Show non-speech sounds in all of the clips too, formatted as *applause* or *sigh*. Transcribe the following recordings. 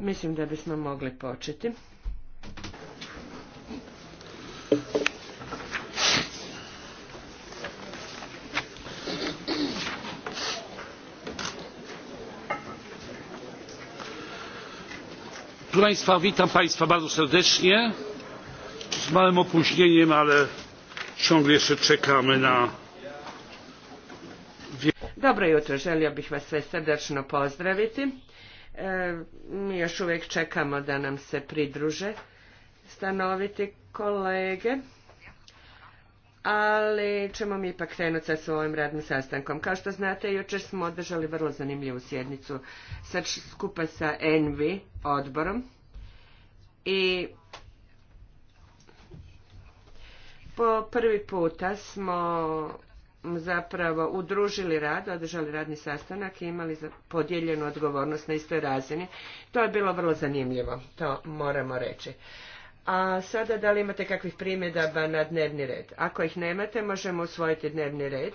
Mislim da bismo mogli početi. Proszę Państwa, witam Państwa bardzo serdecznie. Z małym opóźnieniem, ale ciągle jeszcze czekamy na dobro jutro, želio bih vas sve srdačno pozdraviti. E, mi još uvijek čekamo da nam se pridruže stanoviti kolege, ali ćemo mi ipak krenuti sa svojim radnim sastankom. Kao što znate, jučer smo održali vrlo zanimljivu sjednicu sa skupa sa Envi odborom i po prvi puta smo zapravo udružili rad, održali radni sastanak i imali podijeljenu odgovornost na istoj razini. To je bilo vrlo zanimljivo, to moramo reći. A sada da li imate kakvih primjedaba na dnevni red? Ako ih nemate, možemo usvojiti dnevni red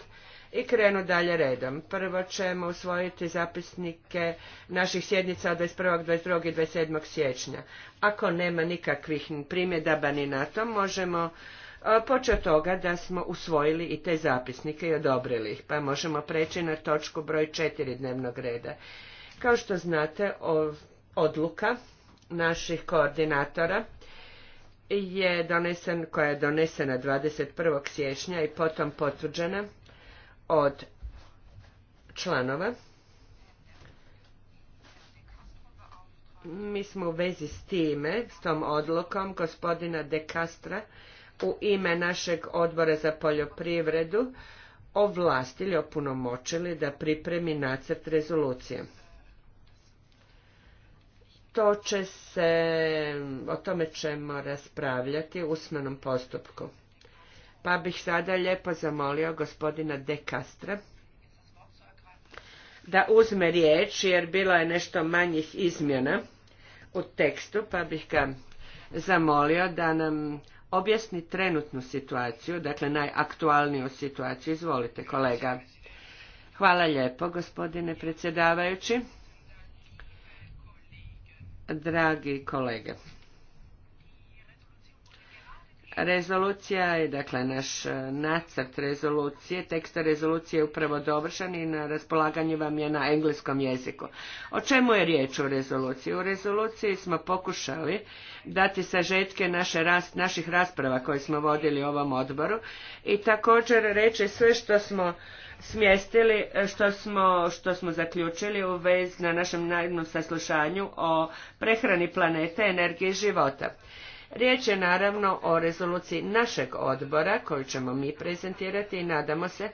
i krenu dalje redom. Prvo ćemo usvojiti zapisnike naših sjednica od 21. 22. i 27. siječnja. Ako nema nikakvih primjedaba ni na to, možemo Počeo toga da smo usvojili i te zapisnike i odobrili ih, pa možemo preći na točku broj 4 dnevnog reda. Kao što znate, odluka naših koordinatora je donesen, koja je donesena 21. siječnja i potom potvrđena od članova. Mi smo u vezi s time, s tom odlukom gospodina De Castra, u ime našeg odbora za poljoprivredu ovlastili, opunomočili da pripremi nacrt rezolucije. To će se, o tome ćemo raspravljati u usmenom postupku. Pa bih sada lijepo zamolio gospodina De Castra da uzme riječ, jer bilo je nešto manjih izmjena u tekstu, pa bih ga zamolio da nam objasni trenutnu situaciju, dakle najaktualniju situaciju. Izvolite kolega. Hvala lijepo gospodine predsjedavajući. Dragi kolege. Rezolucija je, dakle, naš e, nacrt rezolucije, tekst rezolucije je upravo dovršen i na raspolaganju vam je na engleskom jeziku. O čemu je riječ u rezoluciji? U rezoluciji smo pokušali dati sažetke naše naših rasprava koje smo vodili u ovom odboru i također reći sve što smo smjestili, e, što smo, što smo zaključili u vez na našem najednom saslušanju o prehrani planete, energiji života. Riječ je naravno o rezoluciji našeg odbora koju ćemo mi prezentirati i nadamo se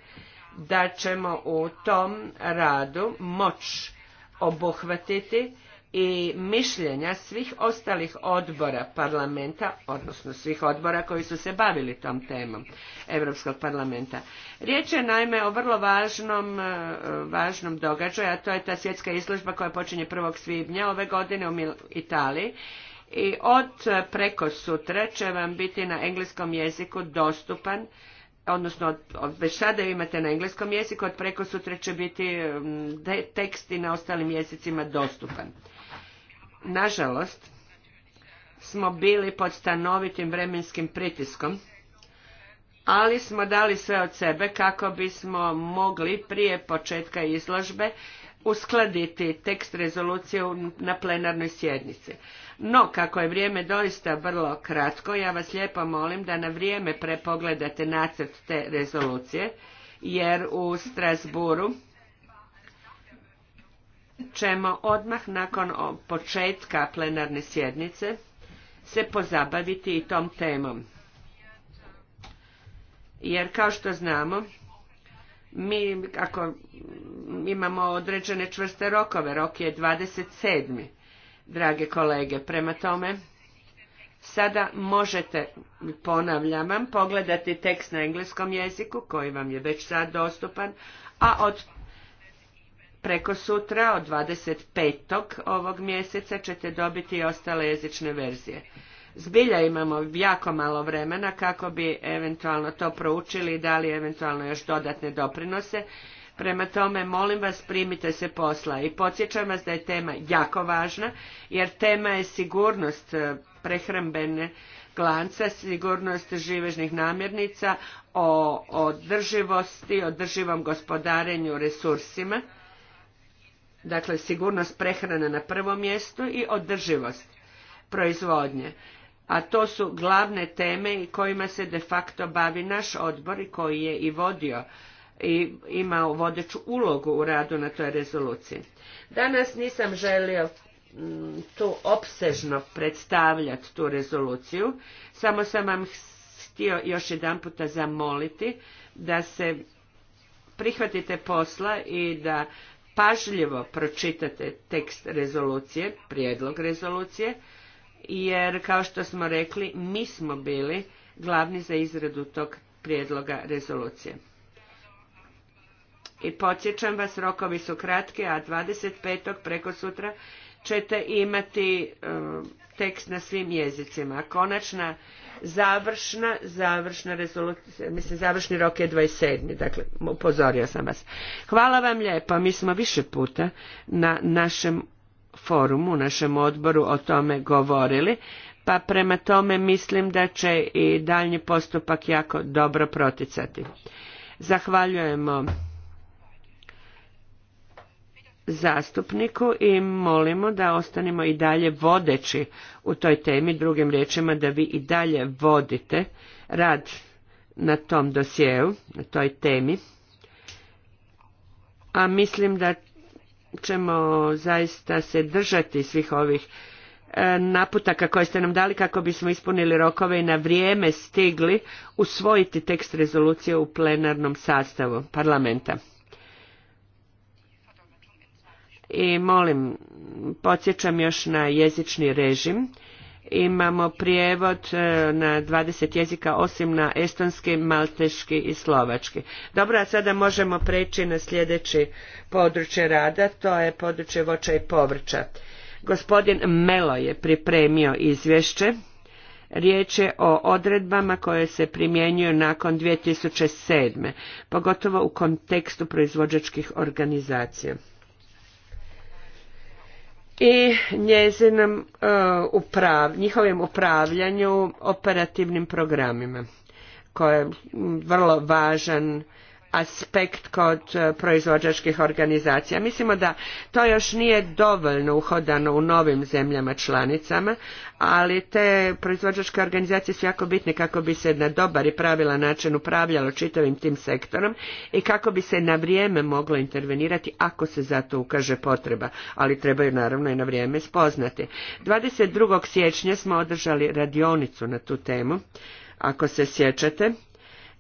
da ćemo u tom radu moć obuhvatiti i mišljenja svih ostalih odbora parlamenta, odnosno svih odbora koji su se bavili tom temom Europskog parlamenta. Riječ je naime o vrlo važnom, e, važnom događaju, a to je ta svjetska izložba koja počinje 1. svibnja ove godine u Italiji i od preko sutra će vam biti na engleskom jeziku dostupan odnosno već sada imate na engleskom jeziku, od preko sutra će biti mm, tekst i na ostalim jezicima dostupan. Nažalost, smo bili pod stanovitim vremenskim pritiskom, ali smo dali sve od sebe kako bismo mogli prije početka izložbe uskladiti tekst rezolucije na plenarnoj sjednici. No, kako je vrijeme doista vrlo kratko, ja vas lijepo molim da na vrijeme prepogledate nacrt te rezolucije, jer u Strasburu ćemo odmah nakon početka plenarne sjednice se pozabaviti i tom temom. Jer kao što znamo, mi ako imamo određene čvrste rokove, rok je 27 drage kolege. Prema tome, sada možete, ponavljam vam, pogledati tekst na engleskom jeziku koji vam je već sad dostupan, a od preko sutra, od 25. ovog mjeseca, ćete dobiti i ostale jezične verzije. Zbilja imamo jako malo vremena kako bi eventualno to proučili i dali eventualno još dodatne doprinose Prema tome, molim vas, primite se posla i podsjećam vas da je tema jako važna, jer tema je sigurnost e, prehrambene glanca, sigurnost živežnih namirnica, o održivosti, održivom gospodarenju resursima, dakle sigurnost prehrane na prvom mjestu i održivost proizvodnje. A to su glavne teme i kojima se de facto bavi naš odbor i koji je i vodio i imao vodeću ulogu u radu na toj rezoluciji. Danas nisam želio mm, tu opsežno predstavljati tu rezoluciju, samo sam vam htio još jedan puta zamoliti da se prihvatite posla i da pažljivo pročitate tekst rezolucije, prijedlog rezolucije, jer kao što smo rekli, mi smo bili glavni za izradu tog prijedloga rezolucije. I podsjećam vas, rokovi su kratki, a 25. preko sutra ćete imati e, tekst na svim jezicima. Konačna završna, završna rezolucija, mislim završni rok je 27. Dakle, upozorio sam vas. Hvala vam lijepo. Mi smo više puta na našem forumu, našem odboru o tome govorili, pa prema tome mislim da će i daljnji postupak jako dobro proticati. Zahvaljujemo zastupniku i molimo da ostanemo i dalje vodeći u toj temi, drugim riječima da vi i dalje vodite rad na tom dosjeu, na toj temi. A mislim da ćemo zaista se držati svih ovih e, naputaka koje ste nam dali kako bismo ispunili rokove i na vrijeme stigli usvojiti tekst rezolucije u plenarnom sastavu parlamenta. I molim, podsjećam još na jezični režim. Imamo prijevod e, na 20 jezika osim na estonski, malteški i slovački. Dobro, a sada možemo preći na sljedeći područje rada, to je područje voća i povrća. Gospodin Melo je pripremio izvješće. Riječ je o odredbama koje se primjenjuju nakon 2007. pogotovo u kontekstu proizvođačkih organizacija i njezinom e, uprav, njihovim upravljanju operativnim programima koje je vrlo važan aspekt kod e, proizvođačkih organizacija. Mislimo da to još nije dovoljno uhodano u novim zemljama članicama, ali te proizvođačke organizacije su jako bitne kako bi se na dobar i pravilan način upravljalo čitavim tim sektorom i kako bi se na vrijeme moglo intervenirati ako se za to ukaže potreba, ali trebaju naravno i na vrijeme spoznati. 22. siječnja smo održali radionicu na tu temu, ako se sjećate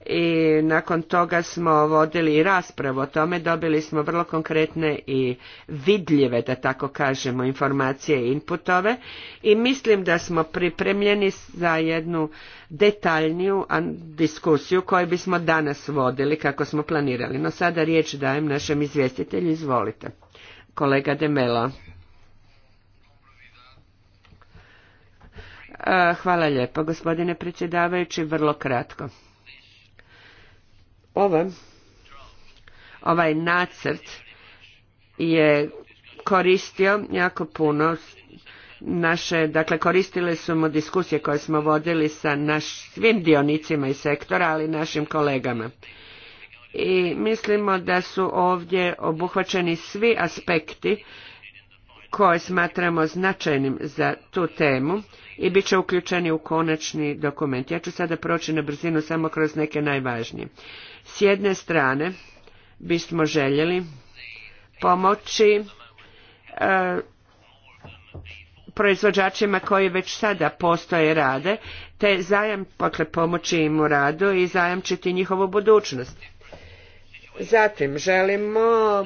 i nakon toga smo vodili i raspravu o tome, dobili smo vrlo konkretne i vidljive, da tako kažemo, informacije i inputove i mislim da smo pripremljeni za jednu detaljniju diskusiju koju bismo danas vodili kako smo planirali. No sada riječ dajem našem izvjestitelju, izvolite. Kolega Demelo. E, hvala lijepo, gospodine predsjedavajući, vrlo kratko ovaj nacrt je koristio jako puno naše, dakle koristili smo diskusije koje smo vodili sa naš, svim dionicima iz sektora, ali i našim kolegama. I mislimo da su ovdje obuhvaćeni svi aspekti koje smatramo značajnim za tu temu i bit će uključeni u konačni dokument. Ja ću sada proći na brzinu samo kroz neke najvažnije. S jedne strane bismo željeli pomoći e, proizvođačima koji već sada postoje rade, te zajam, dakle, pomoći im u radu i zajamčiti njihovu budućnost. Zatim želimo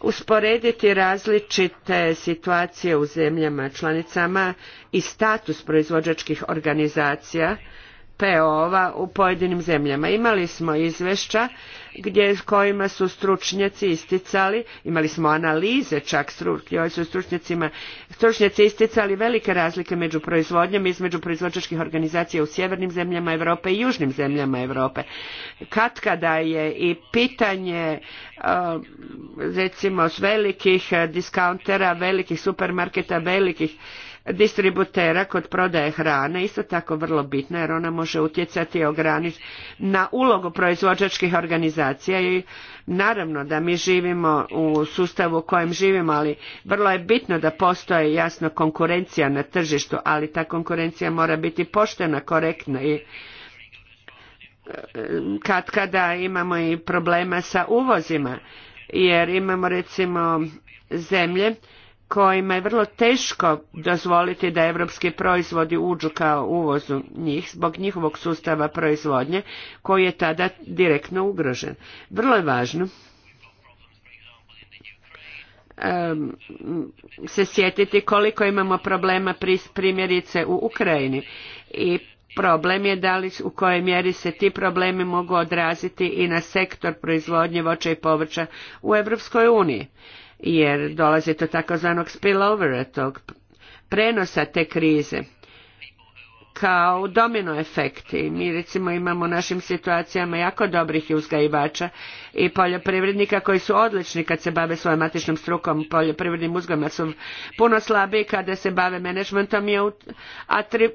usporediti različite situacije u zemljama članicama i status proizvođačkih organizacija PO-ova u pojedinim zemljama. Imali smo izvješća gdje kojima su stručnjaci isticali, imali smo analize čak su stručnjacima, stručnjaci isticali velike razlike među proizvodnjom između proizvođačkih organizacija u sjevernim zemljama Europe i južnim zemljama Europe. Kad kada je i pitanje recimo s velikih diskauntera, velikih supermarketa, velikih distributera kod prodaje hrane isto tako vrlo bitna jer ona može utjecati ograničiti na ulogu proizvođačkih organizacija i naravno da mi živimo u sustavu u kojem živimo ali vrlo je bitno da postoji jasno konkurencija na tržištu ali ta konkurencija mora biti poštena korektna i e, kad kada imamo i problema sa uvozima jer imamo recimo zemlje kojima je vrlo teško dozvoliti da evropski proizvodi uđu kao uvozu njih zbog njihovog sustava proizvodnje koji je tada direktno ugrožen. Vrlo je važno se sjetiti koliko imamo problema primjerice u Ukrajini i problem je da li u kojoj mjeri se ti problemi mogu odraziti i na sektor proizvodnje voća i povrća u Europskoj uniji jer dolazi do takozvanog spillovera tog prenosa te krize kao domino efekti. mi recimo imamo u našim situacijama jako dobrih uzgajivača i poljoprivrednika koji su odlični kad se bave svojom matičnom strukom poljoprivrednim uzgojima su puno slabiji kada se bave menadžmentom i,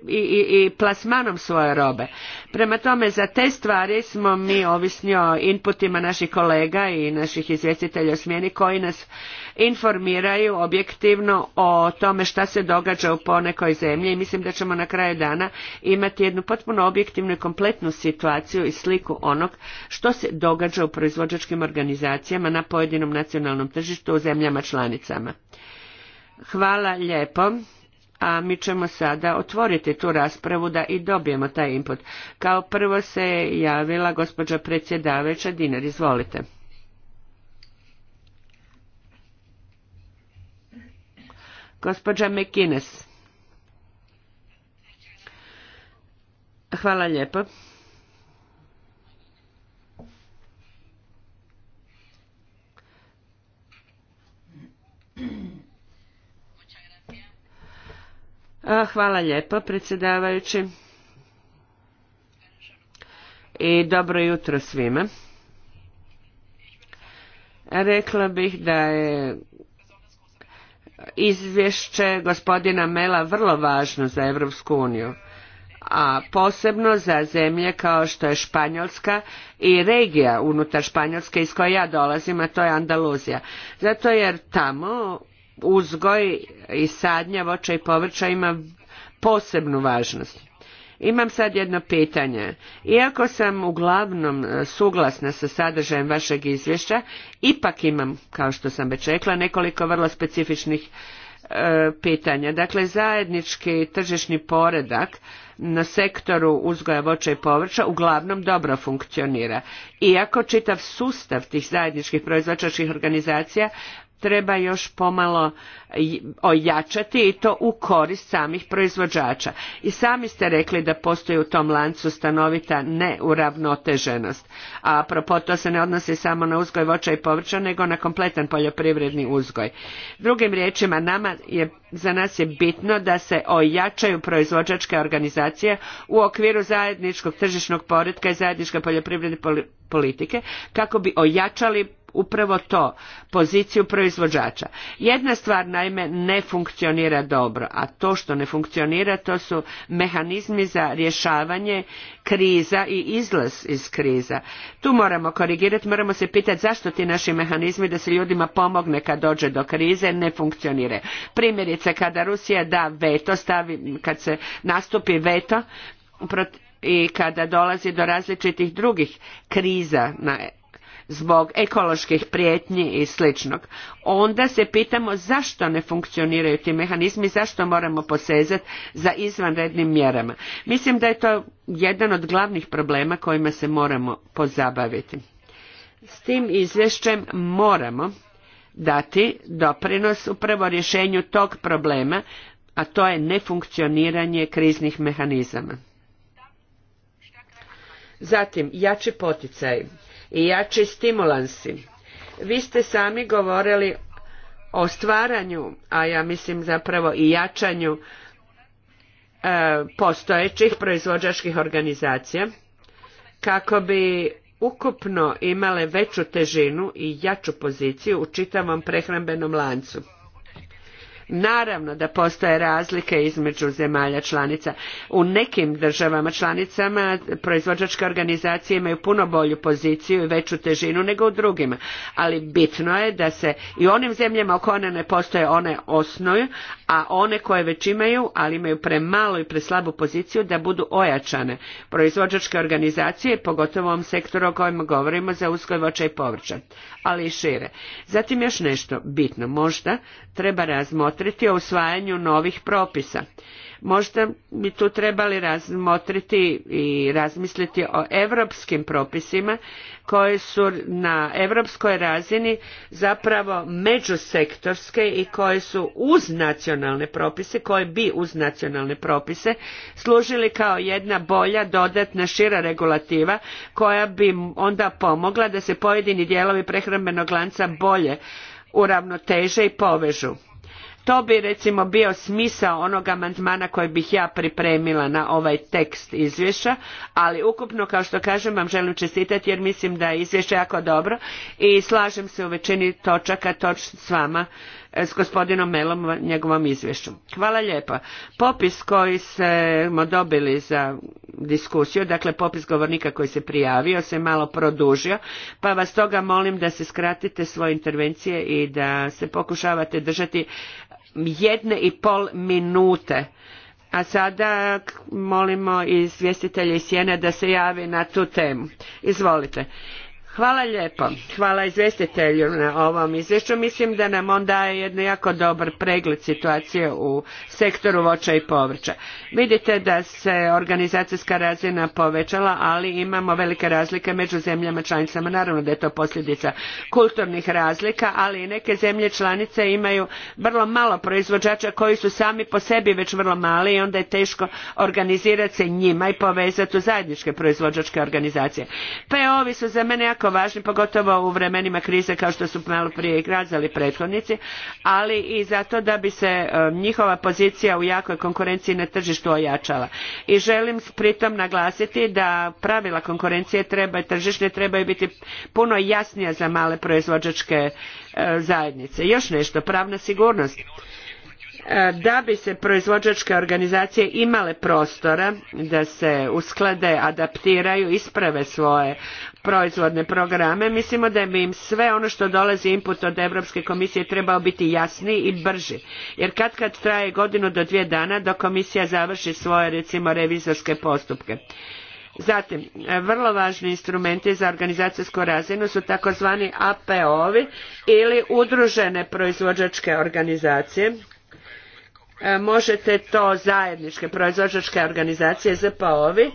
i, i plasmanom svoje robe prema tome za te stvari smo mi ovisni o inputima naših kolega i naših izvjestitelja o smjeni koji nas informiraju objektivno o tome šta se događa u ponekoj zemlji i mislim da ćemo na kraju dana imati jednu potpuno objektivnu i kompletnu situaciju i sliku onog što se događa u proizvođačkim organizacijama na pojedinom nacionalnom tržištu u zemljama članicama. Hvala lijepo a mi ćemo sada otvoriti tu raspravu da i dobijemo taj input. Kao prvo se javila gospođa predsjedavajuća Dinar, izvolite. Gospođa Mekines. Hvala lijepo. Hvala lijepo, predsjedavajući. I dobro jutro svima. Rekla bih da je izvješće gospodina Mela vrlo važno za Europsku uniju a posebno za zemlje kao što je Španjolska i regija unutar Španjolske iz koje ja dolazim, a to je Andaluzija. Zato jer tamo uzgoj i sadnja voća i povrća ima posebnu važnost. Imam sad jedno pitanje. Iako sam uglavnom e, suglasna sa sadržajem vašeg izvješća, ipak imam, kao što sam već rekla, nekoliko vrlo specifičnih e, pitanja. Dakle, zajednički tržišni poredak na sektoru uzgoja voća i povrća uglavnom dobro funkcionira. Iako čitav sustav tih zajedničkih proizvođačkih organizacija treba još pomalo ojačati i to u korist samih proizvođača. I sami ste rekli da postoji u tom lancu stanovita neuravnoteženost. A apropo, to se ne odnosi samo na uzgoj voća i povrća, nego na kompletan poljoprivredni uzgoj. Drugim riječima, nama je, za nas je bitno da se ojačaju proizvođačke organizacije u okviru zajedničkog tržišnog poretka i zajedničke poljoprivredne politike kako bi ojačali upravo to, poziciju proizvođača. Jedna stvar naime ne funkcionira dobro, a to što ne funkcionira to su mehanizmi za rješavanje kriza i izlaz iz kriza. Tu moramo korigirati, moramo se pitati zašto ti naši mehanizmi da se ljudima pomogne kad dođe do krize ne funkcionira. Primjerice kada Rusija da veto, stavi, kad se nastupi veto, i kada dolazi do različitih drugih kriza na zbog ekoloških prijetnji i sličnog, onda se pitamo zašto ne funkcioniraju ti mehanizmi, zašto moramo posezati za izvanrednim mjerama. Mislim da je to jedan od glavnih problema kojima se moramo pozabaviti. S tim izvješćem moramo dati doprinos upravo rješenju tog problema, a to je nefunkcioniranje kriznih mehanizama. Zatim, jači poticaj i jači stimulansi. Vi ste sami govorili o stvaranju, a ja mislim zapravo i jačanju e, postojećih proizvođačkih organizacija kako bi ukupno imale veću težinu i jaču poziciju u čitavom prehrambenom lancu. Naravno da postoje razlike između zemalja članica. U nekim državama članicama proizvođačke organizacije imaju puno bolju poziciju i veću težinu nego u drugima. Ali bitno je da se i onim zemljama oko one ne postoje one osnuju, a one koje već imaju, ali imaju premalu i preslabu poziciju da budu ojačane. Proizvođačke organizacije, pogotovo u ovom sektoru o kojem govorimo za uzgoj voća i povrća, ali i šire. Zatim još nešto bitno, možda treba razmotriti razmotriti o usvajanju novih propisa. Možda bi tu trebali razmotriti i razmisliti o europskim propisima koji su na europskoj razini zapravo međusektorske i koje su uz nacionalne propise, koje bi uz nacionalne propise služili kao jedna bolja, dodatna, šira regulativa koja bi onda pomogla da se pojedini dijelovi prehrambenog lanca bolje uravnoteže i povežu to bi recimo bio smisao onog amandmana koji bih ja pripremila na ovaj tekst izvješća, ali ukupno kao što kažem vam želim čestitati jer mislim da je izvješće jako dobro i slažem se u većini točaka s vama s gospodinom Melom njegovom izvješću. Hvala lijepa. Popis koji smo dobili za diskusiju, dakle popis govornika koji se prijavio, se malo produžio, pa vas toga molim da se skratite svoje intervencije i da se pokušavate držati jedne i pol minute. A sada molimo izvjestitelja iz Sjene da se javi na tu temu. Izvolite. Hvala lijepo. Hvala izvjestitelju na ovom izvješću. Mislim da nam on daje jedan jako dobar pregled situacije u sektoru voća i povrća. Vidite da se organizacijska razina povećala, ali imamo velike razlike među zemljama članicama. Naravno da je to posljedica kulturnih razlika, ali i neke zemlje članice imaju vrlo malo proizvođača koji su sami po sebi već vrlo mali i onda je teško organizirati se njima i povezati u zajedničke proizvođačke organizacije. Pa ovi su za mene jako važni, pogotovo u vremenima krize kao što su malo prije i kazali prethodnici, ali i zato da bi se e, njihova pozicija u jakoj konkurenciji na tržištu ojačala. I želim pritom naglasiti da pravila konkurencije treba, tržišne trebaju biti puno jasnija za male proizvođačke e, zajednice. Još nešto, pravna sigurnost E, da bi se proizvođačke organizacije imale prostora da se usklade, adaptiraju, isprave svoje proizvodne programe, mislimo da bi im sve ono što dolazi input od Europske komisije trebao biti jasniji i brži. Jer katkad traje godinu do dvije dana dok komisija završi svoje recimo revizorske postupke. Zatim, e, vrlo važni instrumenti za organizacijsku razinu su takozvani APO-ovi ili udružene proizvođačke organizacije E, možete to zajedničke proizvođačke organizacije ZPO-ovi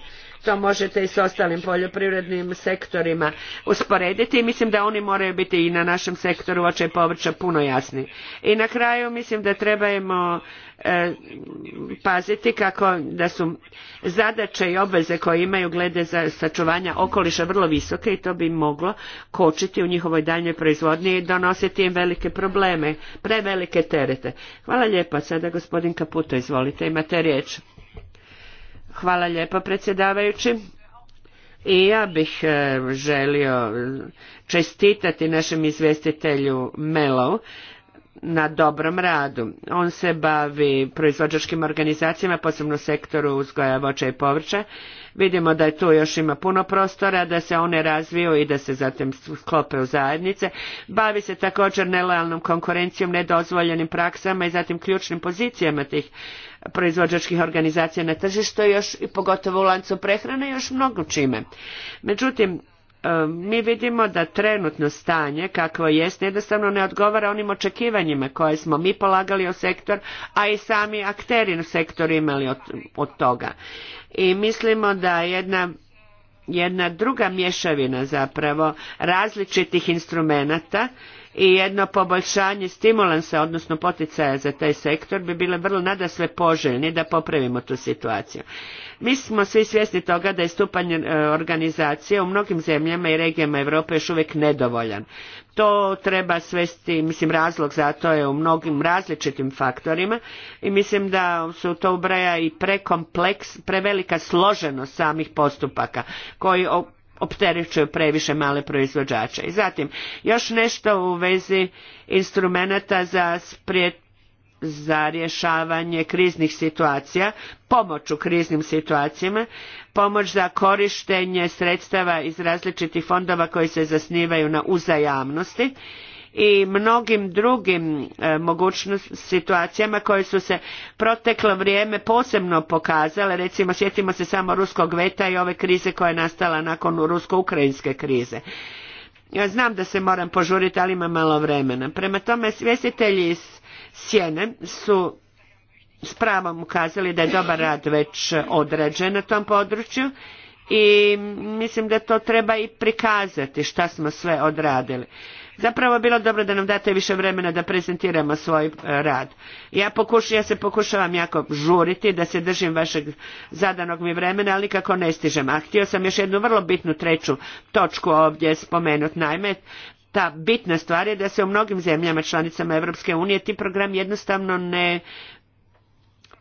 to možete i s ostalim poljoprivrednim sektorima usporediti i mislim da oni moraju biti i na našem sektoru voća i povrća puno jasni. I na kraju mislim da trebamo e, paziti kako da su zadaće i obveze koje imaju glede za sačuvanja okoliša vrlo visoke i to bi moglo kočiti u njihovoj daljnjoj proizvodnji i donositi im velike probleme, prevelike terete. Hvala lijepa. Sada gospodin Kaputo, izvolite, imate riječ. Hvala lijepo predsjedavajući. I ja bih e, želio čestitati našem izvjestitelju Melov na dobrom radu. On se bavi proizvođačkim organizacijama, posebno sektoru uzgoja voća i povrća. Vidimo da je tu još ima puno prostora, da se one razviju i da se zatim sklope u zajednice. Bavi se također nelojalnom konkurencijom, nedozvoljenim praksama i zatim ključnim pozicijama tih proizvođačkih organizacija na tržištu još i pogotovo u lancu prehrane još mnogo čime. Međutim, e, mi vidimo da trenutno stanje kakvo jest jednostavno ne odgovara onim očekivanjima koje smo mi polagali u sektor, a i sami akteri u sektoru imali od, toga. I mislimo da jedna jedna druga mješavina zapravo različitih instrumenata i jedno poboljšanje stimulansa, odnosno poticaja za taj sektor bi bile vrlo nadasve poželjni da popravimo tu situaciju. Mi smo svi svjesni toga da je stupanj e, organizacije u mnogim zemljama i regijama Europe još uvijek nedovoljan. To treba svesti, mislim razlog za to je u mnogim različitim faktorima i mislim da se u to ubraja i prekompleks, prevelika složenost samih postupaka koji opterećuju previše male proizvođače. I zatim, još nešto u vezi instrumenata za sprijet za rješavanje kriznih situacija, pomoć u kriznim situacijama, pomoć za korištenje sredstava iz različitih fondova koji se zasnivaju na uzajamnosti i mnogim drugim e, situacijama koje su se proteklo vrijeme posebno pokazale recimo sjetimo se samo ruskog veta i ove krize koja je nastala nakon rusko-ukrajinske krize ja znam da se moram požuriti ali imam malo vremena prema tome svjestitelji iz sjene su s pravom ukazali da je dobar rad već odrađen na tom području i mislim da to treba i prikazati šta smo sve odradili Zapravo bilo dobro da nam date više vremena da prezentiramo svoj e, rad. Ja, se pokušavam jako žuriti da se držim vašeg zadanog mi vremena, ali nikako ne stižem. A htio sam još jednu vrlo bitnu treću točku ovdje spomenuti. Naime, ta bitna stvar je da se u mnogim zemljama članicama Europske unije ti program jednostavno ne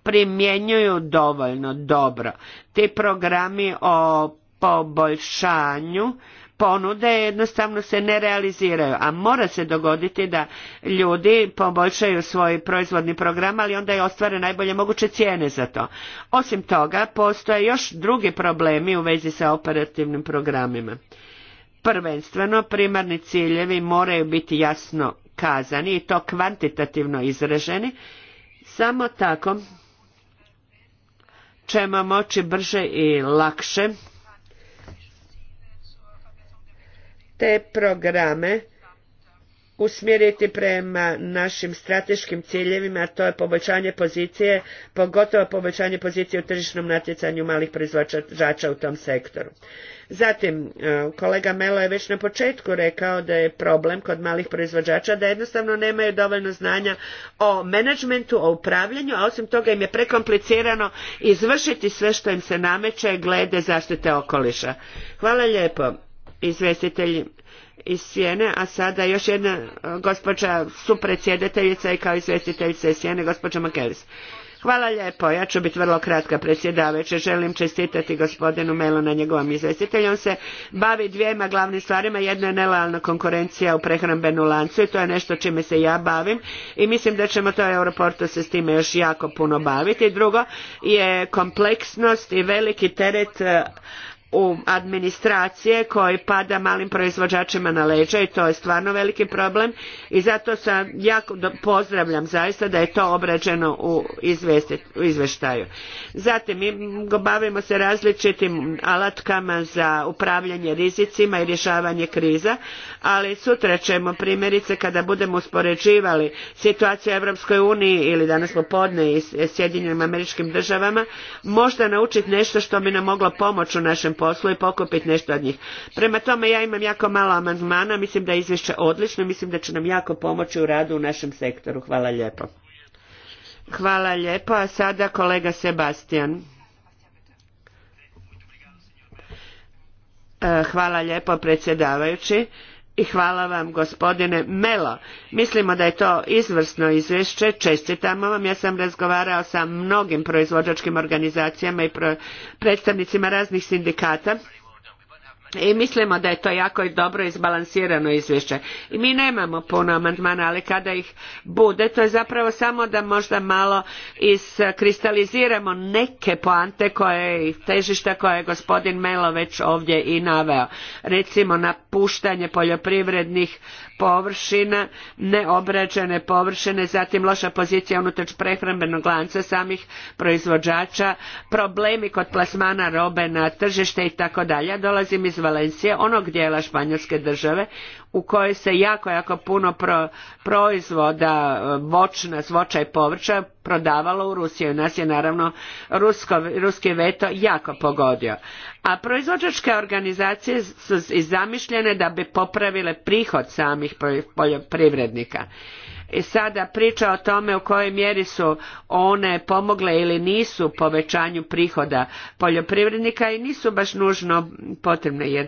primjenjuju dovoljno dobro. Ti programi o poboljšanju ponude jednostavno se ne realiziraju, a mora se dogoditi da ljudi poboljšaju svoj proizvodni program, ali onda je ostvare najbolje moguće cijene za to. Osim toga, postoje još drugi problemi u vezi sa operativnim programima. Prvenstveno, primarni ciljevi moraju biti jasno kazani i to kvantitativno izraženi, samo tako ćemo moći brže i lakše te programe usmjeriti prema našim strateškim ciljevima, a to je poboljšanje pozicije, pogotovo poboljšanje pozicije u tržišnom natjecanju malih proizvođača u tom sektoru. Zatim, e, kolega Melo je već na početku rekao da je problem kod malih proizvođača da jednostavno nemaju dovoljno znanja o menadžmentu, o upravljanju, a osim toga im je prekomplicirano izvršiti sve što im se nameće glede zaštite okoliša. Hvala lijepo izvjestitelj iz Sjene, a sada još jedna e, gospođa supredsjedateljica i kao izvjestiteljica iz Sjene, gospođa Makelis. Hvala lijepo, ja ću biti vrlo kratka predsjedavajuća. Želim čestitati gospodinu Melo na njegovom izvjestitelju. On se bavi dvijema glavnim stvarima. Jedna je nelojalna konkurencija u prehrambenu lancu i to je nešto čime se ja bavim i mislim da ćemo to Europortu se s time još jako puno baviti. Drugo je kompleksnost i veliki teret e, u administracije koji pada malim proizvođačima na leđa i to je stvarno veliki problem i zato sam jako pozdravljam zaista da je to obrađeno u, u izvještaju. Zatim bavimo se različitim alatkama za upravljanje rizicima i rješavanje kriza, ali sutra ćemo primjerice kada budemo uspoređivali situaciju u Europskoj uniji ili danas podne i Sjedinjenim američkim državama možda naučiti nešto što bi nam moglo pomoći u našem poslu i pokupiti nešto od njih. Prema tome ja imam jako malo amandmana, mislim da je izvješće odlično, mislim da će nam jako pomoći u radu u našem sektoru. Hvala lijepo. Hvala lijepo, a sada kolega Sebastian. E, hvala lijepo predsjedavajući i hvala vam gospodine Melo. Mislimo da je to izvrsno izvješće, čestitamo vam. Ja sam razgovarao sa mnogim proizvođačkim organizacijama i predstavnicima raznih sindikata i mislimo da je to jako i dobro izbalansirano izvješće. I mi nemamo puno amandmana, ali kada ih bude, to je zapravo samo da možda malo iskristaliziramo neke poante koje i težišta koje je gospodin Melo već ovdje i naveo. Recimo napuštanje poljoprivrednih površina, neobrađene površine, zatim loša pozicija unutar prehrambenog lanca samih proizvođača, problemi kod plasmana robe na tržište i tako dalje. Dolazim iz Valencije, onog dijela Španjolske države u kojoj se jako, jako puno proizvoda e, voćna, voća i povrća prodavalo u Rusiji. Nas je naravno rusko, ruski veto jako pogodio. A proizvođačke organizacije su i zamišljene da bi popravile prihod samih poljoprivrednika. I e sada priča o tome u kojoj mjeri su one pomogle ili nisu povećanju prihoda poljoprivrednika i nisu baš nužno potrebne jer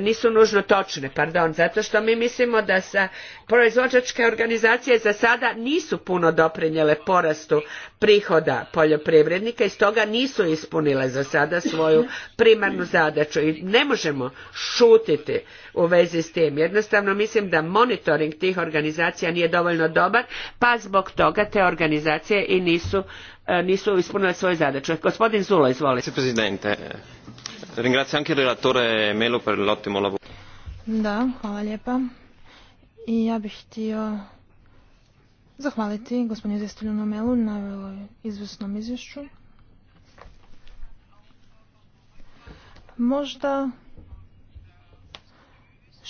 nisu nužno točne, pardon, zato što mi mislimo da sa proizvođačke organizacije za sada nisu puno doprinjele porastu prihoda poljoprivrednika i stoga nisu ispunile za sada svoju primarnu zadaću i ne možemo šutiti u vezi s tim. Jednostavno mislim da monitoring tih organizacija nije dovoljno dovoljno dobar pa zbog toga te organizacije i nisu, e, nisu ispunile svoje zadaću. Gospodin Zulo, izvolite. Da, hvala lijepa. I ja bih htio zahvaliti gospodinu izvjestitelju melu na vrlo izvrsnom izvješću. Možda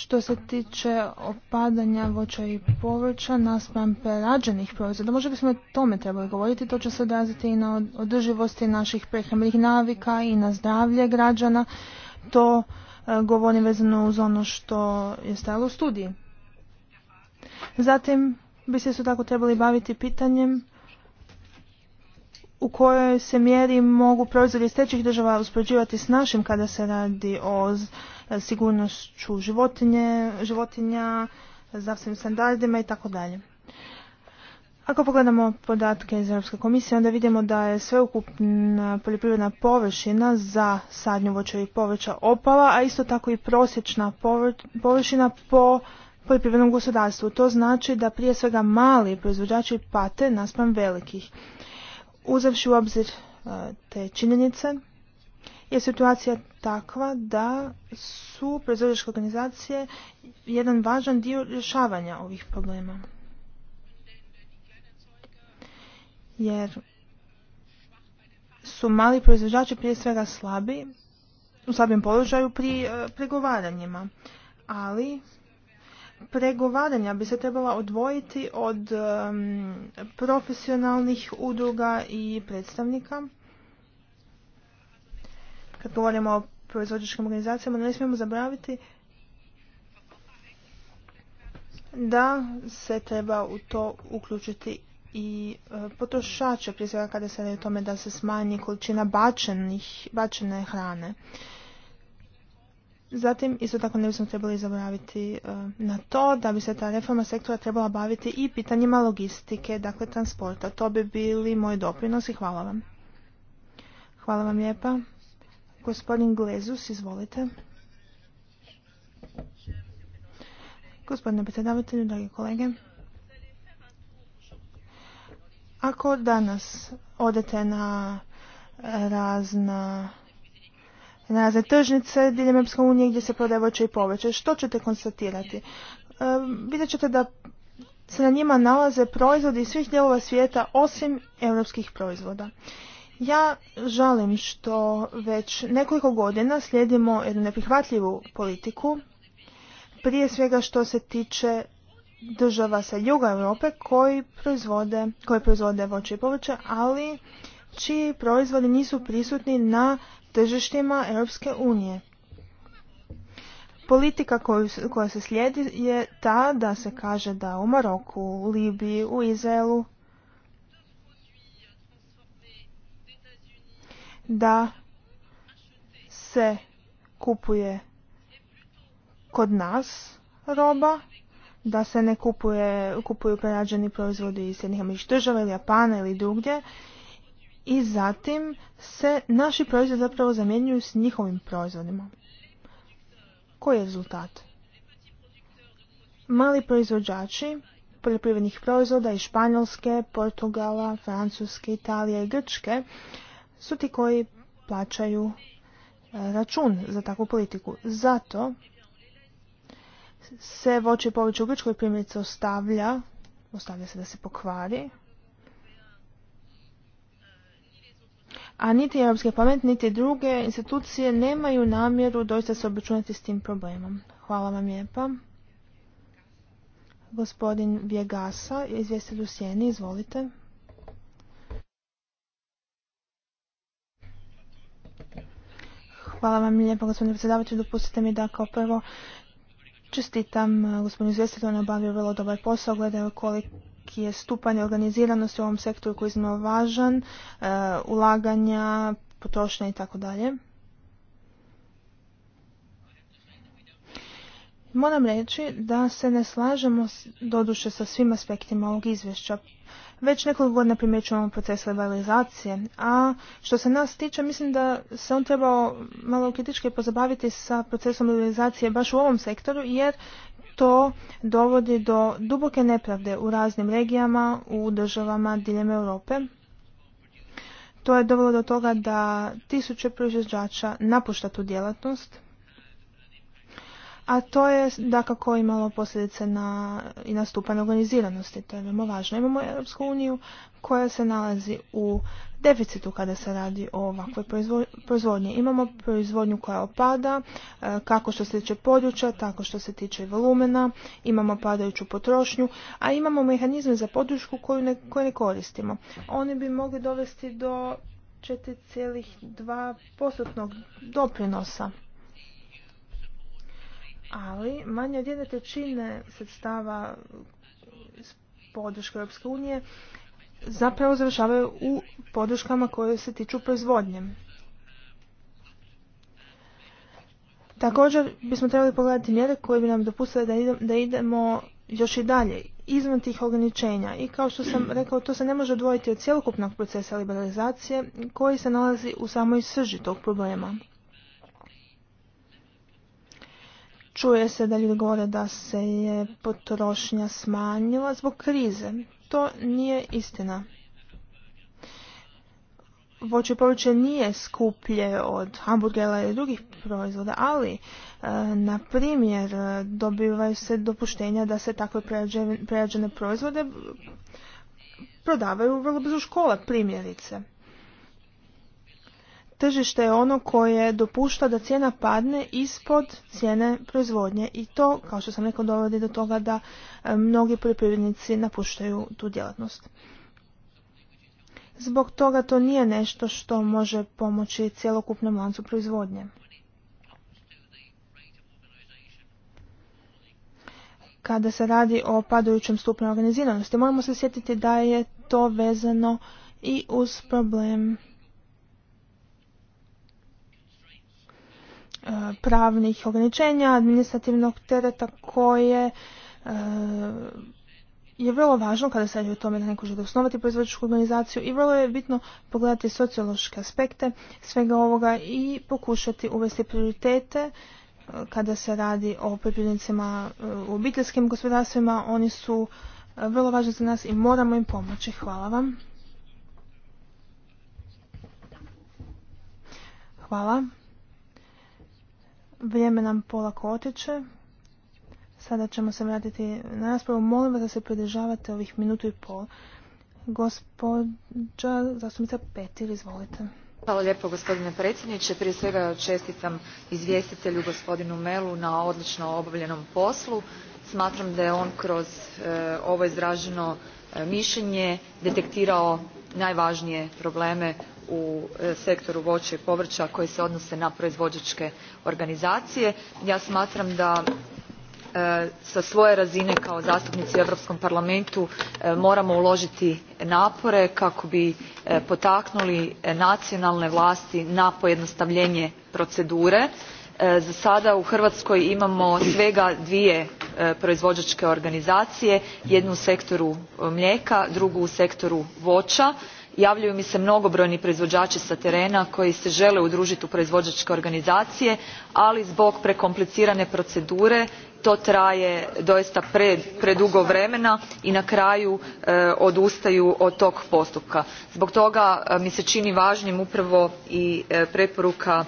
što se tiče opadanja voća i povrća naspram prerađenih proizvoda, možda bismo o tome trebali govoriti, to će se odraziti i na održivosti naših prehrambenih navika i na zdravlje građana. To e, govorim vezano uz ono što je stajalo u studiji. Zatim bi se su tako trebali baviti pitanjem u kojoj se mjeri mogu proizvodi iz trećih država uspoređivati s našim kada se radi o E, sigurnošću životinje, životinja, zdravstvenim standardima i tako dalje. Ako pogledamo podatke iz Europske komisije, onda vidimo da je sveukupna poljoprivredna površina za sadnju voća i povrća opala, a isto tako i prosječna površina po poljoprivrednom gospodarstvu. To znači da prije svega mali proizvođači pate naspram velikih. Uzavši u obzir e, te činjenice, je situacija takva da su proizvođačke organizacije jedan važan dio rješavanja ovih problema. Jer su mali proizvođači prije svega slabi, u slabim položaju pri e, pregovaranjima. Ali pregovaranja bi se trebala odvojiti od profesionalnih udruga i predstavnika kad govorimo o proizvođačkim organizacijama, ne smijemo zabraviti da se treba u to uključiti i e, potrošače, prije svega kada se radi o tome da se smanji količina bačenih, bačene hrane. Zatim, isto tako ne bismo trebali zaboraviti e, na to da bi se ta reforma sektora trebala baviti i pitanjima logistike, dakle transporta. To bi bili moji doprinosi. Hvala vam. Hvala vam lijepa. Gospodin Glezus, izvolite. Gospodine predsjedavatelju, dragi kolege. Ako danas odete na na razne tržnice diljem Europske unije gdje se prodaje voće i poveće, Što ćete konstatirati? E, vidjet ćete da se na njima nalaze proizvodi svih dijelova svijeta osim europskih proizvoda. Ja žalim što već nekoliko godina slijedimo jednu neprihvatljivu politiku, prije svega što se tiče država sa juga Europe koji proizvode, koje proizvode voće i povrće, ali čiji proizvodi nisu prisutni na tržištima Europske unije. Politika koju, koja se slijedi je ta da se kaže da u Maroku, u Libiji, u Izraelu, da se kupuje kod nas roba, da se ne kupuje, kupuju prerađeni proizvodi iz jednih država ili Japana ili drugdje i zatim se naši proizvodi zapravo zamjenjuju s njihovim proizvodima. Koji je rezultat? Mali proizvođači poljoprivrednih proizvoda iz Španjolske, Portugala, Francuske, Italije i Grčke su ti koji plaćaju e, račun za takvu politiku. Zato se voće i povrće u Grčkoj primjerice ostavlja, ostavlja se da se pokvari, a niti Europski parlament, niti druge institucije nemaju namjeru doista se obračunati s tim problemom. Hvala vam lijepa. Gospodin Vjegasa, izvjestitelj u Sjeni, izvolite. Hvala vam lijepo gospodine predsjedavatelju. Dopustite mi da kao prvo čestitam eh, gospodinu izvjestitelju, on je obavio vrlo dobar posao, gledaju koliki je stupanj organiziranosti u ovom sektoru koji je iznimno važan, eh, ulaganja, potrošnja i tako dalje. Moram reći da se ne slažemo doduše sa svim aspektima ovog izvješća. Već nekoliko godina primjećujemo proces liberalizacije, a što se nas tiče, mislim da se on trebao malo kritički pozabaviti sa procesom liberalizacije baš u ovom sektoru, jer to dovodi do duboke nepravde u raznim regijama, u državama diljem Europe. To je dovelo do toga da tisuće proizvođača napušta tu djelatnost a to je dakako imalo posljedice na, i na stupanj organiziranosti, to je veoma važno. Imamo Europsku uniju koja se nalazi u deficitu kada se radi o ovakvoj proizvodnji. Imamo proizvodnju koja opada, e, kako što se tiče područja, tako što se tiče volumena, imamo padajuću potrošnju, a imamo mehanizme za podršku koju ne, koje ne koristimo. Oni bi mogli dovesti do 4,2 doprinosa ali manje od jedne trećine sredstava podrške Europske unije zapravo završavaju u podrškama koje se tiču proizvodnje. Također bismo trebali pogledati mjere koje bi nam dopustile da idemo još i dalje izvan tih ograničenja i kao što sam rekao to se ne može odvojiti od cjelokupnog procesa liberalizacije koji se nalazi u samoj srži tog problema. Čuje se da ljudi govore da se je potrošnja smanjila zbog krize. To nije istina. Voće povrće nije skuplje od hamburgera i drugih proizvoda, ali e, na primjer dobivaju se dopuštenja da se takve prerađene proizvode prodavaju vrlo blizu škola primjerice tržište je ono koje dopušta da cijena padne ispod cijene proizvodnje i to, kao što sam rekao, dovodi do toga da e, mnogi poljoprivrednici napuštaju tu djelatnost. Zbog toga to nije nešto što može pomoći cjelokupnom lancu proizvodnje. Kada se radi o padajućem stupnju organiziranosti, moramo se sjetiti da je to vezano i uz problem pravnih ograničenja, administrativnog tereta koje e, je vrlo važno kada se radi o tome da neko želi osnovati proizvođačku organizaciju i vrlo je bitno pogledati sociološke aspekte svega ovoga i pokušati uvesti prioritete e, kada se radi o poljoprivrednicima e, u obiteljskim gospodarstvima. Oni su vrlo važni za nas i moramo im pomoći. Hvala vam. Hvala. Vrijeme nam polako otiče. Sada ćemo se vratiti na raspravu. Molim vas da se pridržavate ovih minutu i pol. Gospođa zastupnica Petir, izvolite. Hvala lijepo gospodine predsjedniče. Prije svega čestitam izvjestitelju gospodinu Melu na odlično obavljenom poslu. Smatram da je on kroz e, ovo izraženo e, mišljenje detektirao najvažnije probleme u e, sektoru voća i povrća koji se odnose na proizvođačke organizacije. ja smatram da e, sa svoje razine kao zastupnici u europskom parlamentu e, moramo uložiti napore kako bi potaknuli nacionalne vlasti na pojednostavljenje procedure. E, za sada u hrvatskoj imamo svega dvije e, proizvođačke organizacije jednu u sektoru e, mlijeka drugu u sektoru voća javljaju mi se mnogobrojni proizvođači sa terena koji se žele udružiti u proizvođačke organizacije ali zbog prekomplicirane procedure to traje doista predugo vremena i na kraju e, odustaju od tog postupka. zbog toga e, mi se čini važnim upravo i e, preporuka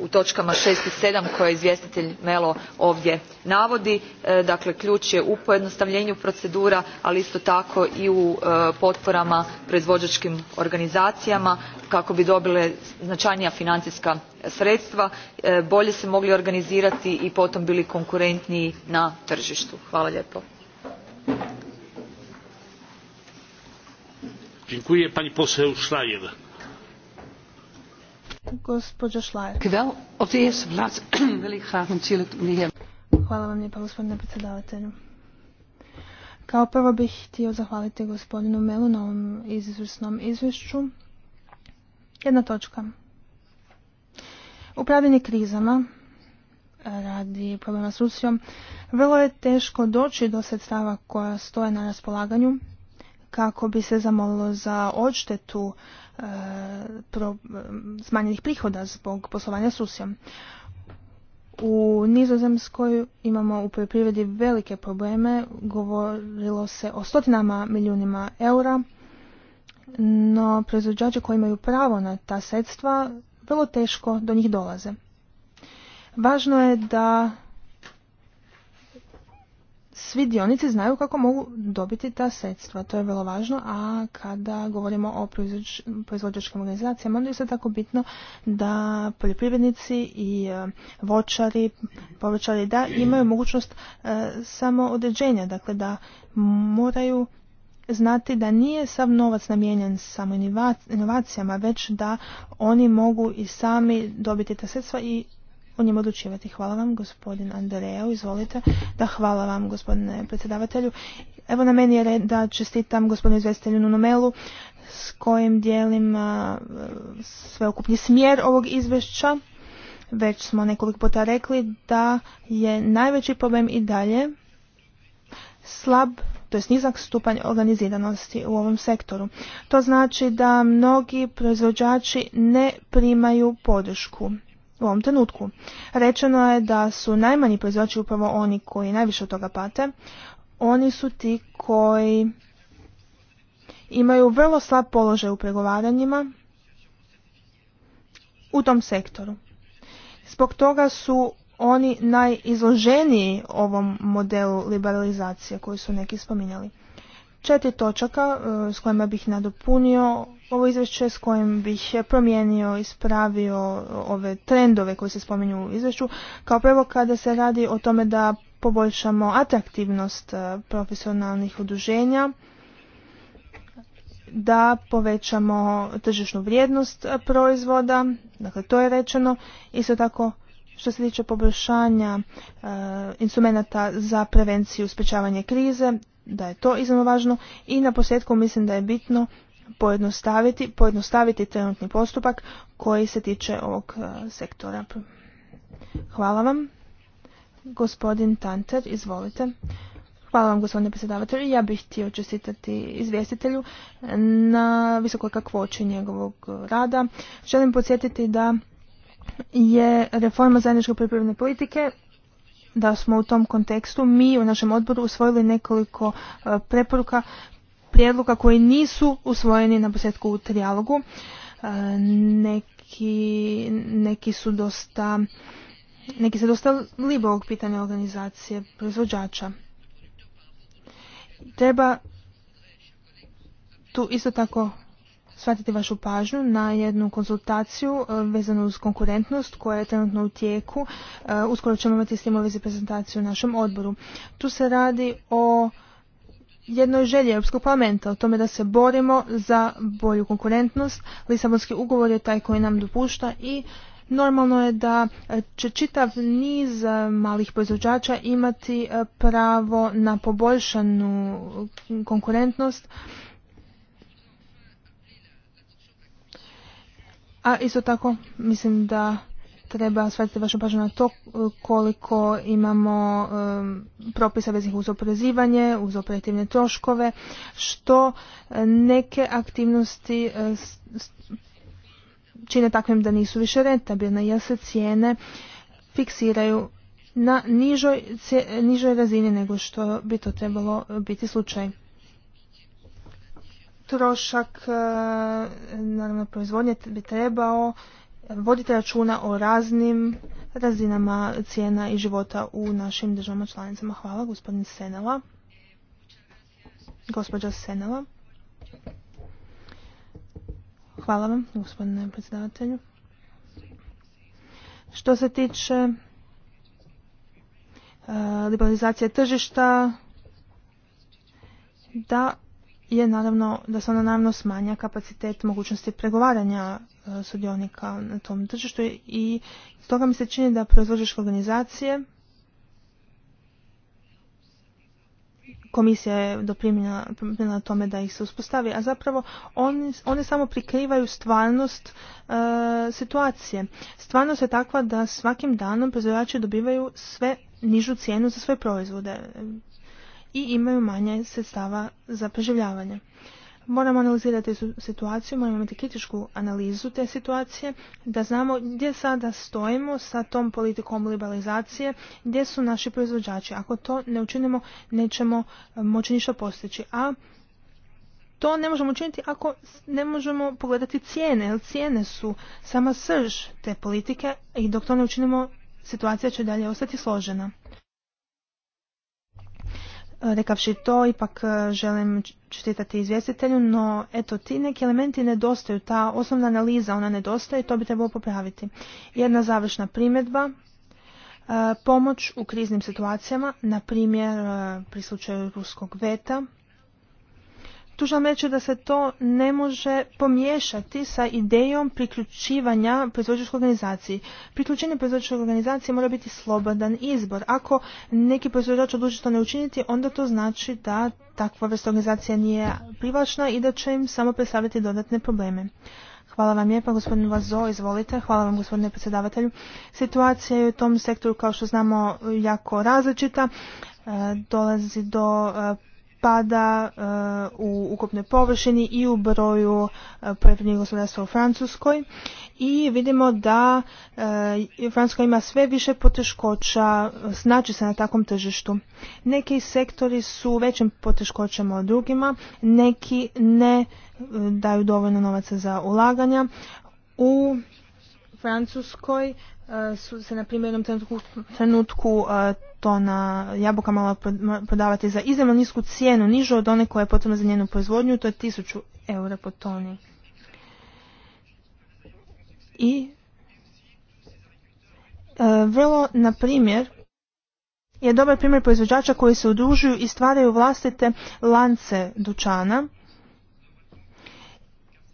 u točkama šest i sedam koje izvjestitelj melo ovdje navodi dakle ključ je u pojednostavljenju procedura ali isto tako i u potporama proizvođačkim organizacijama kako bi dobile značajnija financijska sredstva e, bolje se mogli organizirati i potom bili konkurentniji na tržištu. Hvala lijepo. Hvala vam gospodine predsjedavatelju. Kao prvo bih htio zahvaliti gospodinu Melu na ovom izvrsnom izvješću. Jedna točka. Upravljanje krizama e, radi problema s Rusijom, vrlo je teško doći do sredstava koja stoje na raspolaganju kako bi se zamolilo za odštetu e, e, smanjenih prihoda zbog poslovanja s Rusijom. U Nizozemskoj imamo u poljoprivredi velike probleme, govorilo se o stotinama milijunima eura, no proizvođači koji imaju pravo na ta sredstva vrlo teško do njih dolaze. Važno je da svi dionici znaju kako mogu dobiti ta sredstva. To je vrlo važno, a kada govorimo o proizvođačkim organizacijama, onda je isto tako bitno da poljoprivrednici i e, vočari, povrćari da imaju mogućnost e, samo određenja, dakle da moraju znati da nije sav novac namijenjen samo inovacijama, već da oni mogu i sami dobiti ta sredstva i o njima odlučivati. Hvala vam gospodin Andreo, izvolite. Da hvala vam gospodine predsjedavatelju. Evo na meni je red da čestitam gospodinu izvestelju Nunomelu s kojim dijelim sveukupni smjer ovog izvješća. Već smo nekoliko puta rekli da je najveći problem i dalje slab to je nizak stupanj organiziranosti u ovom sektoru. To znači da mnogi proizvođači ne primaju podršku u ovom trenutku. Rečeno je da su najmanji proizvođači upravo oni koji najviše od toga pate. Oni su ti koji imaju vrlo slab položaj u pregovaranjima u tom sektoru. Zbog toga su oni najizloženiji ovom modelu liberalizacije koju su neki spominjali. Četiri točaka e, s kojima bih nadopunio ovo izvješće, s kojim bih promijenio, ispravio ove trendove koji se spominju u izvješću. Kao prvo kada se radi o tome da poboljšamo atraktivnost e, profesionalnih udruženja, da povećamo tržišnu vrijednost e, proizvoda, dakle to je rečeno, isto tako što se tiče poboljšanja e, instrumenta za prevenciju sprečavanje krize, da je to iznimno važno i na posljedku mislim da je bitno pojednostaviti, trenutni postupak koji se tiče ovog e, sektora. Hvala vam. Gospodin Tanter, izvolite. Hvala vam gospodine predsjedavatelju. Ja bih htio čestitati izvjestitelju na visokoj kakvoći njegovog rada. Želim podsjetiti da je reforma zajedničke poljoprivredne politike da smo u tom kontekstu mi u našem odboru usvojili nekoliko e, preporuka prijedloga koji nisu usvojeni na posjetku u trijalogu. E, neki, neki su dosta neki se dosta libo ovog pitanja organizacije proizvođača. Treba tu isto tako shvatiti vašu pažnju na jednu konzultaciju e, vezanu uz konkurentnost koja je trenutno u tijeku. E, uskoro ćemo imati s tim u prezentaciju u našem odboru. Tu se radi o jednoj želji Europskog parlamenta o tome da se borimo za bolju konkurentnost. Lisabonski ugovor je taj koji nam dopušta i normalno je da će čitav niz e, malih proizvođača imati pravo na poboljšanu konkurentnost A isto tako mislim da treba shvatiti vašu pažnju na to e, koliko imamo e, propisa veznih uz oporezivanje, uz operativne troškove, što e, neke aktivnosti čine takvim da nisu više rentabilne jer se cijene fiksiraju na nižoj, nižoj razini nego što bi to trebalo biti slučaj trošak e, naravno proizvodnje bi trebao voditi računa o raznim razinama cijena i života u našim državama članicama. Hvala gospodin Senela. Gospođa Senela. Hvala vam gospodine predsjedavatelju. Što se tiče e, liberalizacije tržišta, da je naravno da se ona naravno smanja kapacitet mogućnosti pregovaranja e, sudionika na tom tržištu i stoga mi se čini da proizvođačke organizacije komisija je doprimljena tome da ih se uspostavi, a zapravo one samo prikrivaju stvarnost e, situacije. Stvarnost je takva da svakim danom proizvođači dobivaju sve nižu cijenu za svoje proizvode i imaju manje sredstava za preživljavanje. Moramo analizirati situaciju, moramo imati kritičku analizu te situacije, da znamo gdje sada stojimo sa tom politikom liberalizacije, gdje su naši proizvođači. Ako to ne učinimo, nećemo e, moći ništa postići. A to ne možemo učiniti ako ne možemo pogledati cijene, jer cijene su sama srž te politike i dok to ne učinimo, situacija će dalje ostati složena. Rekavši to, ipak e, želim čestitati izvjestitelju, no eto, ti neki elementi nedostaju, ta osnovna analiza ona nedostaje i to bi trebalo popraviti. Jedna završna primjedba, e, pomoć u kriznim situacijama, na primjer e, pri slučaju ruskog veta, tu reći da se to ne može pomiješati sa idejom priključivanja proizvođačkoj organizaciji. Priključenje proizvođačkoj organizaciji mora biti slobodan izbor. Ako neki proizvođač odluči to ne učiniti, onda to znači da takva vrsta organizacija nije privlačna i da će im samo predstaviti dodatne probleme. Hvala vam lijepa, gospodin Vazo, izvolite. Hvala vam, gospodine predsjedavatelju. Situacija je u tom sektoru, kao što znamo, jako različita. E, dolazi do e, pada eh, u ukupnoj površini i u broju eh, poljoprivrednih gospodarstva u Francuskoj i vidimo da eh, Francuska ima sve više poteškoća, znači se na takvom tržištu. Neki sektori su većim poteškoćama od drugima, neki ne daju dovoljno novaca za ulaganja. U Francuskoj E, su se na primjer jednom trenutku, trenutku e, na jabuka malo prodavati za iznimno nisku cijenu, nižu od one koja je potrebna za njenu proizvodnju, to je 1000 eura po toni. I e, vrlo, na primjer, je dobar primjer proizvođača koji se udružuju i stvaraju vlastite lance dućana.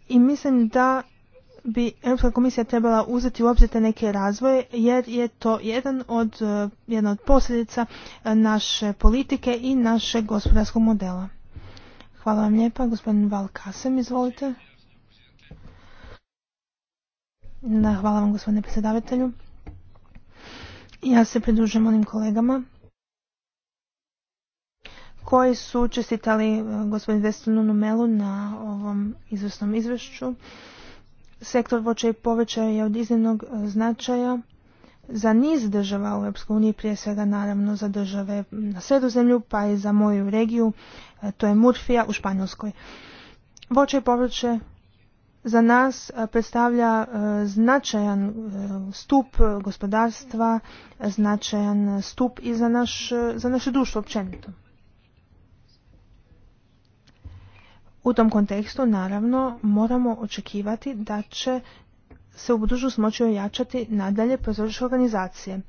I mislim da bi Europska komisija trebala uzeti u obzir te neke razvoje jer je to jedan od, eh, jedna od posljedica eh, naše politike i našeg gospodarskog modela. Hvala vam lijepa. Gospodin Valkasem, izvolite. Da, hvala vam gospodine predsjedavatelju. Ja se pridružujem onim kolegama koji su čestitali eh, gospodinu Vestonu Melu na ovom izvrsnom izvješću sektor voća i povrća je od iznimnog e, značaja za niz država u EU, prije svega naravno za države na sredozemlju, pa i za moju regiju, e, to je Murfija u Španjolskoj. Voće i povrće za nas e, predstavlja značajan stup gospodarstva, značajan stup i za, naš, za naše društvo općenito. U tom kontekstu, naravno, moramo očekivati da će se u budućnost moći ojačati nadalje proizvođačke organizacije.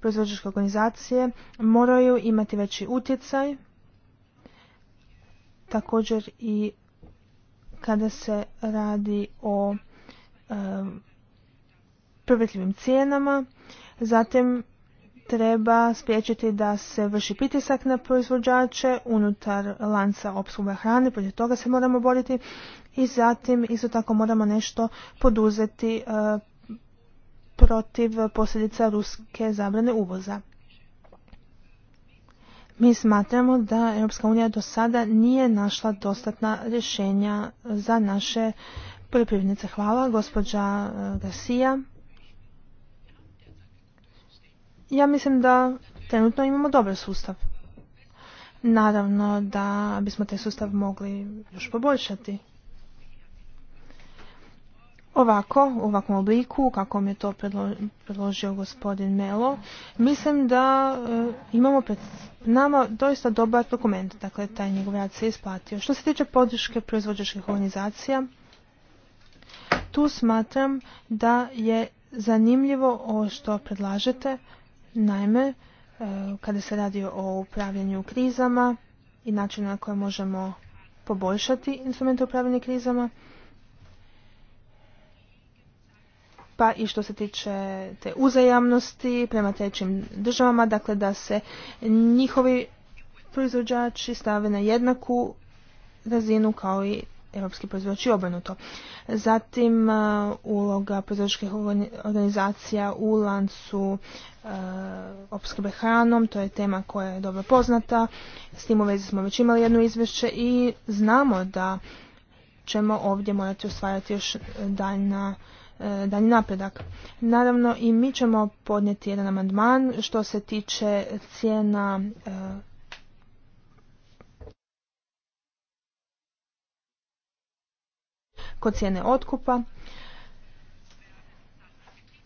Proizvođačke organizacije moraju imati veći utjecaj, također i kada se radi o e, cijenama, zatim treba spriječiti da se vrši pritisak na proizvođače unutar lanca opskrbe hrane, protiv toga se moramo boriti i zatim isto tako moramo nešto poduzeti e, protiv posljedica ruske zabrane uvoza. Mi smatramo da Europska unija do sada nije našla dostatna rješenja za naše poljoprivrednice. Hvala, gospođa e, Garcia. Ja mislim da trenutno imamo dobar sustav. Naravno da bismo taj sustav mogli još poboljšati. Ovako, u ovakvom obliku, kako mi je to predložio gospodin Melo, mislim da e, imamo pred nama doista dobar dokument, dakle taj njegov rad se isplatio. Što se tiče podrške proizvođačkih organizacija, tu smatram da je zanimljivo ovo što predlažete, Naime, e, kada se radi o upravljanju krizama i načinu na koje možemo poboljšati instrumente upravljanja krizama, pa i što se tiče te uzajamnosti prema trećim državama, dakle da se njihovi proizvođači stave na jednaku razinu kao i europski i obrnuto. Zatim e, uloga proizvođačkih organizacija u lancu e, opskrbe hranom, to je tema koja je dobro poznata. S tim u vezi smo već imali jedno izvješće i znamo da ćemo ovdje morati osvajati još daljna e, dalji napredak. Naravno i mi ćemo podnijeti jedan amandman što se tiče cijena e, kod cijene otkupa.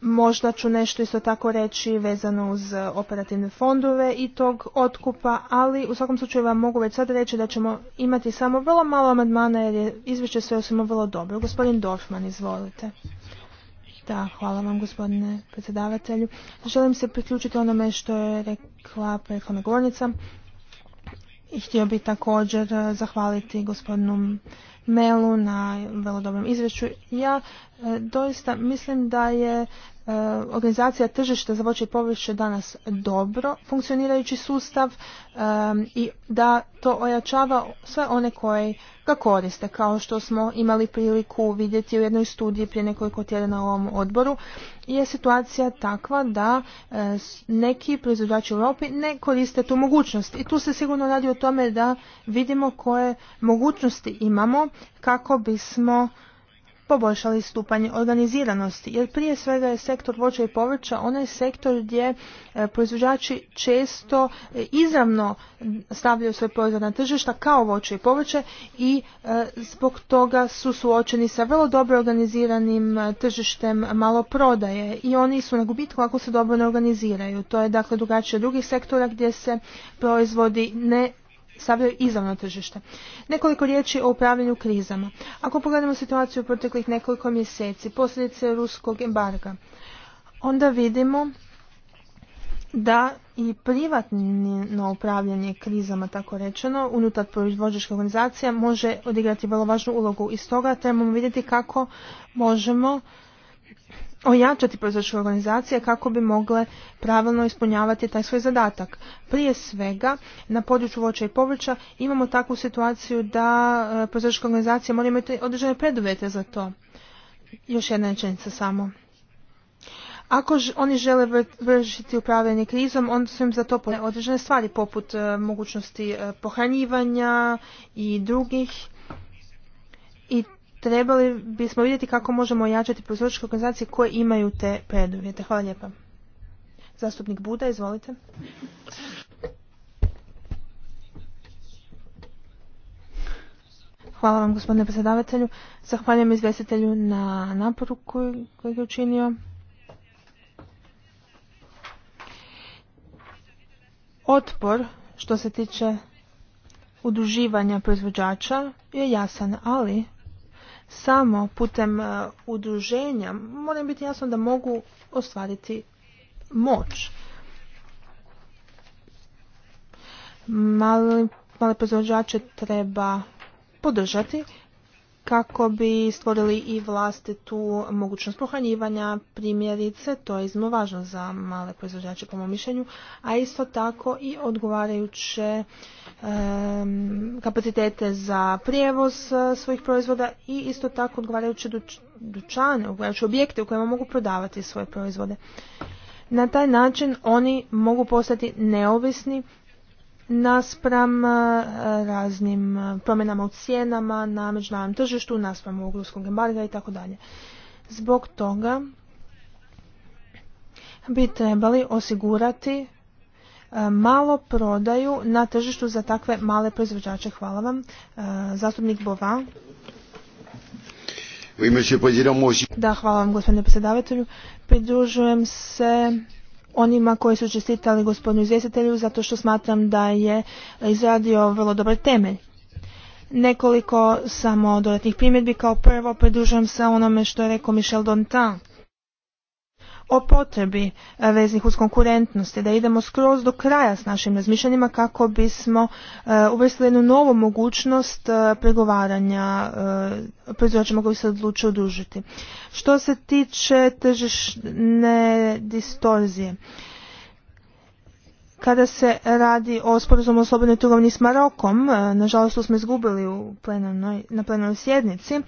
Možda ću nešto isto tako reći vezano uz operativne fondove i tog otkupa, ali u svakom slučaju vam mogu već sad reći da ćemo imati samo vrlo malo amandmana jer je izvješće sve osim vrlo dobro. Gospodin Dorfman, izvolite. Da, hvala vam gospodine predsjedavatelju. Želim se priključiti onome što je rekla prethodna govornica. I htio bih također eh, zahvaliti gospodinu mailu, na vrlo dobrom izvješću. Ja e, doista mislim da je Eh, organizacija tržišta za voće i danas dobro funkcionirajući sustav i da to ojačava sve one koje ga koriste, kao što smo imali priliku vidjeti u jednoj studiji prije nekoliko tjedana u ovom odboru, je situacija takva da eh, neki proizvođači u Europi ne koriste tu mogućnost. I tu se sigurno radi o tome da vidimo koje mogućnosti imamo kako bismo poboljšali stupanje organiziranosti. Jer prije svega je sektor voća i povrća onaj sektor gdje e, proizvođači često e, izravno stavljaju svoje proizvode na tržišta kao voće i povrće i e, zbog toga su suočeni sa vrlo dobro organiziranim tržištem maloprodaje i oni su na gubitku ako se dobro ne organiziraju. To je dakle drugačije drugih sektora gdje se proizvodi ne stavljaju izravno tržište. Nekoliko riječi o upravljanju krizama. Ako pogledamo situaciju u proteklih nekoliko mjeseci, posljedice ruskog embarga, onda vidimo da i privatno upravljanje krizama, tako rečeno, unutar proizvođačke organizacija može odigrati vrlo važnu ulogu. Iz toga trebamo vidjeti kako možemo ojačati proizvršu organizacije kako bi mogle pravilno ispunjavati taj svoj zadatak. Prije svega, na području voća i povrća imamo takvu situaciju da e, proizvršu organizacije moraju imati određene preduvjete za to. Još jedna rečenica samo. Ako oni žele vršiti upravljanje krizom, onda su im za to određene stvari, poput e, mogućnosti e, pohranjivanja i drugih. I trebali bismo vidjeti kako možemo ojačati proizvođačke organizacije koje imaju te preduvjete. Hvala lijepa. Zastupnik Buda, izvolite. Hvala vam gospodine predsjedavatelju. Zahvaljujem izvjestitelju na naporu koji, je učinio. Otpor što se tiče uduživanja proizvođača je jasan, ali samo putem e, udruženja moram biti jasno da mogu ostvariti moć. Male, mali proizvođače treba podržati kako bi stvorili i vlastitu mogućnost pohranjivanja, primjerice, to je iznimno važno za male proizvođače po mom mišljenju, a isto tako i odgovarajuće kapacitete za prijevoz e, svojih proizvoda i isto tako odgovarajuće dućane, odgovarajuće objekte u kojima mogu prodavati svoje proizvode. Na taj način oni mogu postati neovisni naspram e, raznim e, promjenama u cijenama na međunarodnom tržištu, naspram ruskog embarga i tako Zbog toga bi trebali osigurati e, malo prodaju na tržištu za takve male proizvođače. Hvala vam. Zastupnik Bova. Da, hvala vam gospodine predsjedavatelju. Pridružujem se onima koji su čestitali gospodinu izvjestitelju zato što smatram da je izradio vrlo dobar temelj. Nekoliko samo dodatnih primjedbi. Kao prvo pridružujem se onome što je rekao Michel Dantin o potrebi e, veznih uz konkurentnosti, da idemo skroz do kraja s našim razmišljanjima kako bismo e, uvrstili jednu novu mogućnost e, pregovaranja proizvođačima koji se odlučuju odužiti. Što se tiče tržišne distorzije, kada se radi o sporazumu o slobodnoj trgovini s Marokom, e, nažalost smo izgubili u na plenarnoj sjednici, e,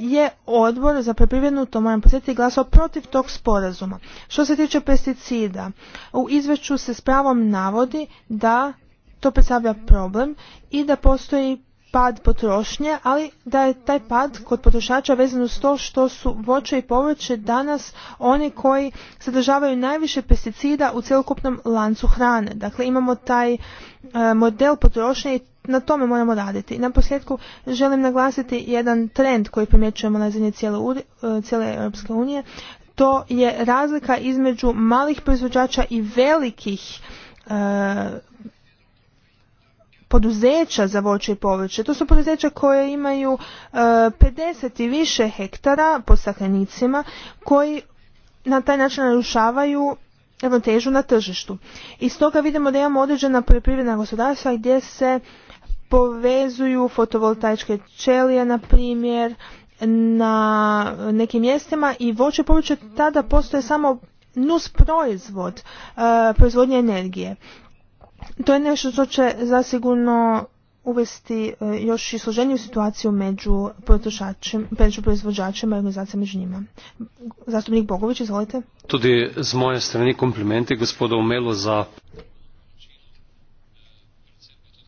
je odbor za preprivrednu, to moram posjetiti, glasao protiv tog sporazuma. Što se tiče pesticida, u izveću se s pravom navodi da to predstavlja problem i da postoji pad potrošnje, ali da je taj pad kod potrošača vezan uz to što su voće i povrće danas oni koji sadržavaju najviše pesticida u cjelokupnom lancu hrane. Dakle, imamo taj e, model potrošnje i na tome moramo raditi. Na posljedku želim naglasiti jedan trend koji primjećujemo na zemlji e, cijele, Europske unije. To je razlika između malih proizvođača i velikih e, poduzeća za voće i povrće. To su poduzeća koje imaju 50 e, i više hektara po staklenicima koji na taj način narušavaju ravnotežu na tržištu. I stoga vidimo da imamo određena poljoprivredna gospodarstva gdje se povezuju fotovoltaičke čelije, na primjer, na nekim mjestima i voće i povrće tada postoje samo nus proizvod e, proizvodnje energije to je nešto što će zasigurno uvesti e, još i složeniju situaciju među, među proizvođačima i organizacijama među njima. Zastupnik Bogović, izvolite. Tudi z moje strani komplimenti gospodo Melo za...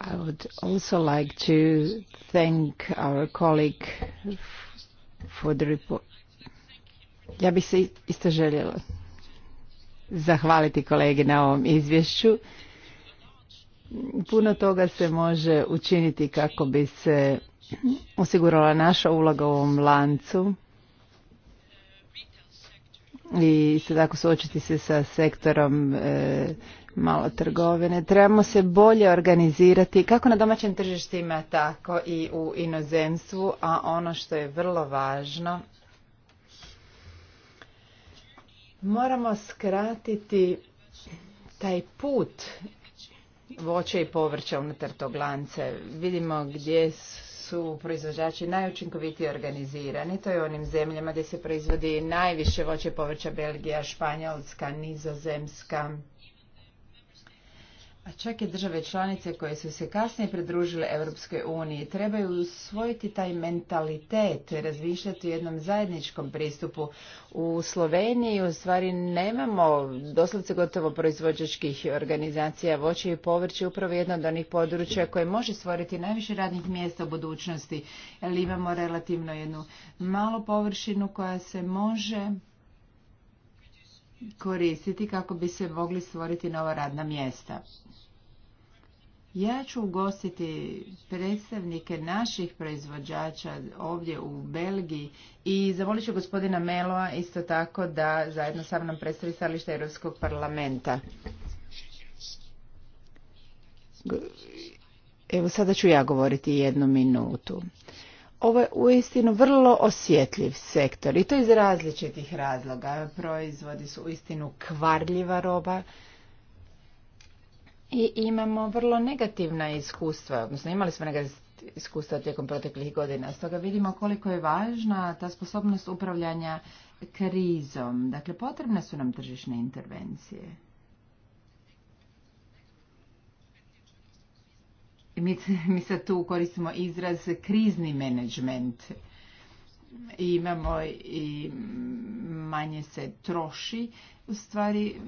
I would also like to thank our colleague for the report. Ja bih se isto željela zahvaliti kolege na ovom izvješću puno toga se može učiniti kako bi se osigurala naša uloga u ovom lancu i se tako suočiti se sa sektorom e, malo trgovine. Trebamo se bolje organizirati kako na domaćim tržištima, tako i u inozemstvu, a ono što je vrlo važno, moramo skratiti taj put voće i povrća unutar tog lanca. Vidimo gdje su proizvođači najučinkovitije organizirani. To je u onim zemljama gdje se proizvodi najviše voće i povrća Belgija, Španjolska, Nizozemska, a čak i države članice koje su se kasnije pridružile Europskoj uniji trebaju usvojiti taj mentalitet, razmišljati o jednom zajedničkom pristupu. U Sloveniji u stvari nemamo doslovce gotovo proizvođačkih organizacija voće i povrće, upravo jedno od onih područja koje može stvoriti najviše radnih mjesta u budućnosti, jer imamo relativno jednu malu površinu koja se može koristiti kako bi se mogli stvoriti nova radna mjesta. Ja ću ugostiti predstavnike naših proizvođača ovdje u Belgiji i zavolit ću gospodina Meloa isto tako da zajedno sa mnom predstavi stalište Europskog parlamenta. Evo sada ću ja govoriti jednu minutu. Ovo je uistinu vrlo osjetljiv sektor i to iz različitih razloga. Proizvodi su uistinu kvarljiva roba i imamo vrlo negativna iskustva, odnosno imali smo negativna iskustva tijekom proteklih godina. Stoga vidimo koliko je važna ta sposobnost upravljanja krizom. Dakle, potrebne su nam tržišne intervencije. Mi, *laughs* mi sad tu koristimo izraz krizni menadžment. Imamo i manje se troši u stvari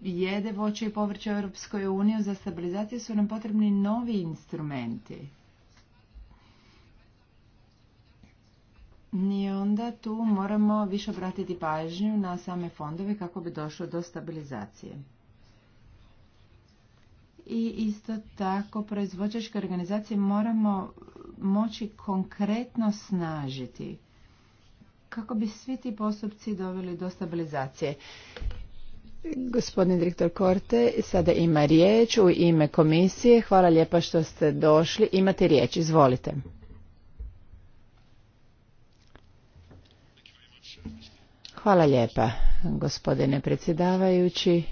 jede voće i povrće u Europskoj uniji, za stabilizaciju su nam potrebni novi instrumenti. I onda tu moramo više obratiti pažnju na same fondove kako bi došlo do stabilizacije. I isto tako proizvođačke organizacije moramo moći konkretno snažiti kako bi svi ti postupci doveli do stabilizacije. Gospodin direktor Korte, sada ima riječ u ime komisije. Hvala lijepa što ste došli. Imate riječ, izvolite. Hvala lijepa, gospodine predsjedavajući.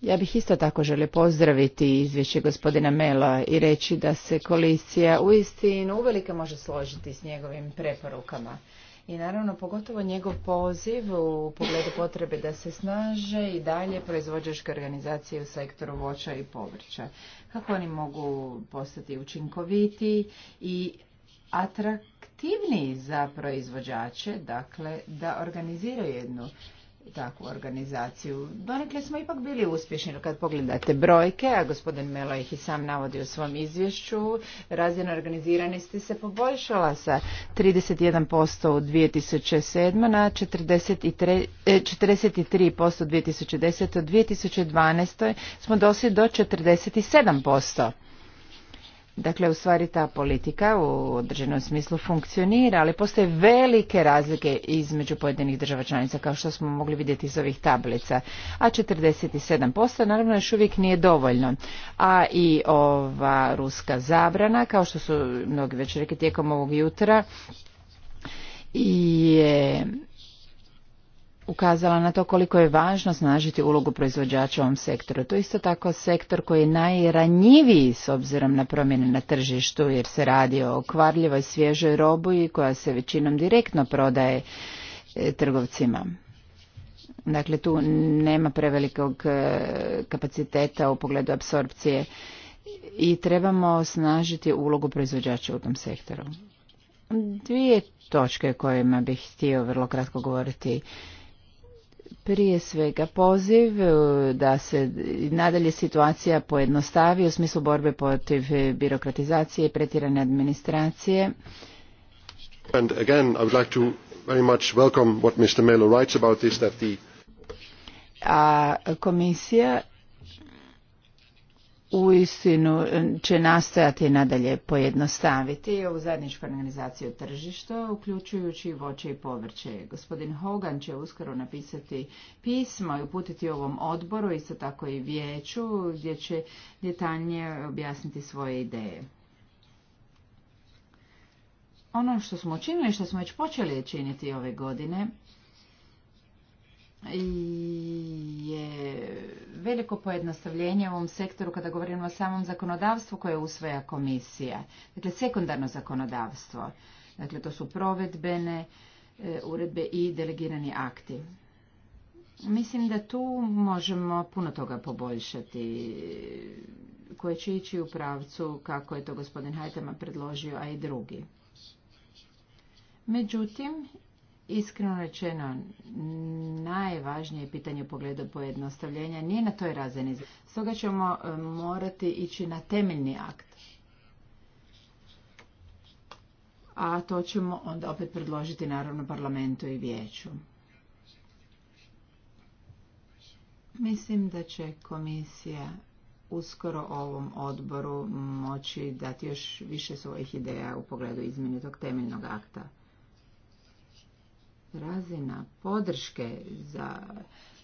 Ja bih isto tako želio pozdraviti izvješće gospodina Mela i reći da se koalicija uistinu uvelike može složiti s njegovim preporukama i naravno pogotovo njegov poziv u pogledu potrebe da se snaže i dalje proizvođačke organizacije u sektoru voća i povrća. Kako oni mogu postati učinkoviti i atraktivniji za proizvođače, dakle da organiziraju jednu takvu organizaciju. Donekle smo ipak bili uspješni kad pogledate brojke, a gospodin Melo ih i sam navodi u svom izvješću. Razina organiziranosti se poboljšala sa 31% u 2007. na 43%, 43% eh, u 2010. U 2012. smo dosli do 47%. Dakle, u stvari ta politika u određenom smislu funkcionira, ali postoje velike razlike između pojedinih država članica, kao što smo mogli vidjeti iz ovih tablica. A 47% naravno još uvijek nije dovoljno. A i ova ruska zabrana, kao što su mnogi već rekli tijekom ovog jutra, je ukazala na to koliko je važno snažiti ulogu proizvođača u ovom sektoru. To je isto tako sektor koji je najranjiviji s obzirom na promjene na tržištu jer se radi o kvarljivoj svježoj robu koja se većinom direktno prodaje e, trgovcima. Dakle, tu nema prevelikog e, kapaciteta u pogledu apsorpcije i trebamo snažiti ulogu proizvođača u tom sektoru. Dvije točke kojima bih htio vrlo kratko govoriti. Prije svega poziv e, da se nadalje situacija pojednostavi u smislu borbe protiv e, birokratizacije i pretjerane administracije. a komisija uistinu e, će nastojati nadalje pojednostaviti ovu zajedničku organizaciju tržišta, uključujući voće i povrće. Gospodin Hogan će uskoro napisati pismo i uputiti ovom odboru, isto tako i vijeću, gdje će detaljnije objasniti svoje ideje. Ono što smo učinili, što smo već počeli činiti ove godine, je veliko pojednostavljenje u ovom sektoru kada govorimo o samom zakonodavstvu koje usvaja komisija. Dakle, sekundarno zakonodavstvo. Dakle, to su provedbene e, uredbe i delegirani akti. Mislim da tu možemo puno toga poboljšati koje će ići u pravcu kako je to gospodin Hajtema predložio, a i drugi. Međutim, Iskreno rečeno, najvažnije pitanje u pogledu pojednostavljenja nije na toj razini. Stoga ćemo e, morati ići na temeljni akt. A to ćemo onda opet predložiti naravno parlamentu i vijeću. Mislim da će komisija uskoro ovom odboru moći dati još više svojih ideja u pogledu izmjene tog temeljnog akta razina podrške za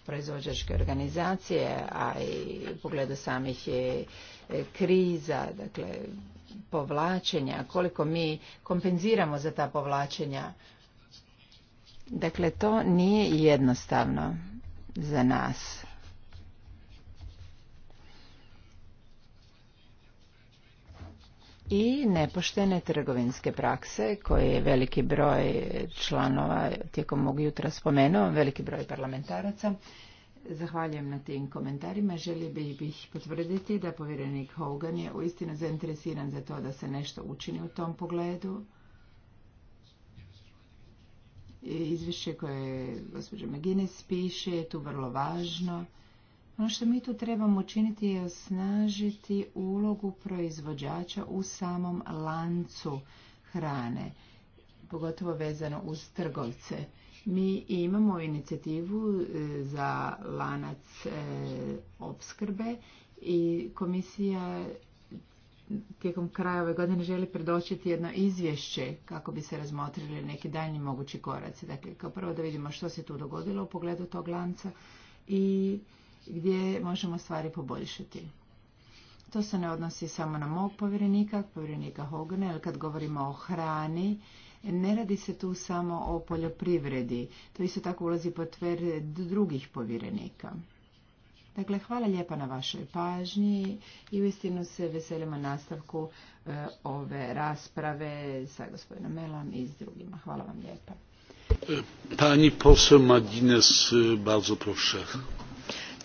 proizvođačke organizacije, a i u pogledu samih je e, kriza, dakle povlačenja, koliko mi kompenziramo za ta povlačenja. Dakle, to nije jednostavno za nas. i nepoštene trgovinske prakse koje je veliki broj članova tijekom mog jutra spomenuo, veliki broj parlamentaraca. Zahvaljujem na tim komentarima. Želio bih potvrditi da povjerenik Hogan je uistinu zainteresiran za to da se nešto učini u tom pogledu. Izvješće koje gospođa McGuinness piše je tu vrlo važno ono što mi tu trebamo učiniti je osnažiti ulogu proizvođača u samom lancu hrane, pogotovo vezano uz trgovce. Mi imamo inicijativu e, za lanac e, opskrbe i komisija tijekom kraja ove godine želi predočiti jedno izvješće kako bi se razmotrili neki daljnji mogući koraci. Dakle, kao prvo da vidimo što se tu dogodilo u pogledu tog lanca i gdje možemo stvari poboljšati. To se ne odnosi samo na mog povjerenika, povjerenika Hogana, jer kad govorimo o hrani, ne radi se tu samo o poljoprivredi. To isto tako ulazi pod tver drugih povjerenika. Dakle, hvala lijepa na vašoj pažnji i uistinu se veselimo nastavku e, ove rasprave sa gospodinom Melam i s drugima. Hvala vam lijepa. Pani poseł Madines, e, bardzo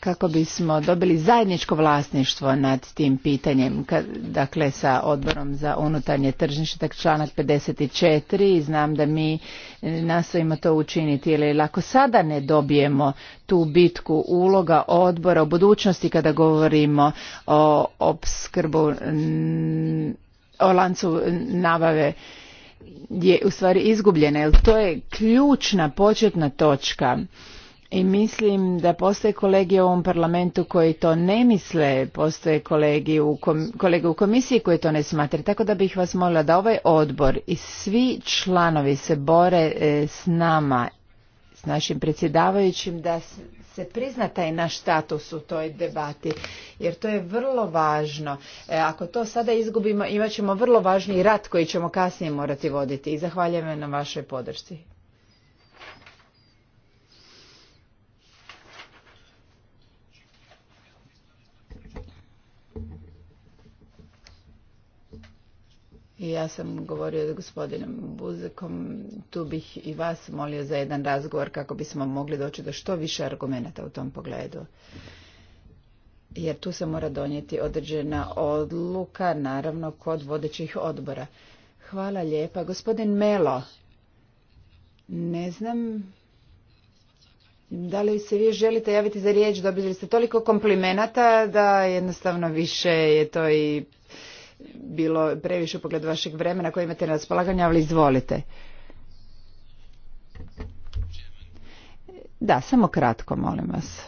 kako bismo dobili zajedničko vlasništvo nad tim pitanjem, dakle sa odborom za unutarnje tržnište, tak članak 54 i znam da mi nastojimo to učiniti, ili ako sada ne dobijemo tu bitku uloga odbora u budućnosti kada govorimo o opskrbu, o lancu nabave, je u stvari izgubljena, jer to je ključna početna točka i mislim da postoje kolege u ovom parlamentu koji to ne misle, postoje kolege u, kom, u komisiji koji to ne smatraju. Tako da bih vas molila da ovaj odbor i svi članovi se bore e, s nama, s našim predsjedavajućim, da se prizna taj naš status u toj debati, jer to je vrlo važno. E, ako to sada izgubimo, imat ćemo vrlo važni rat koji ćemo kasnije morati voditi. I zahvaljujem na vašoj podršci. I Ja sam govorio s gospodinom Buzekom, tu bih i vas molio za jedan razgovor kako bismo mogli doći do što više argumenata u tom pogledu. Jer tu se mora donijeti određena odluka, naravno, kod vodećih odbora. Hvala lijepa. Gospodin Melo, ne znam da li se vi želite javiti za riječ, dobili ste toliko komplimenata da jednostavno više je to i bilo previše u pogledu vašeg vremena koje imate na raspolaganju, ali izvolite. Da, samo kratko, molim vas.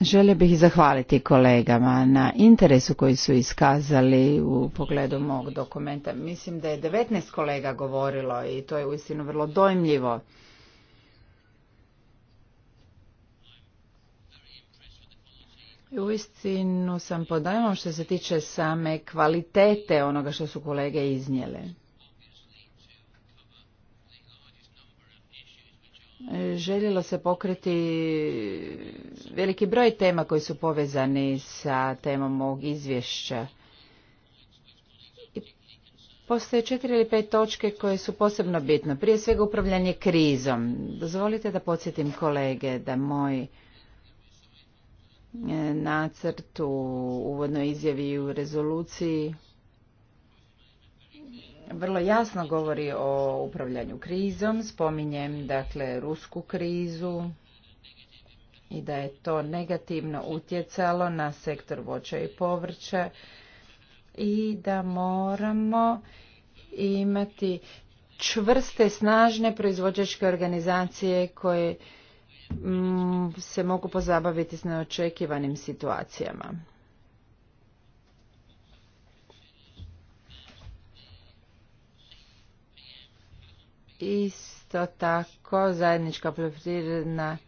Želio bih zahvaliti kolegama na interesu koji su iskazali u pogledu mog dokumenta. Mislim da je 19 kolega govorilo i to je uistinu vrlo dojmljivo. Uistinu sam pod što se tiče same kvalitete onoga što su kolege iznijele. Željelo se pokriti veliki broj tema koji su povezani sa temom mog izvješća. Postoje četiri ili pet točke koje su posebno bitne. Prije svega upravljanje krizom. Dozvolite da podsjetim kolege da moj nacrtu, uvodnoj izjavi i u rezoluciji vrlo jasno govori o upravljanju krizom, spominjem dakle rusku krizu i da je to negativno utjecalo na sektor voća i povrća i da moramo imati čvrste, snažne proizvođačke organizacije koje Mm, se mogu pozabaviti s neočekivanim situacijama. Isto tako, zajednička poljoprivredna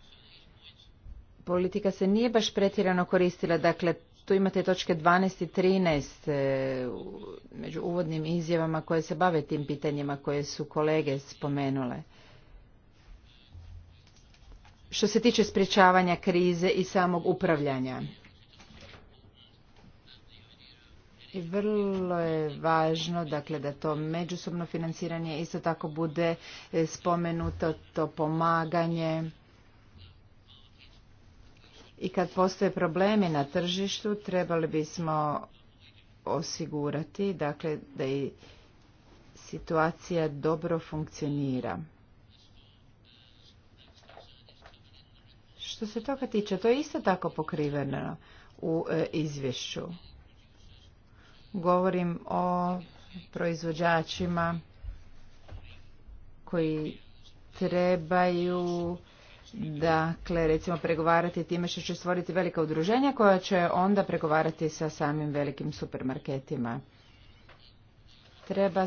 politika se nije baš pretjerano koristila, dakle tu imate točke 12 i 13 e, među uvodnim izjavama koje se bave tim pitanjima koje su kolege spomenule što se tiče sprječavanja krize i samog upravljanja. I vrlo je važno dakle, da to međusobno financiranje isto tako bude e, spomenuto, to pomaganje. I kad postoje problemi na tržištu, trebali bismo osigurati dakle, da i situacija dobro funkcionira. Što se toga tiče, to je isto tako pokriveno u e, izvješću. Govorim o proizvođačima koji trebaju dakle recimo pregovarati time što će stvoriti velika udruženja koja će onda pregovarati sa samim velikim supermarketima. Treba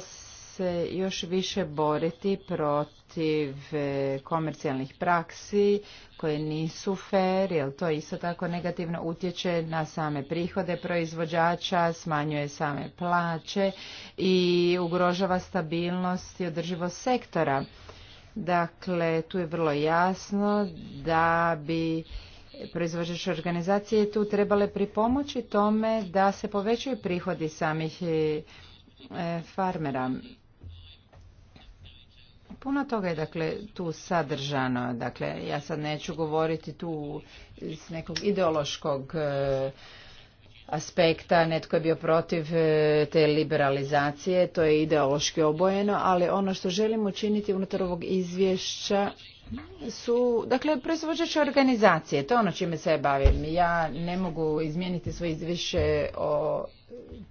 se još više boriti protiv e, komercijalnih praksi koje nisu fair, jer to isto tako negativno utječe na same prihode proizvođača, smanjuje same plaće i ugrožava stabilnost i održivost sektora. Dakle, tu je vrlo jasno da bi proizvođače organizacije tu trebale pripomoći tome da se povećaju prihodi samih e, farmera Puno toga je dakle tu sadržano, dakle ja sad neću govoriti tu s nekog ideološkog e, aspekta, netko je bio protiv e, te liberalizacije, to je ideološki obojeno, ali ono što želimo učiniti unutar ovog izvješća su, dakle, proizvođače organizacije, to je ono čime se bavim. Ja ne mogu izmijeniti svoje izvješće o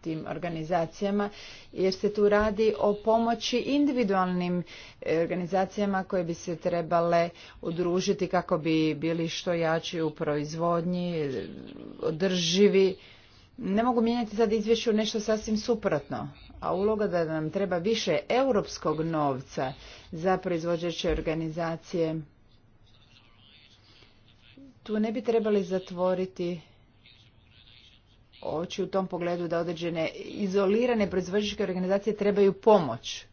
tim organizacijama jer se tu radi o pomoći individualnim e, organizacijama koje bi se trebale udružiti kako bi bili što jači u proizvodnji, e, održivi. Ne mogu mijenjati sad izvješću nešto sasvim suprotno, a uloga da nam treba više europskog novca za proizvođače organizacije. Tu ne bi trebali zatvoriti oči u tom pogledu da određene izolirane proizvođačke organizacije trebaju pomoć.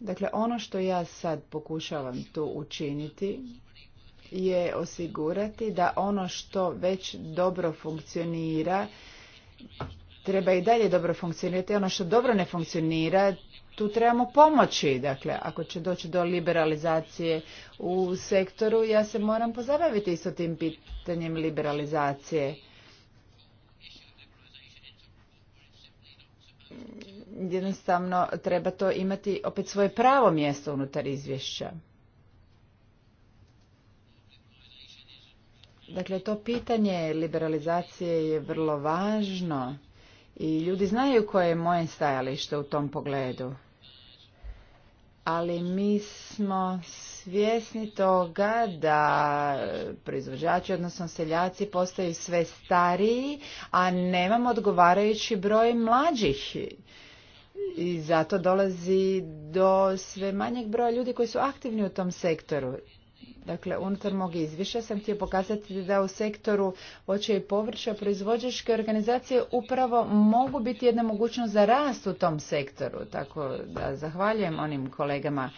Dakle, ono što ja sad pokušavam tu učiniti je osigurati da ono što već dobro funkcionira treba i dalje dobro funkcionirati. Ono što dobro ne funkcionira tu trebamo pomoći. Dakle, ako će doći do liberalizacije u sektoru, ja se moram pozabaviti sa tim pitanjem liberalizacije. Jednostavno treba to imati opet svoje pravo mjesto unutar izvješća. Dakle, to pitanje liberalizacije je vrlo važno i ljudi znaju koje je moje stajalište u tom pogledu ali mi smo svjesni toga da proizvođači, odnosno seljaci, postaju sve stariji, a nemamo odgovarajući broj mlađih. I zato dolazi do sve manjeg broja ljudi koji su aktivni u tom sektoru. Dakle, unutar mog izvješća sam htio pokazati da u sektoru voća i povrća proizvođačke organizacije upravo mogu biti jedna mogućnost za rast u tom sektoru. Tako da zahvaljujem onim kolegama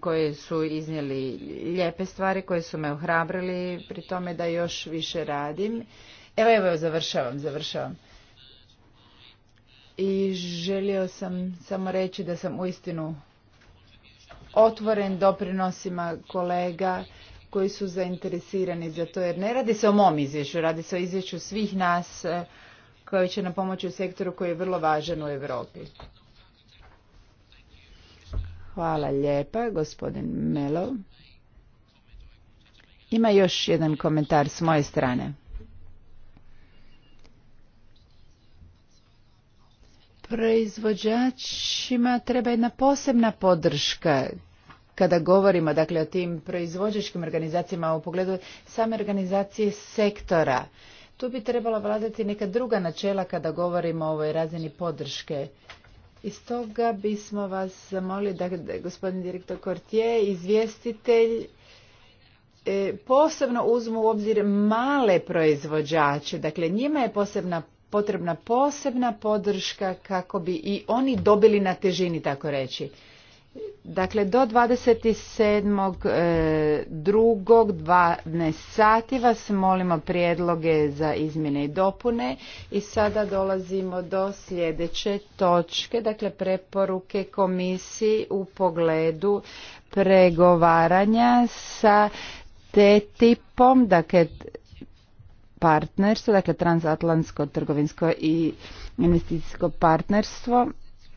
koji su iznijeli lijepe stvari, koji su me ohrabrili pri tome da još više radim. Evo, evo, završavam, završavam. I želio sam samo reći da sam uistinu otvoren doprinosima kolega koji su zainteresirani za to jer ne radi se o mom izvješću, radi se o izvješću svih nas e, koji će nam pomoći u sektoru koji je vrlo važan u Europi. Hvala lijepa, gospodin Melo. Ima još jedan komentar s moje strane. Proizvođačima treba jedna posebna podrška kada govorimo dakle o tim proizvođačkim organizacijama u pogledu same organizacije sektora. Tu bi trebala vladati neka druga načela kada govorimo o ovoj razini podrške. I stoga bismo vas zamolili da, gospodin direktor Kortije, izvjestitelj, e, posebno uzmu u obzir male proizvođače. Dakle, njima je posebna potrebna posebna podrška kako bi i oni dobili na težini, tako reći. Dakle, do 27.2.12 e, sati vas molimo prijedloge za izmjene i dopune i sada dolazimo do sljedeće točke, dakle preporuke komisiji u pogledu pregovaranja sa TTIP-om, dakle partnerstvo, dakle transatlantsko trgovinsko i investicijsko partnerstvo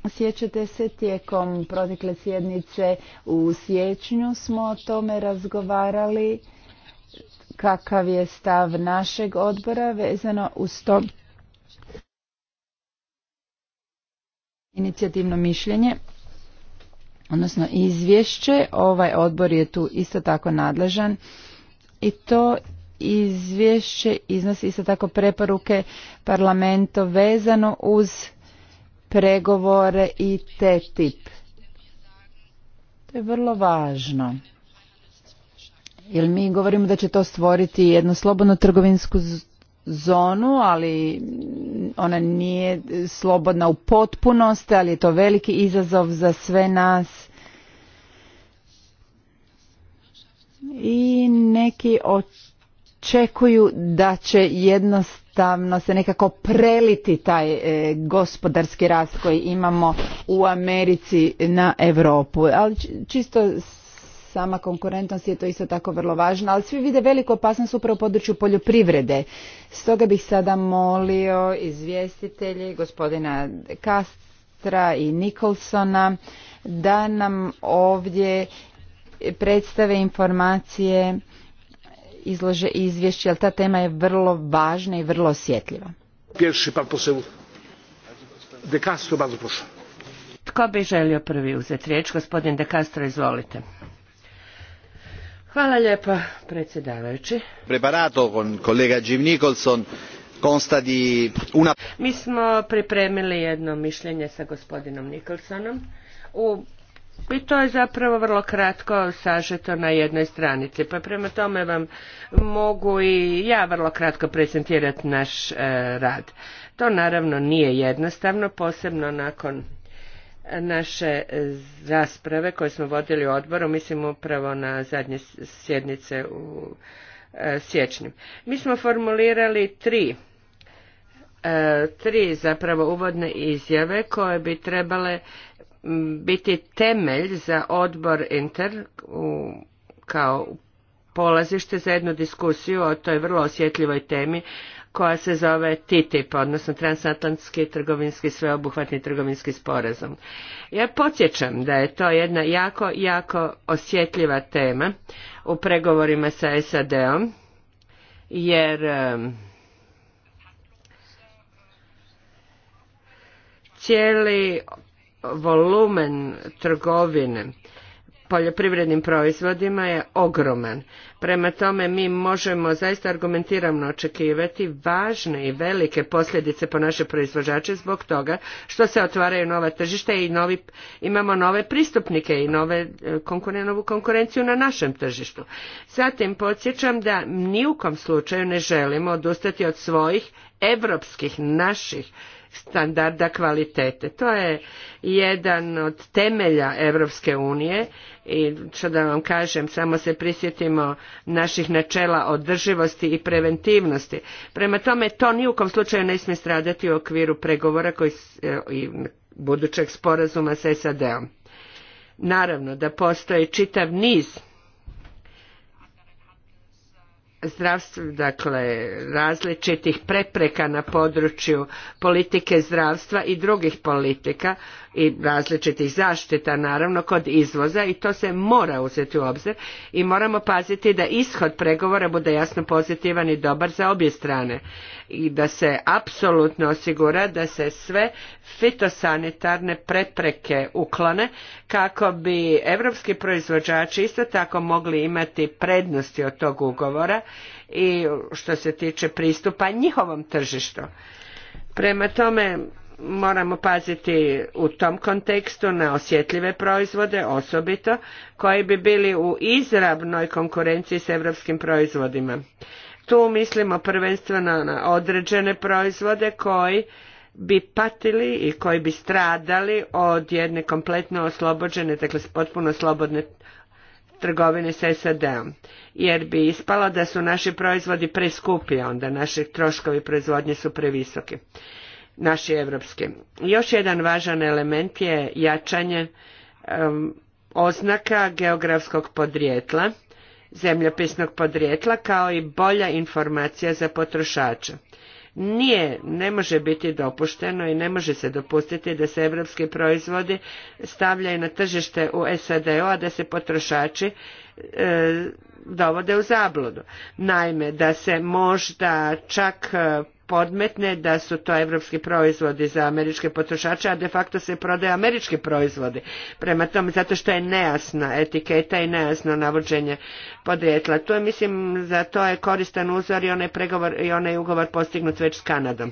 Sjećate se tijekom protekle sjednice u siječnju smo o tome razgovarali kakav je stav našeg odbora vezano uz to inicijativno mišljenje odnosno izvješće. Ovaj odbor je tu isto tako nadležan i to izvješće iznosi isto tako preporuke parlamentu vezano uz pregovore i TTIP. To je vrlo važno. Jer mi govorimo da će to stvoriti jednu slobodnu trgovinsku zonu, ali ona nije slobodna u potpunosti, ali je to veliki izazov za sve nas. I neki očekuju da će jednostavno jednostavno se nekako preliti taj e, gospodarski rast koji imamo u Americi na Europu. Ali čisto sama konkurentnost je to isto tako vrlo važno, ali svi vide veliku opasnost upravo u području poljoprivrede. Stoga bih sada molio izvjestitelji gospodina Kastra i Nikolsona da nam ovdje predstave informacije izlože izvješće, jer ta tema je vrlo važna i vrlo osjetljiva. pan bardzo Tko bi želio prvi uzeti riječ? Gospodin De Castro, izvolite. Hvala lijepo, predsjedavajući. Preparato con kolega Jim Nicholson di una... Mi smo pripremili jedno mišljenje sa gospodinom Nicholsonom u i to je zapravo vrlo kratko sažeto na jednoj stranici. Pa prema tome vam mogu i ja vrlo kratko prezentirati naš e, rad. To naravno nije jednostavno, posebno nakon naše rasprave koje smo vodili u odboru, mislim upravo na zadnje sjednice u e, siječnju. Mi smo formulirali tri e, tri zapravo uvodne izjave koje bi trebale biti temelj za odbor Inter kao polazište za jednu diskusiju o toj vrlo osjetljivoj temi koja se zove TTIP, odnosno transatlantski trgovinski sveobuhvatni trgovinski sporazum. Ja podsjećam da je to jedna jako, jako osjetljiva tema u pregovorima sa SAD-om, jer cijeli volumen trgovine poljoprivrednim proizvodima je ogroman. Prema tome mi možemo zaista argumentirano očekivati važne i velike posljedice po naše proizvođače zbog toga što se otvaraju nova tržišta i novi, imamo nove pristupnike i nove, e, novu konkurenciju na našem tržištu. Zatim podsjećam da ni u kom slučaju ne želimo odustati od svojih europskih naših standarda kvalitete. To je jedan od temelja Europske unije i što da vam kažem, samo se prisjetimo naših načela održivosti i preventivnosti. Prema tome, to ni u kom slučaju ne smije stradati u okviru pregovora koji, e, i budućeg sporazuma s SAD-om. Naravno da postoji čitav niz zdravstv, dakle različitih prepreka na području politike zdravstva i drugih politika i različitih zaštita naravno kod izvoza i to se mora uzeti u obzir i moramo paziti da ishod pregovora bude jasno pozitivan i dobar za obje strane i da se apsolutno osigura da se sve fitosanitarne prepreke uklone kako bi europski proizvođači isto tako mogli imati prednosti od tog ugovora i što se tiče pristupa njihovom tržištu. Prema tome moramo paziti u tom kontekstu na osjetljive proizvode osobito koji bi bili u izravnoj konkurenciji s europskim proizvodima. Tu mislimo prvenstveno na određene proizvode koji bi patili i koji bi stradali od jedne kompletno oslobođene, dakle potpuno slobodne trgovine sa SAD-om, jer bi ispalo da su naši proizvodi preskupi, onda naši troškovi proizvodnje su previsoki, naši evropski. Još jedan važan element je jačanje oznaka geografskog podrijetla, zemljopisnog podrijetla, kao i bolja informacija za potrošača. Nije, ne može biti dopušteno i ne može se dopustiti da se europski proizvodi stavljaju na tržište u sad a da se potrošači E, dovode u zabludu. Naime, da se možda čak e, podmetne da su to evropski proizvodi za američke potrošače, a de facto se prodaje američki proizvodi. Prema tome, zato što je nejasna etiketa i nejasno navođenje podrijetla. To je, mislim, za to je koristan uzor i onaj, pregovor, i onaj ugovor postignut već s Kanadom,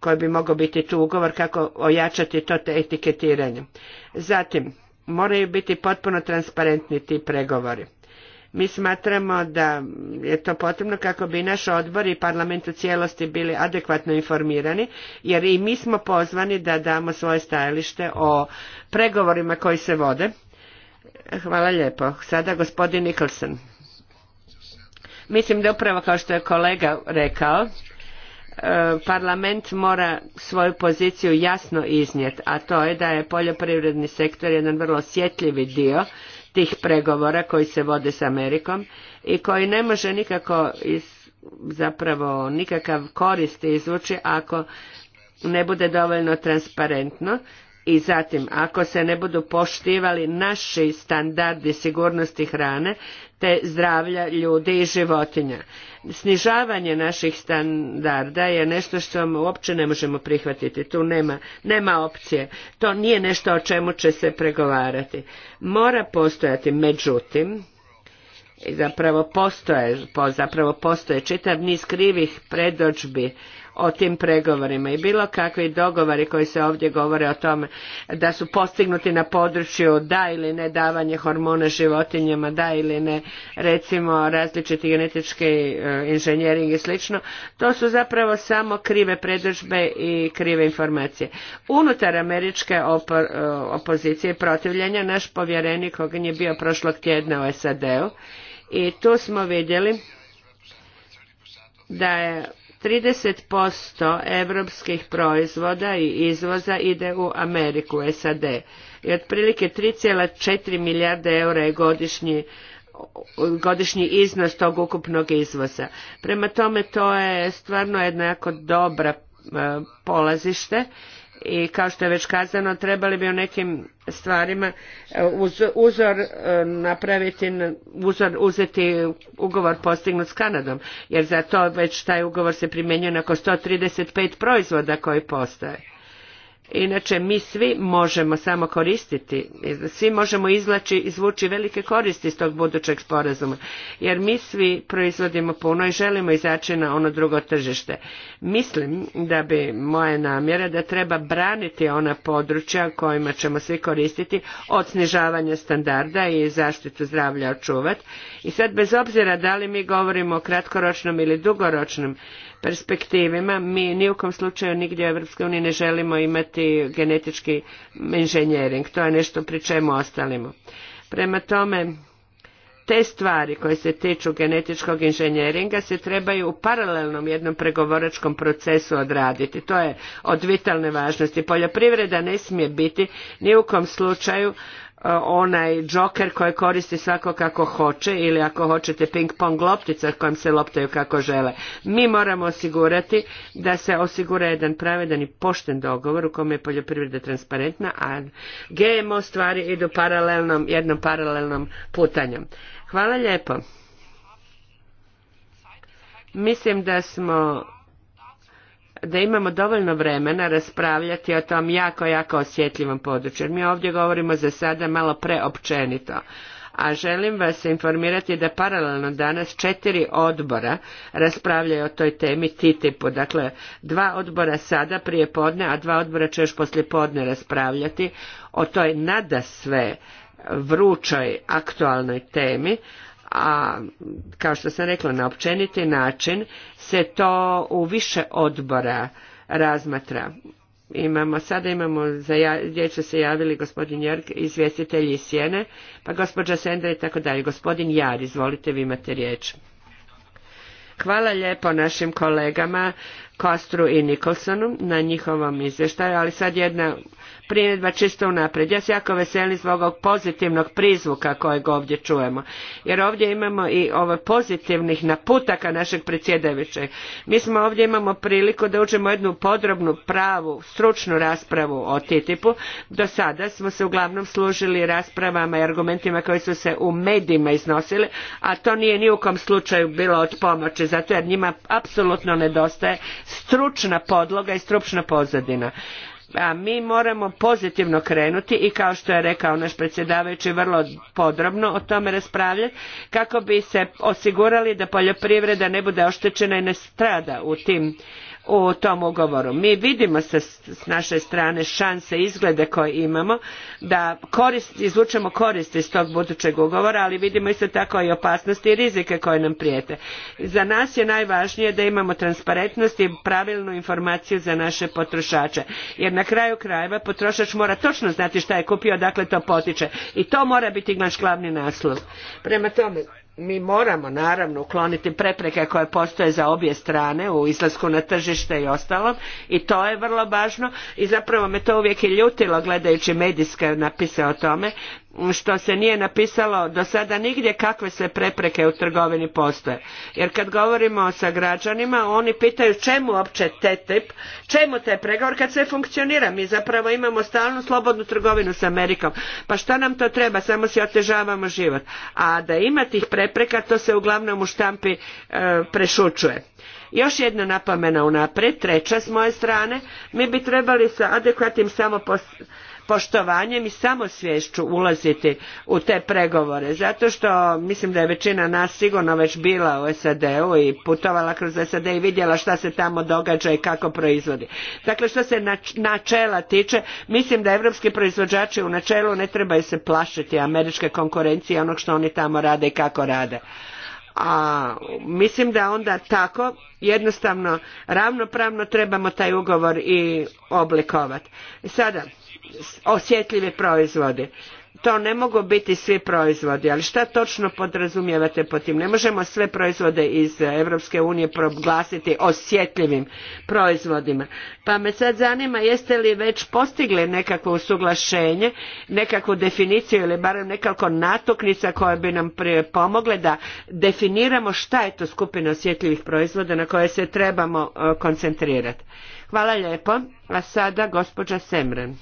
koji bi mogao biti tu ugovor kako ojačati to te etiketiranje. Zatim, moraju biti potpuno transparentni ti pregovori mi smatramo da je to potrebno kako bi naš odbor i parlament u cijelosti bili adekvatno informirani, jer i mi smo pozvani da damo svoje stajalište o pregovorima koji se vode. Hvala lijepo. Sada gospodin Nicholson. Mislim da upravo kao što je kolega rekao, e, parlament mora svoju poziciju jasno iznijeti, a to je da je poljoprivredni sektor jedan vrlo osjetljivi dio tih pregovora koji se vode s Amerikom i koji ne može nikako zapravo nikakav korist izvući ako ne bude dovoljno transparentno i zatim ako se ne budu poštivali naši standardi sigurnosti hrane te zdravlja ljudi i životinja. Snižavanje naših standarda je nešto što uopće ne možemo prihvatiti, tu nema, nema opcije. To nije nešto o čemu će se pregovarati. Mora postojati, međutim, zapravo postoje, zapravo postoje čitav niz krivih predođbi o tim pregovorima i bilo kakvi dogovori koji se ovdje govore o tome da su postignuti na području da ili ne davanje hormona životinjama, da ili ne recimo različiti genetički e, inženjering i slično, to su zapravo samo krive predodžbe i krive informacije. Unutar američke e, opozicije protivljenja naš povjerenik Hogan je bio prošlog tjedna u SAD-u i tu smo vidjeli da je 30% europskih proizvoda i izvoza ide u Ameriku, SAD. I otprilike 3,4 milijarde eura je godišnji godišnji iznos tog ukupnog izvoza. Prema tome to je stvarno jednako dobra e, polazište i kao što je već kazano trebali bi u nekim stvarima e, uzor e, napraviti uzor uzeti ugovor postignut s Kanadom jer za to već taj ugovor se primjenjuje nakon 135 proizvoda koji postoje Inače, mi svi možemo samo koristiti, svi možemo izlači, izvući velike koristi iz tog budućeg sporazuma, jer mi svi proizvodimo puno i želimo izaći na ono drugo tržište. Mislim da bi moje namjera da treba braniti ona područja kojima ćemo svi koristiti od snižavanja standarda i zaštitu zdravlja očuvati. I sad, bez obzira da li mi govorimo o kratkoročnom ili dugoročnom perspektivima. Mi ni u kom slučaju nigdje u EU ne želimo imati genetički inženjering. To je nešto pri čemu ostalimo. Prema tome, te stvari koje se tiču genetičkog inženjeringa se trebaju u paralelnom jednom pregovoračkom procesu odraditi. To je od vitalne važnosti. Poljoprivreda ne smije biti ni u kom slučaju E, onaj džoker koji koristi svako kako hoće ili ako hoćete ping pong loptica kojom se loptaju kako žele. Mi moramo osigurati da se osigura jedan pravedan i pošten dogovor u kome je poljoprivreda transparentna, a GMO stvari idu paralelnom, jednom paralelnom putanjem. Hvala lijepo. Mislim da smo da imamo dovoljno vremena raspravljati o tom jako, jako osjetljivom području. mi ovdje govorimo za sada malo preopćenito. A želim vas informirati da paralelno danas četiri odbora raspravljaju o toj temi TTIP-u. Dakle, dva odbora sada prije podne, a dva odbora će još poslije podne raspravljati o toj nada sve vrućoj aktualnoj temi a kao što sam rekla na općeniti način se to u više odbora razmatra. Imamo, sada imamo, za gdje se javili gospodin Jörg, izvjestitelji iz Sjene, pa gospođa Sendra i tako dalje. Gospodin Jar, izvolite, vi imate riječ. Hvala lijepo našim kolegama Kostru i Nikolsonu na njihovom izvještaju, ali sad jedna primjedba čisto unaprijed. Ja se jako veselim zbog ovog pozitivnog prizvuka kojeg ovdje čujemo. Jer ovdje imamo i ove pozitivnih naputaka našeg predsjedavajućeg. Mi smo ovdje imamo priliku da učimo jednu podrobnu, pravu, stručnu raspravu o TTIP-u. Do sada smo se uglavnom služili raspravama i argumentima koji su se u medijima iznosili, a to nije ni u kom slučaju bilo od pomoći, zato jer njima apsolutno nedostaje stručna podloga i stručna pozadina a mi moramo pozitivno krenuti i kao što je rekao naš predsjedavajući vrlo podrobno o tome raspravljati kako bi se osigurali da poljoprivreda ne bude oštećena i ne strada u tim u tom ugovoru. Mi vidimo se s naše strane šanse izglede koje imamo da korist, izvučemo korist iz tog budućeg ugovora, ali vidimo isto tako i opasnosti i rizike koje nam prijete. Za nas je najvažnije da imamo transparentnost i pravilnu informaciju za naše potrošače. Jer na kraju krajeva potrošač mora točno znati šta je kupio, dakle to potiče. I to mora biti naš glavni naslov. Prema tome, mi moramo naravno ukloniti prepreke koje postoje za obje strane u izlasku na tržište i ostalom i to je vrlo važno i zapravo me to uvijek i ljutilo gledajući medijske napise o tome što se nije napisalo do sada nigdje kakve sve prepreke u trgovini postoje. Jer kad govorimo sa građanima, oni pitaju čemu uopće TTIP, čemu te pregovor kad sve funkcionira. Mi zapravo imamo stalnu slobodnu trgovinu s Amerikom. Pa šta nam to treba, samo si otežavamo život. A da ima tih prepreka, to se uglavnom u štampi e, prešučuje. Još jedna napomena unaprijed, treća s moje strane, mi bi trebali sa adekvatnim samopos poštovanjem i samosvješću ulaziti u te pregovore zato što mislim da je većina nas sigurno već bila u SAD-u i putovala kroz SAD i vidjela šta se tamo događa i kako proizvodi. Dakle što se načela tiče mislim da europski proizvođači u načelu ne trebaju se plašiti američke konkurencije onog što oni tamo rade i kako rade a mislim da onda tako jednostavno ravnopravno trebamo taj ugovor i oblikovati. Sada, osjetljive proizvode. To ne mogu biti svi proizvodi, ali šta točno podrazumijevate po tim? Ne možemo sve proizvode iz Europske unije proglasiti osjetljivim proizvodima. Pa me sad zanima jeste li već postigli nekakvo usuglašenje, nekakvu definiciju ili barem nekako natuknica koja bi nam pomogle da definiramo šta je to skupina osjetljivih proizvoda na koje se trebamo e, koncentrirati. Hvala lijepo. A sada gospođa Semren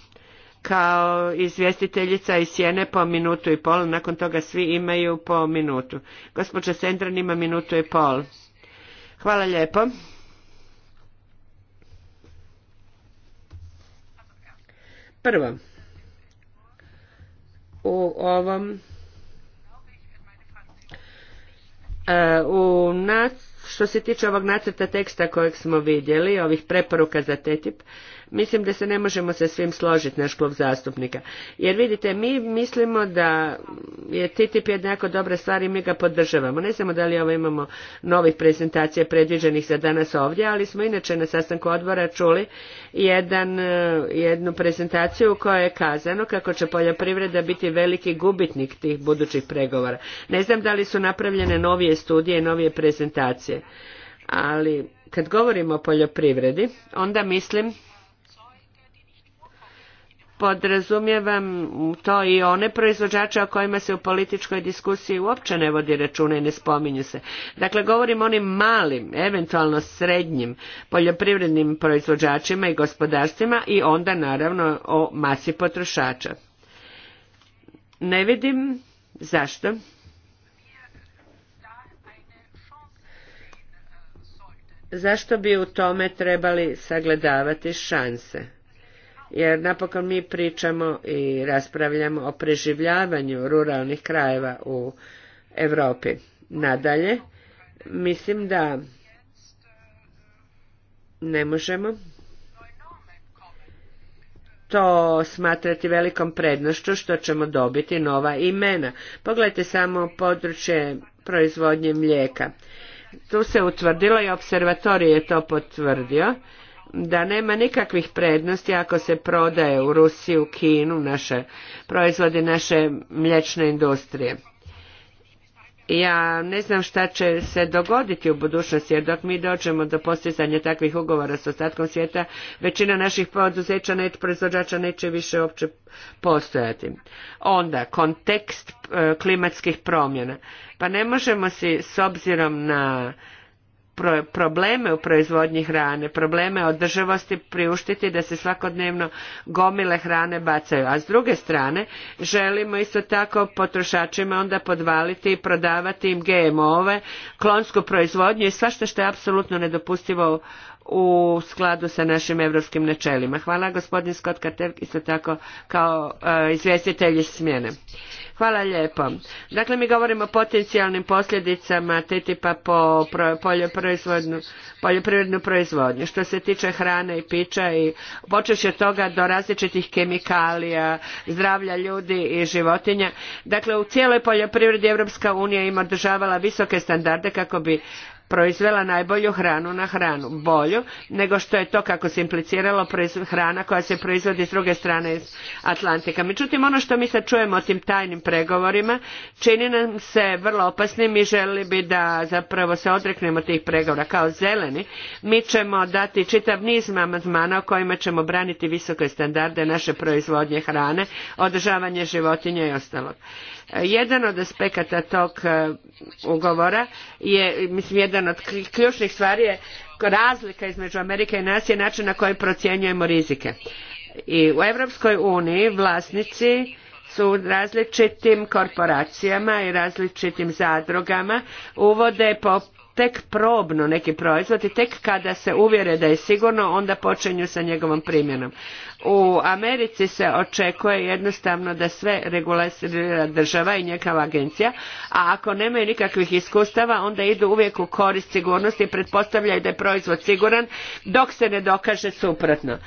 kao izvjestiteljica iz sjene po minutu i pol, nakon toga svi imaju po minutu. Gospođa Sendran ima minutu i pol. Hvala lijepo. Prvo, u ovom e, u nas, što se tiče ovog nacrta teksta kojeg smo vidjeli, ovih preporuka za TTIP, Mislim da se ne možemo sa svim složiti naš klub zastupnika. Jer vidite, mi mislimo da je TTIP jednako dobra stvar i mi ga podržavamo. Ne znamo da li ovo imamo novih prezentacija predviđenih za danas ovdje, ali smo inače na sastanku odbora čuli jedan, e, jednu prezentaciju u kojoj je kazano kako će poljoprivreda biti veliki gubitnik tih budućih pregovora. Ne znam da li su napravljene novije studije i novije prezentacije. Ali kad govorimo o poljoprivredi, onda mislim podrazumijevam to i one proizvođače o kojima se u političkoj diskusiji uopće ne vodi računa i ne spominju se. Dakle, govorim onim malim, eventualno srednjim poljoprivrednim proizvođačima i gospodarstvima i onda naravno o masi potrošača. Ne vidim zašto. Zašto bi u tome trebali sagledavati šanse? jer napokon mi pričamo i raspravljamo o preživljavanju ruralnih krajeva u Europi. Nadalje, mislim da ne možemo to smatrati velikom prednošću što ćemo dobiti nova imena. Pogledajte samo područje proizvodnje mlijeka. Tu se utvrdilo i observatorij je to potvrdio da nema nikakvih prednosti ako se prodaje u Rusiju, Kinu, naše proizvode, naše mlječne industrije. Ja ne znam šta će se dogoditi u budućnosti, jer dok mi dođemo do postizanja takvih ugovora s ostatkom svijeta, većina naših poduzeća, net proizvođača neće više uopće postojati. Onda, kontekst e, klimatskih promjena. Pa ne možemo si, s obzirom na probleme u proizvodnji hrane, probleme održivosti priuštiti da se svakodnevno gomile hrane bacaju. A s druge strane želimo isto tako potrošačima onda podvaliti i prodavati im GMO-ove, klonsku proizvodnju i svašta što je apsolutno nedopustivo u skladu sa našim europskim načelima. Hvala gospodin Scott Carter, isto tako kao e, izvjestitelj iz smjene. Hvala lijepo. Dakle, mi govorimo o potencijalnim posljedicama TTIP-a po poljoprivrednu, poljoprivrednu proizvodnju. Što se tiče hrane i pića i počeš od toga do različitih kemikalija, zdravlja ljudi i životinja. Dakle, u cijeloj poljoprivredi Europska unija ima održavala visoke standarde kako bi proizvela najbolju hranu na hranu, bolju nego što je to kako se impliciralo hrana koja se proizvodi s druge strane Atlantika. Međutim, ono što mi sad čujemo o tim tajnim pregovorima čini nam se vrlo opasnim i želi bi da zapravo se odreknemo tih pregovora. Kao zeleni mi ćemo dati čitav niz amandmana o kojima ćemo braniti visoke standarde naše proizvodnje hrane, održavanje životinja i ostalog. Jedan od aspekata tog e, ugovora je, mislim, jedan od ključnih stvari je razlika između Amerike i nas je način na koji procjenjujemo rizike. I u Europskoj uniji vlasnici su različitim korporacijama i različitim zadrugama uvode po tek probno neki proizvod i tek kada se uvjere da je sigurno onda počinju sa njegovom primjenom. U Americi se očekuje jednostavno da sve regulira država i njekava agencija, a ako nemaju nikakvih iskustava onda idu uvijek u korist sigurnosti i pretpostavljaju da je proizvod siguran dok se ne dokaže suprotno.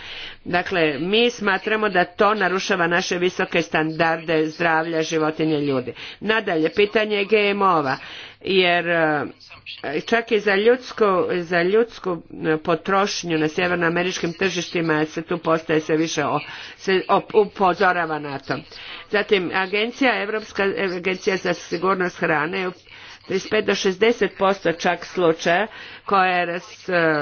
Dakle, mi smatramo da to narušava naše visoke standarde zdravlja životinje ljudi. Nadalje, pitanje GMO-ova jer e, čak i za ljudsku, za ljudsku e, potrošnju na sjevernoameričkim tržištima se tu postaje sve više više o, se upozorava na to. Zatim, agencija, Europska agencija za sigurnost hrane 35 do 60% čak slučaja koje je e,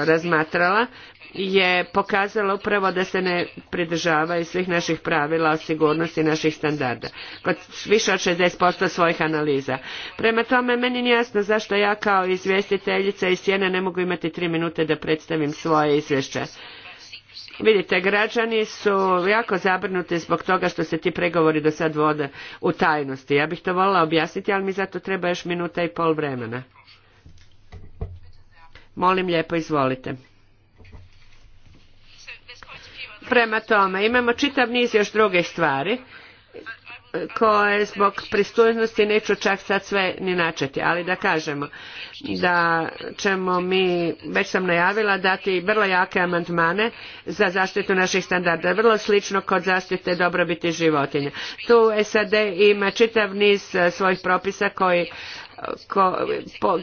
razmatrala je pokazala upravo da se ne pridržavaju svih naših pravila o sigurnosti naših standarda. Kod više od 60% svojih analiza. Prema tome, meni nije jasno zašto ja kao izvjestiteljica iz Sjene ne mogu imati tri minute da predstavim svoje izvješće. Vidite, građani su jako zabrinuti zbog toga što se ti pregovori do sad vode u tajnosti. Ja bih to volila objasniti, ali mi zato treba još minuta i pol vremena. Molim lijepo, izvolite. Prema tome, imamo čitav niz još drugih stvari koje zbog pristojnosti neću čak sad sve ni načeti, ali da kažemo da ćemo mi, već sam najavila, dati vrlo jake amandmane za zaštitu naših standarda, vrlo slično kod zaštite dobrobiti životinja. Tu SAD ima čitav niz e, svojih propisa koji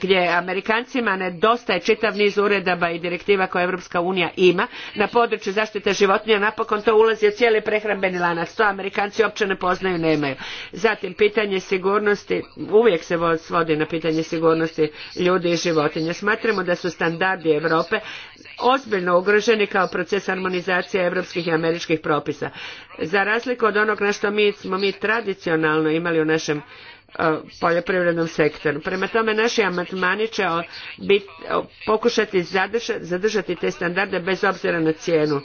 gdje Amerikancima nedostaje čitav niz uredaba i direktiva koje Europska unija ima na području zaštite životinja, napokon to ulazi u cijeli prehrambeni lanac. To Amerikanci uopće ne poznaju, nemaju. Zatim, pitanje sigurnosti, uvijek se svodi na pitanje sigurnosti ljudi i životinja. Smatramo da su standardi Europe ozbiljno ugroženi kao proces harmonizacije europskih i američkih propisa. Za razliku od onog na što mi smo mi tradicionalno imali u našem poljoprivrednom sektoru. Prema tome naši amatmani će bit, pokušati zadržati, te standarde bez obzira na cijenu.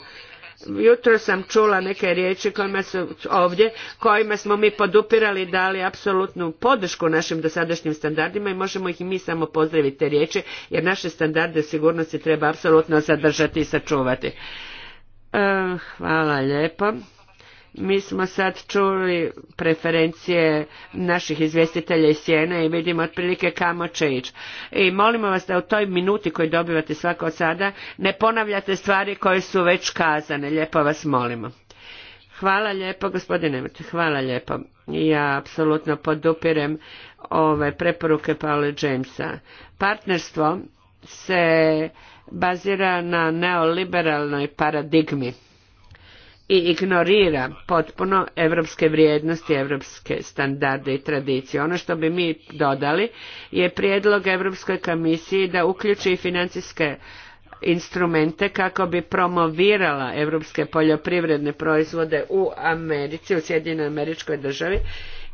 Jutro sam čula neke riječi kojima su ovdje, kojima smo mi podupirali i dali apsolutnu podršku našim dosadašnjim standardima i možemo ih i mi samo pozdraviti te riječi jer naše standarde sigurnosti treba apsolutno zadržati i sačuvati. E, hvala lijepo. Mi smo sad čuli preferencije naših izvjestitelja iz sjene i vidimo otprilike kamo će ići. I molimo vas da u toj minuti koju dobivate svako od sada ne ponavljate stvari koje su već kazane. Lijepo vas molimo. Hvala lijepo gospodine, hvala lijepo. Ja apsolutno podupirem ove preporuke Paula Jamesa. Partnerstvo se bazira na neoliberalnoj paradigmi i ignorira potpuno evropske vrijednosti, evropske standarde i tradicije. Ono što bi mi dodali je prijedlog Europskoj komisiji da uključi financijske instrumente kako bi promovirala europske poljoprivredne proizvode u Americi, u Sjedinjenoj američkoj državi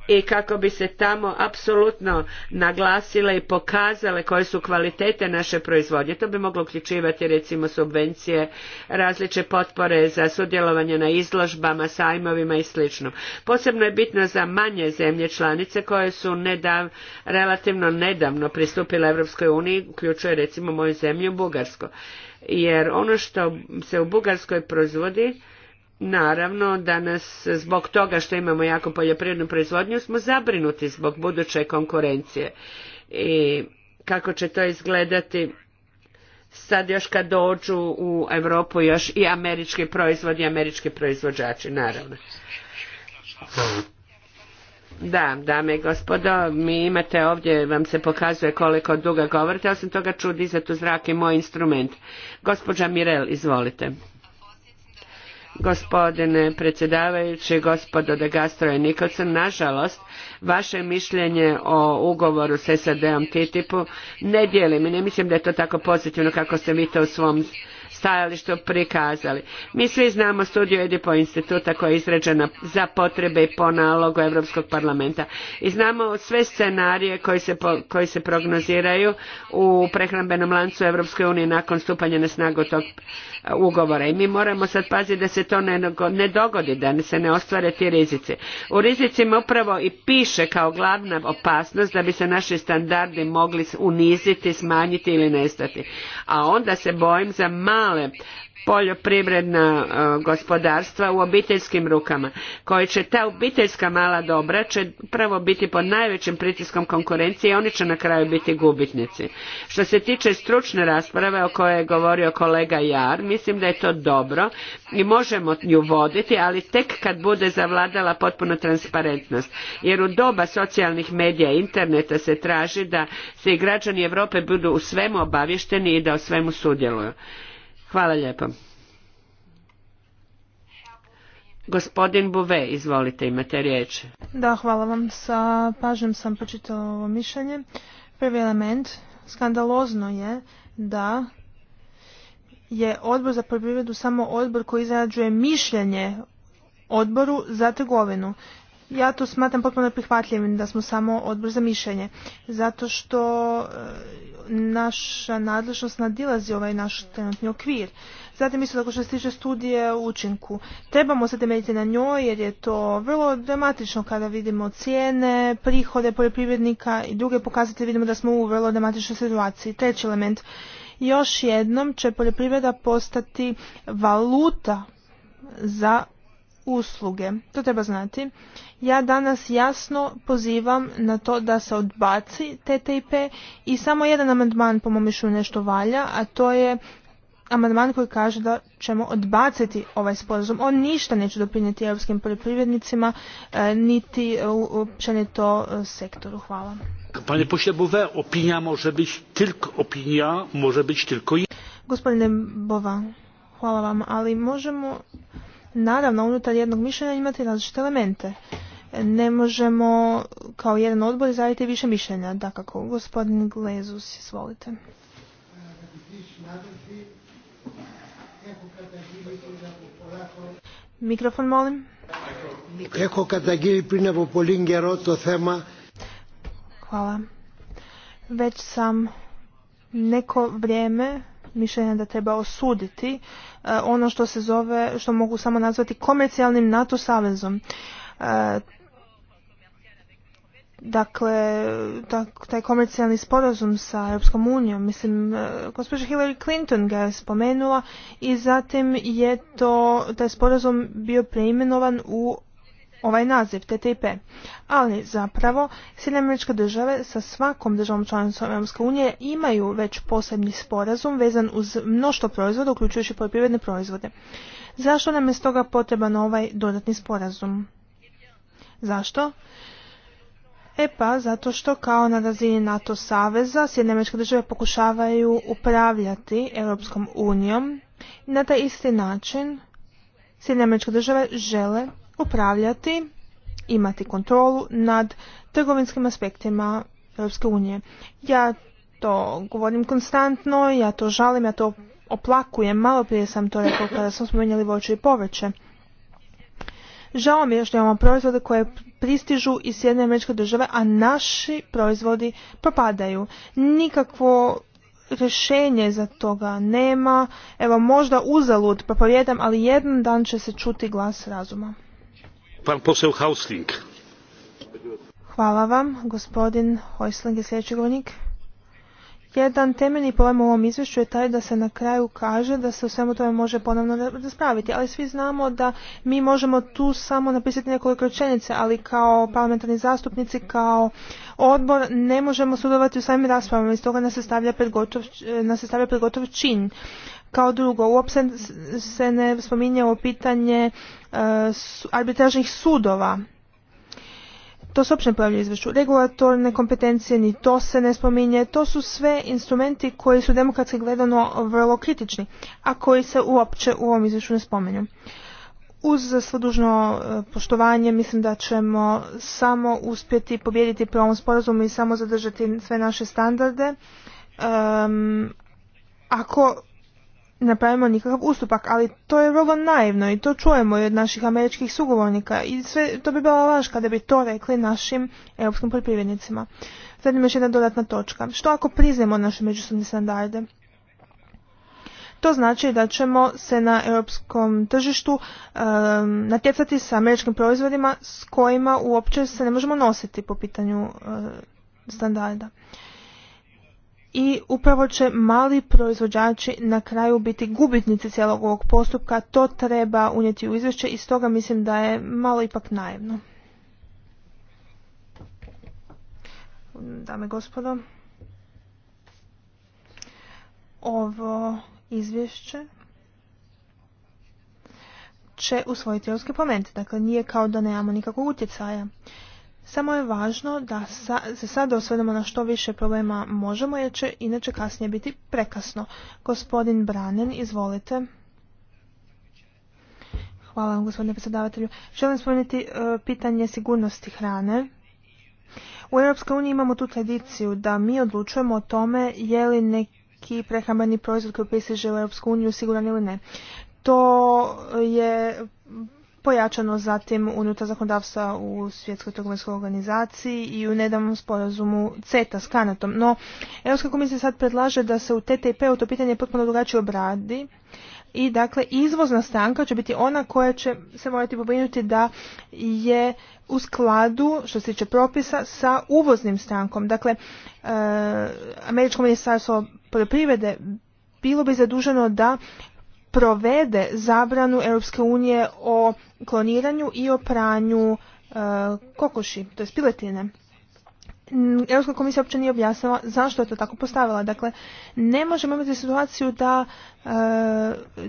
i kako bi se tamo apsolutno naglasile i pokazale koje su kvalitete naše proizvodnje. To bi moglo uključivati recimo subvencije, različite potpore za sudjelovanje na izložbama, sajmovima i sl. Posebno je bitno za manje zemlje članice koje su nedav, relativno nedavno pristupile Europskoj uniji, uključuje recimo moju zemlju Bugarsku. Jer ono što se u Bugarskoj proizvodi Naravno danas zbog toga što imamo jako poljoprivrednu proizvodnju smo zabrinuti zbog buduće konkurencije i kako će to izgledati sad još kad dođu u Europu još i američki proizvodi i američki proizvođači naravno. Da, dame i gospodo, mi imate ovdje, vam se pokazuje koliko duga govorite, osim toga čudi dizati u zrak moj instrument. Gospođa Mirel, izvolite gospodine predsjedavajući, gospodo de Gastro i Nažalost, vaše mišljenje o ugovoru s SAD-om TTIP-u ne dijelim i ne mislim da je to tako pozitivno kako ste vi to u svom stajalištu prikazali. Mi svi znamo studiju Edipo instituta koja je izrađena za potrebe i po nalogu Europskog parlamenta i znamo sve scenarije koji se, koji se prognoziraju u prehrambenom lancu Europske unije nakon stupanja na snagu tog e, ugovora i mi moramo sad paziti da se to ne, dogodi, da se ne ostvare ti rizici. U rizicima upravo i piše kao glavna opasnost da bi se naši standardi mogli uniziti, smanjiti ili nestati. A onda se bojim za malo male poljoprivredna e, gospodarstva u obiteljskim rukama koje će ta obiteljska mala dobra će upravo biti pod najvećim pritiskom konkurencije i oni će na kraju biti gubitnici. Što se tiče stručne rasprave o kojoj je govorio kolega Jar, mislim da je to dobro i možemo nju voditi, ali tek kad bude zavladala potpuno transparentnost. Jer u doba socijalnih medija i interneta se traži da se i građani Europe budu u svemu obavješteni i da u svemu sudjeluju. Hvala lijepo. Gospodin Bouvet, izvolite, imate riječ. Da, hvala vam. Sa pažnjom sam pročitala ovo mišljenje. Prvi element, skandalozno je da je odbor za poljoprivredu samo odbor koji izrađuje mišljenje odboru za trgovinu. Ja to smatram potpuno prihvatljivim da smo samo odbor za mišljenje, zato što e, naša nadležnost nadilazi ovaj naš trenutni okvir. Zatim isto tako što se tiče studije u učinku. Trebamo se temeljiti na njoj jer je to vrlo dramatično kada vidimo cijene, prihode poljoprivrednika i druge pokazatelje vidimo da smo u vrlo dramatičnoj situaciji. Treći element, još jednom će poljoprivreda postati valuta za usluge. To treba znati. Ja danas jasno pozivam na to da se odbaci TTIP i samo jedan amandman po mom mišlju nešto valja, a to je amandman koji kaže da ćemo odbaciti ovaj sporazum. On ništa neće doprinijeti europskim poljoprivrednicima, e, niti općenito e, sektoru. Hvala. Panie pośle opinia może być tylko opinia, może być tylko Gospodine Bova, hvala vam, ali možemo naravno unutar jednog mišljenja imati različite elemente. Ne možemo kao jedan odbor izraditi više mišljenja. Da gospodin Glezus, izvolite. Mikrofon molim. Hvala. Već sam neko vrijeme mišljenja da treba osuditi e, ono što se zove, što mogu samo nazvati komercijalnim NATO savezom. E, dakle, taj komercijalni sporazum sa Europskom unijom, mislim, e, gospođa Hillary Clinton ga je spomenula i zatim je to, taj sporazum bio preimenovan u ovaj naziv TTIP. Ali zapravo Sjedinjene američke države sa svakom državom članicom Europske unije imaju već posebni sporazum vezan uz mnoštvo proizvoda, uključujući poljoprivredne proizvode. Zašto nam je stoga potreban ovaj dodatni sporazum? Zašto? E pa, zato što kao na razini NATO saveza Sjedinjene američke države pokušavaju upravljati Europskom unijom i na taj isti način Sjedinjene američke države žele upravljati, imati kontrolu nad trgovinskim aspektima Europske unije. Ja to govorim konstantno, ja to žalim, ja to oplakujem, malo prije sam to rekao kada smo spomenjali voće i povrće. Žao mi je što imamo proizvode koje pristižu iz Sjedne američke države, a naši proizvodi propadaju. Nikakvo rješenje za toga nema. Evo možda uzalud propovjedam, ali jedan dan će se čuti glas razuma. Hvala vam, gospodin Häusling i sljedeći govornik. Jedan temeljni problem u ovom izvješću je taj da se na kraju kaže da se o svemu tome može ponovno raspraviti, ali svi znamo da mi možemo tu samo napisati nekoliko rečenice, ali kao parlamentarni zastupnici, kao odbor ne možemo sudovati u samim raspravama i stoga nas se stavlja pred gotov eh, čin. Kao drugo, uopće se ne spominje o pitanje e, arbitražnih sudova. To se uopće ne pojavlja izvješću. Regulatorne kompetencije, ni to se ne spominje. To su sve instrumenti koji su demokratski gledano vrlo kritični, a koji se uopće u ovom izvješću ne spominju. Uz dužno e, poštovanje mislim da ćemo samo uspjeti pobijediti prvom ovom sporazumu i samo zadržati sve naše standarde. ako napravimo nikakav ustupak, ali to je vrlo naivno i to čujemo i od naših američkih sugovornika i sve to bi bila laž kada bi to rekli našim europskim poljoprivrednicima. ima još jedna dodatna točka. Što ako priznemo naše međusobne standarde? To znači da ćemo se na europskom tržištu ehm, natjecati sa američkim proizvodima s kojima uopće se ne možemo nositi po pitanju eh, standarda i upravo će mali proizvođači na kraju biti gubitnici cijelog ovog postupka. To treba unijeti u izvješće i stoga mislim da je malo ipak naivno. Dame i gospodo, ovo izvješće će usvojiti Europski parlament. Dakle, nije kao da nemamo nikakvog utjecaja. Samo je važno da se sada osvedemo na što više problema možemo, jer će inače kasnije biti prekasno. Gospodin Branen, izvolite. Hvala vam, gospodine predsjedavatelju. Želim spomenuti e, pitanje sigurnosti hrane. U EU imamo tu tradiciju da mi odlučujemo o tome je li neki prehrambeni proizvod koji pristiže u EU siguran ili ne. To je pojačano zatim unutar zakonodavstva u Svjetskoj trgovinskoj organizaciji i u nedavnom sporazumu CETA s Kanatom. No, Europska komisija sad predlaže da se u TTIP-u to pitanje potpuno drugačije obradi i dakle izvozna stranka će biti ona koja će se morati pobrinuti da je u skladu što se tiče propisa sa uvoznim strankom. Dakle, e, Američko ministarstvo poljoprivrede bilo bi zaduženo da provede zabranu Europske unije o kloniranju i o pranju e, kokoši, to je piletine. Europska komisija uopće nije objasnila zašto je to tako postavila. Dakle, ne možemo imati situaciju da e,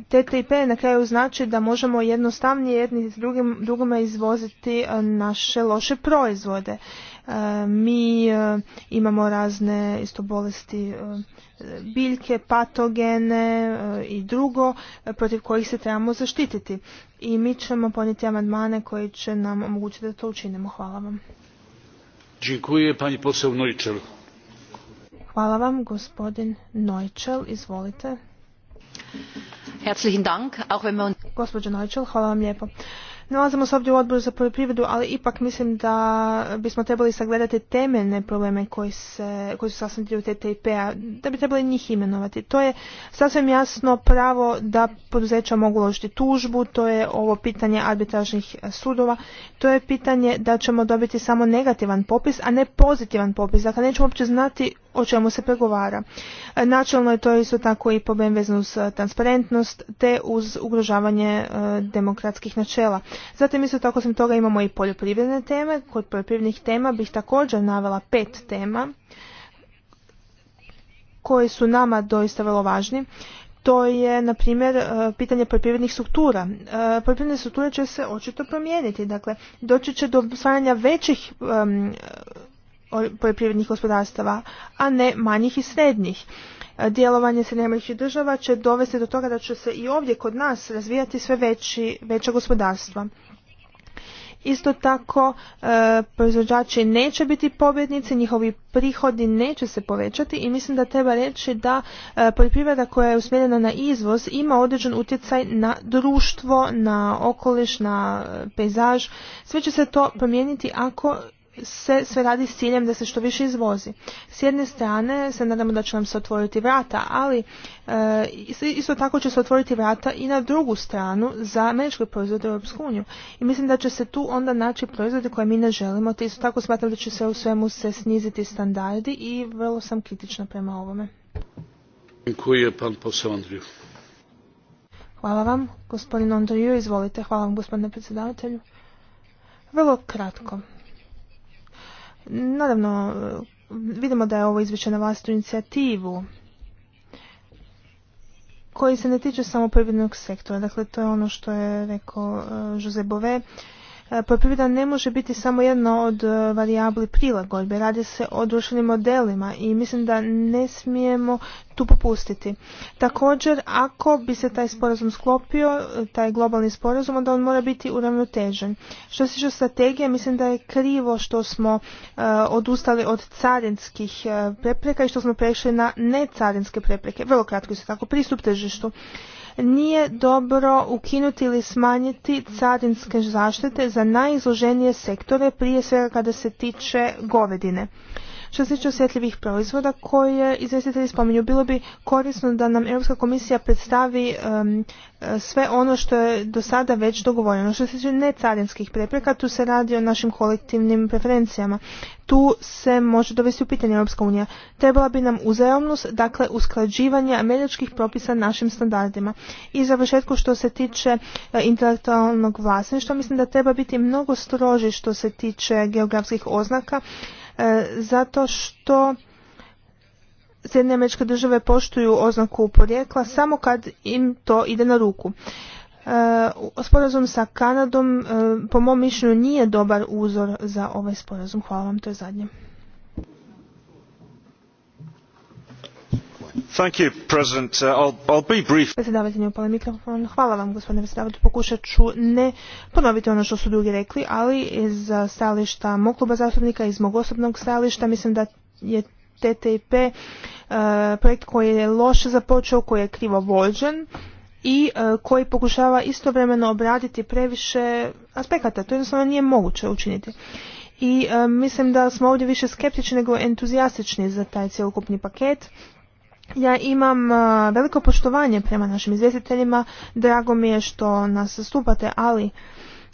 TTIP na kraju znači da možemo jednostavnije jedni s drugima izvoziti e, naše loše proizvode. E, mi e, imamo razne isto bolesti e, biljke, patogene i drugo protiv kojih se trebamo zaštititi. I mi ćemo poniti amandmane koji će nam omogućiti da to učinimo. Hvala vam. Dziękuję, pani poseł Hvala vam, gospodin Neuchel. Izvolite. Herzlichen Dank, auch wenn wir... Gospođo hvala vam lijepo. Nalazimo se ovdje u odboru za poljoprivredu, ali ipak mislim da bismo trebali sagledati temeljne probleme koji, se, koji su sasvim dio TTIP-a, da bi trebali njih imenovati. To je sasvim jasno pravo da poduzeća mogu uložiti tužbu, to je ovo pitanje arbitražnih sudova, to je pitanje da ćemo dobiti samo negativan popis, a ne pozitivan popis. Dakle, nećemo uopće znati o čemu se pregovara. E, načelno je to isto tako i problem vezan uz e, transparentnost te uz ugrožavanje e, demokratskih načela. Zatim isto tako sam toga imamo i poljoprivredne teme. Kod poljoprivrednih tema bih također navela pet tema koje su nama doista vrlo važni. To je, na primjer, pitanje poljoprivrednih struktura. Poljoprivredne strukture će se očito promijeniti. Dakle, doći će do stvaranja većih poljoprivrednih gospodarstava, a ne manjih i srednjih. E, djelovanje nemačkih država će dovesti do toga da će se i ovdje kod nas razvijati sve veći, veća gospodarstva. Isto tako, e, proizvođači neće biti pobjednici, njihovi prihodi neće se povećati i mislim da treba reći da e, poljoprivreda koja je usmjerena na izvoz ima određen utjecaj na društvo, na okoliš, na e, pejzaž. Sve će se to promijeniti ako se sve radi s ciljem da se što više izvozi. S jedne strane se nadamo da će nam se otvoriti vrata, ali e, isto tako će se otvoriti vrata i na drugu stranu za američke proizvode u Europsku uniju. I mislim da će se tu onda naći proizvode koje mi ne želimo, te isto tako smatram da će se u svemu se sniziti standardi i vrlo sam kritična prema ovome. Hvala vam, gospodin Andriju, izvolite. Hvala vam, gospodine predsjedavatelju. Vrlo kratko. Naravno, vidimo da je ovo izvješće na vlastitu inicijativu koji se ne tiče samo privrednog sektora. Dakle, to je ono što je rekao eh, Jose Bove poljoprivreda ne može biti samo jedna od e, varijabli prilagodbe. Radi se o društvenim modelima i mislim da ne smijemo tu popustiti. Također, ako bi se taj sporazum sklopio, taj globalni sporazum, onda on mora biti uravnotežen. Što se tiče strategije, mislim da je krivo što smo e, odustali od carinskih e, prepreka i što smo prešli na necarinske prepreke. Vrlo kratko se tako pristup tržištu nije dobro ukinuti ili smanjiti carinske zaštite za najizloženije sektore, prije svega kada se tiče govedine. Što se tiče osjetljivih proizvoda koje izvjestitelji spominju, bilo bi korisno da nam Europska komisija predstavi sve ono što je do sada već dogovoreno. Što se tiče necarinskih prepreka, tu se radi o našim kolektivnim preferencijama. Tu se može dovesti u pitanje Europska unija. Trebala bi nam uzajamnost, dakle usklađivanje američkih propisa našim standardima. I za vršetku što se tiče e, intelektualnog vlasništva, mislim da treba biti mnogo stroži što se tiče geografskih oznaka E, zato što SAD države poštuju oznaku porijekla samo kad im to ide na ruku. E, sporazum sa Kanadom e, po mom mišljenju nije dobar uzor za ovaj sporazum. Hvala vam, to je zadnje. Uh, Hvala vam gospodine predsjedavatelju. Pokušat ću ne ponoviti ono što su drugi rekli, ali iz stajališta mog kluba zastupnika, iz mog osobnog stajališta mislim da je TTIP uh, projekt koji je loše započeo, koji je krivo vođen i uh, koji pokušava istovremeno obraditi previše aspekata. To jednostavno nije moguće učiniti. I mislim da smo ovdje više skeptični nego entuzijastični za taj cjelokupni paket ja imam e, veliko poštovanje prema našim izvjestiteljima, drago mi je što nas zastupate, ali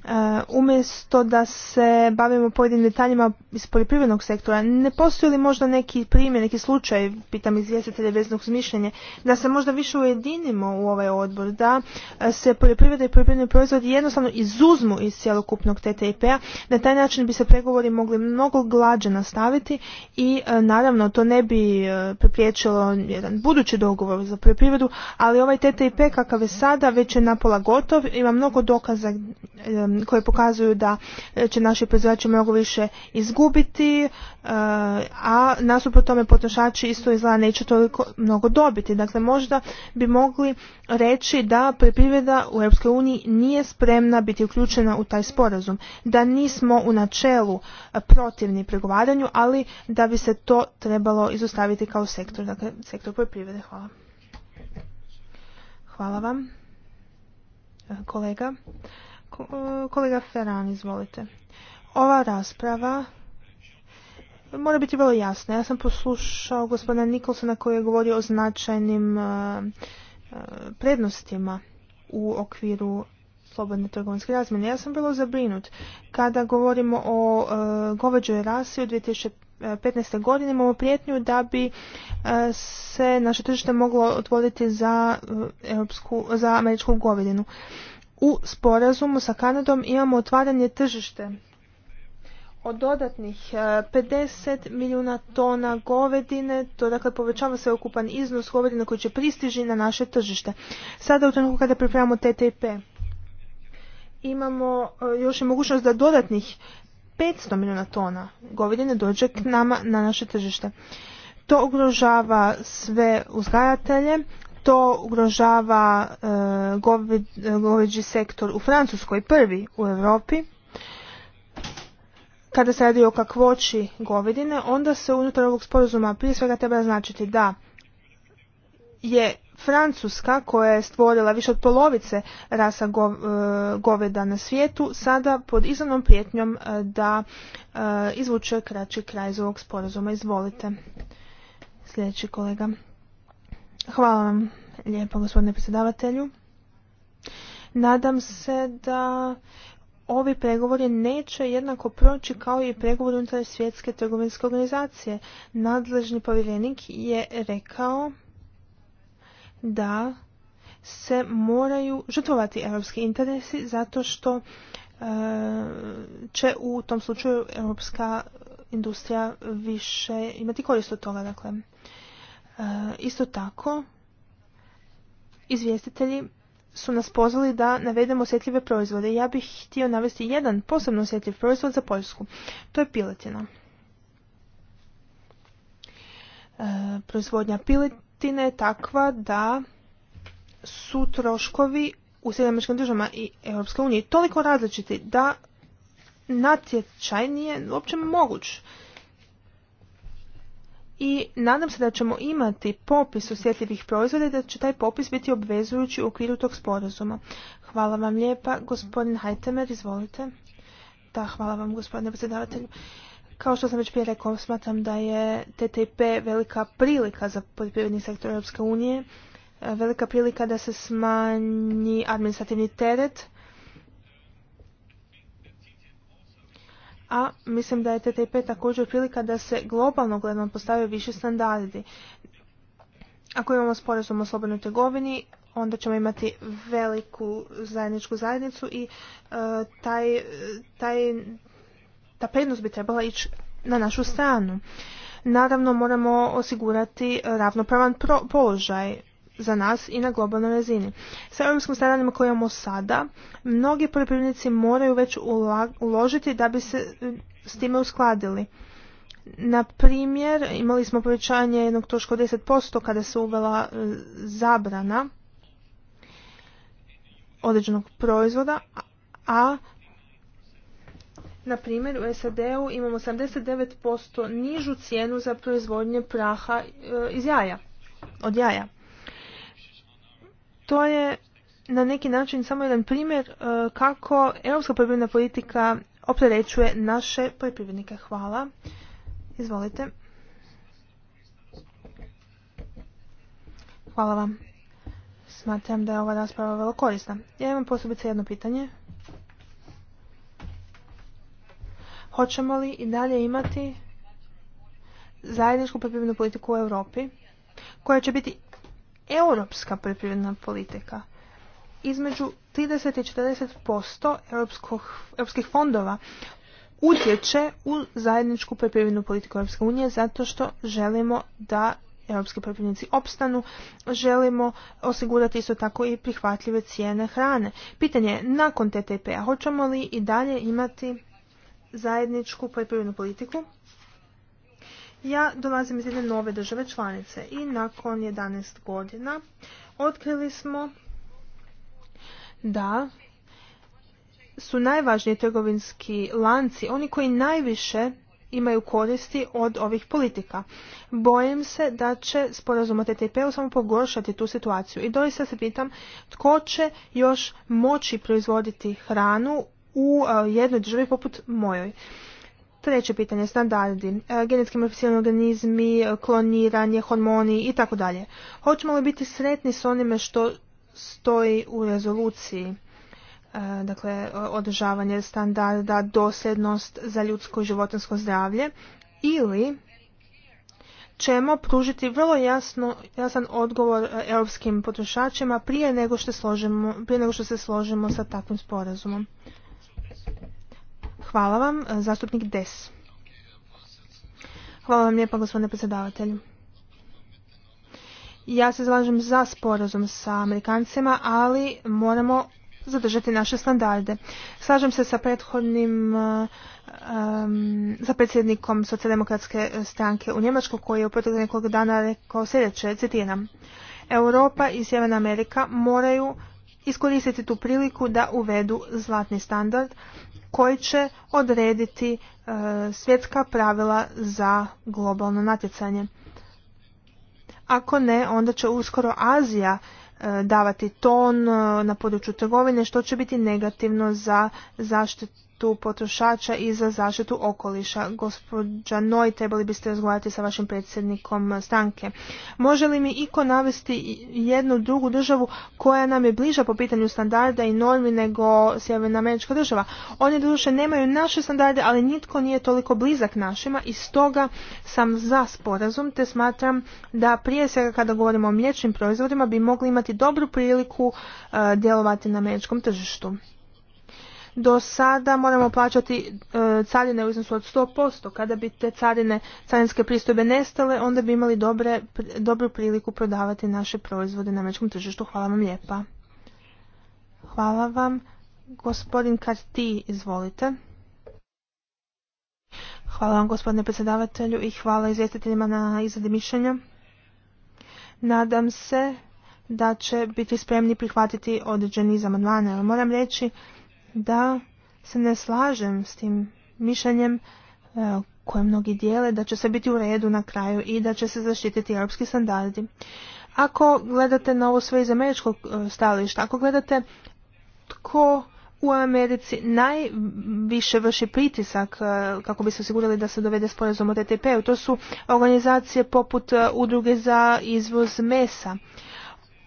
Uh, umjesto da se bavimo pojedinim detaljima iz poljoprivrednog sektora, ne postoji li možda neki primjer, neki slučaj, pitam izvjestitelje veznog mišljenje, da se možda više ujedinimo u ovaj odbor, da uh, se poljoprivreda i poljoprivredni proizvodi jednostavno izuzmu iz cjelokupnog TTIP-a, na taj način bi se pregovori mogli mnogo glađe nastaviti i uh, naravno to ne bi pripriječilo jedan budući dogovor za poljoprivredu, ali ovaj TTIP kakav je sada već je napola gotov, ima mnogo dokaza um, koje pokazuju da e, će naši proizvođači mnogo više izgubiti, e, a nasuprot tome potrošači isto izgleda neće toliko mnogo dobiti. Dakle, možda bi mogli reći da poljoprivreda u EU nije spremna biti uključena u taj sporazum, da nismo u načelu e, protivni pregovaranju, ali da bi se to trebalo izostaviti kao sektor, dakle sektor poljoprivrede. Hvala. Hvala vam kolega. E, kolega Ferran, izvolite. Ova rasprava mora biti vrlo jasna. Ja sam poslušao gospodina Nikolsona koji je govorio o značajnim e, e, prednostima u okviru slobodne trgovinske razmjene. Ja sam bilo zabrinut. Kada govorimo o goveđoj rasi u 2015. godine imamo prijetnju da bi se naše tržište moglo otvoriti za, za američku govedinu u sporazumu sa Kanadom imamo otvaranje tržište od dodatnih 50 e, milijuna tona govedine, to dakle povećava se okupan iznos govedine koji će pristiži na naše tržište. Sada u trenutku kada pripremamo TTP, imamo e, još i mogućnost da dodatnih 500 milijuna tona govedine dođe k nama na naše tržište. To ugrožava sve uzgajatelje, to ugrožava e, goveđi sektor u Francuskoj prvi u Europi. Kada se radi o kakvoći govedine, onda se unutar ovog sporazuma prije svega treba značiti da je Francuska koja je stvorila više od polovice rasa e, goveda na svijetu sada pod izvanom prijetnjom e, da izvuče kraći kraj iz ovog sporazuma. Izvolite. Sljedeći kolega. Hvala vam lijepo gospodine predsjedavatelju. Nadam se da ovi pregovori neće jednako proći kao i pregovori unutar svjetske trgovinske organizacije. Nadležni povjerenik je rekao da se moraju žrtvovati europski interesi zato što e, će u tom slučaju europska industrija više imati korist od toga. Dakle, E, isto tako, izvjestitelji su nas pozvali da navedemo osjetljive proizvode. Ja bih htio navesti jedan posebno osjetljiv proizvod za Poljsku. To je piletina. E, proizvodnja piletine je takva da su troškovi u Sjedinjeničkim državama i Europske unije toliko različiti da natječaj nije uopće moguć i nadam se da ćemo imati popis osjetljivih proizvoda i da će taj popis biti obvezujući u okviru tog sporazuma. Hvala vam lijepa. Gospodin Hajtemer, izvolite. Da, hvala vam gospodine predsjedavatelju. Kao što sam već prije rekao, smatram da je TTP velika prilika za poljoprivredni sektor Europske unije, velika prilika da se smanji administrativni teret a mislim da je TTP također prilika da se globalno gledano postave više standardi. Ako imamo sporazum o slobodnoj trgovini, onda ćemo imati veliku zajedničku zajednicu i e, taj, ta prednost bi trebala ići na našu stranu. Naravno moramo osigurati ravnopravan položaj za nas i na globalnoj razini. Sa europskim standardima koje imamo sada, mnogi poljoprivrednici moraju već uložiti da bi se e, s time uskladili. Na primjer, imali smo povećanje jednog troška od 10% kada se uvela e, zabrana određenog proizvoda, a na primjer u SAD-u imamo 79% nižu cijenu za proizvodnje praha e, iz jaja, od jaja. To je na neki način samo jedan primjer e, kako europska poljoprivredna politika opterećuje naše poljoprivrednike. Hvala. Izvolite. Hvala vam. Smatram da je ova rasprava vrlo korisna. Ja imam posebice jedno pitanje. Hoćemo li i dalje imati zajedničku poljoprivrednu politiku u Europi koja će biti europska poljoprivredna politika. Između 30 i 40% posto europskih fondova utječe u zajedničku poljoprivrednu politiku Europske unije zato što želimo da europski poljoprivrednici opstanu, želimo osigurati isto tako i prihvatljive cijene hrane. Pitanje je nakon TTP-a hoćemo li i dalje imati zajedničku poljoprivrednu politiku ja dolazim iz jedne nove države članice i nakon 11 godina otkrili smo da su najvažniji trgovinski lanci oni koji najviše imaju koristi od ovih politika. Bojim se da će sporazum o TTIP-u samo pogoršati tu situaciju i doista se pitam tko će još moći proizvoditi hranu u e, jednoj državi poput mojoj. Treće pitanje, standardi, e, genetski modificirani organizmi, e, kloniranje, hormoni i tako dalje. Hoćemo li biti sretni s onime što stoji u rezoluciji? E, dakle, održavanje standarda, dosljednost za ljudsko i životinsko zdravlje ili ćemo pružiti vrlo jasno, jasan odgovor europskim potrošačima prije nego što, složimo, prije nego što se složimo sa takvim sporazumom. Hvala vam, e, zastupnik Des. Hvala vam lijepo gospodine predsjedavatelju. Ja se zalažem za sporazum sa Amerikancima, ali moramo zadržati naše standarde. Slažem se sa prethodnim e, predsjednikom socijaldemokratske stranke u Njemačkoj koji je u proteklih nekoliko dana rekao sljedeće, citiram. Europa i Sjeverna Amerika moraju iskoristiti tu priliku da uvedu zlatni standard koji će odrediti e, svjetska pravila za globalno natjecanje. Ako ne, onda će uskoro Azija e, davati ton e, na području trgovine, što će biti negativno za zaštitu zaštitu potrošača i za zaštitu okoliša. Gospođa Noj, trebali biste razgovarati sa vašim predsjednikom stranke. Može li mi iko navesti jednu drugu državu koja nam je bliža po pitanju standarda i normi nego Sjeverna američka država? Oni doduše nemaju naše standarde, ali nitko nije toliko blizak našima i stoga sam za sporazum te smatram da prije svega kada govorimo o mliječnim proizvodima bi mogli imati dobru priliku e, djelovati na američkom tržištu do sada moramo plaćati e, carine u iznosu od 100%. Kada bi te carine, carinske pristojbe nestale, onda bi imali dobru priliku prodavati naše proizvode na američkom tržištu. Hvala vam lijepa. Hvala vam. Gospodin Karti, izvolite. Hvala vam gospodine predsjedavatelju i hvala izvjestiteljima na izradi mišljenja. Nadam se da će biti spremni prihvatiti određeni iz amandmana. Moram reći da se ne slažem s tim mišljenjem e, koje mnogi dijele da će se biti u redu na kraju i da će se zaštititi europski standardi. Ako gledate na ovo sve iz američkog e, stajališta, ako gledate tko u Americi najviše vrši pritisak e, kako bi se osigurali da se dovede sporazum o TTP-u, to su organizacije poput Udruge za izvoz mesa.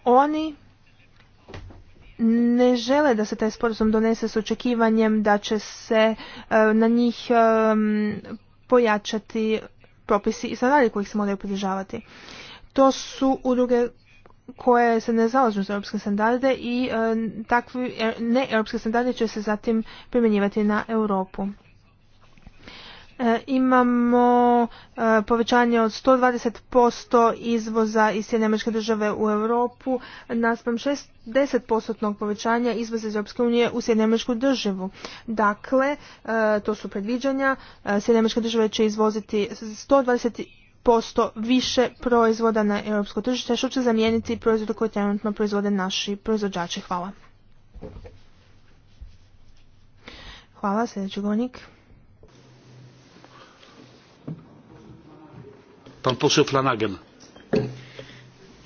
Oni ne žele da se taj sporazum donese s očekivanjem da će se e, na njih e, pojačati propisi i standardi kojih se moraju pridržavati. To su udruge koje se ne zalažu za europske standarde i e, takvi ne europske standardi će se zatim primjenjivati na Europu. E, imamo e, povećanje od 120% izvoza iz Sjedinjene države u Europu naspram 60% povećanja izvoza iz Europske unije u Sjedinjene državu. Dakle, e, to su predviđanja. Sjedinjene države će izvoziti 120 posto više proizvoda na europsko tržište što će zamijeniti proizvode koji trenutno proizvode naši proizvođači. Hvala. Hvala, sljedeći govornik.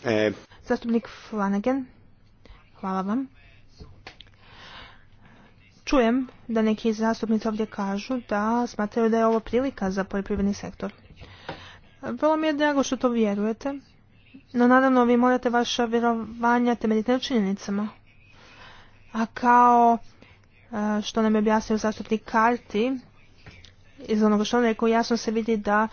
E, Flanagan, hvala vam. Čujem da neki zastupnici ovdje kažu da smatraju da je ovo prilika za poljoprivredni sektor. Vrlo mi je drago što to vjerujete, no naravno vi morate vaša vjerovanja temeljiti na činjenicama. A kao e, što nam je objasnio zastupnik Karti, iz onoga što on rekao, jasno se vidi da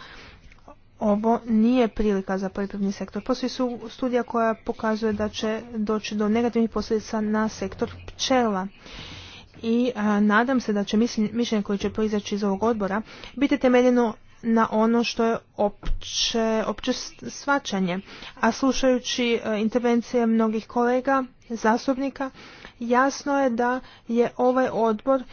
ovo nije prilika za poljoprivredni sektor. Postoji su studija koja pokazuje da će doći do negativnih posljedica na sektor pčela. I nadam se da će mišljenje koje će proizaći iz ovog odbora biti temeljeno na ono što je opće, opće svačanje. A slušajući intervencije mnogih kolega, zasobnika, jasno je da je ovaj odbor e,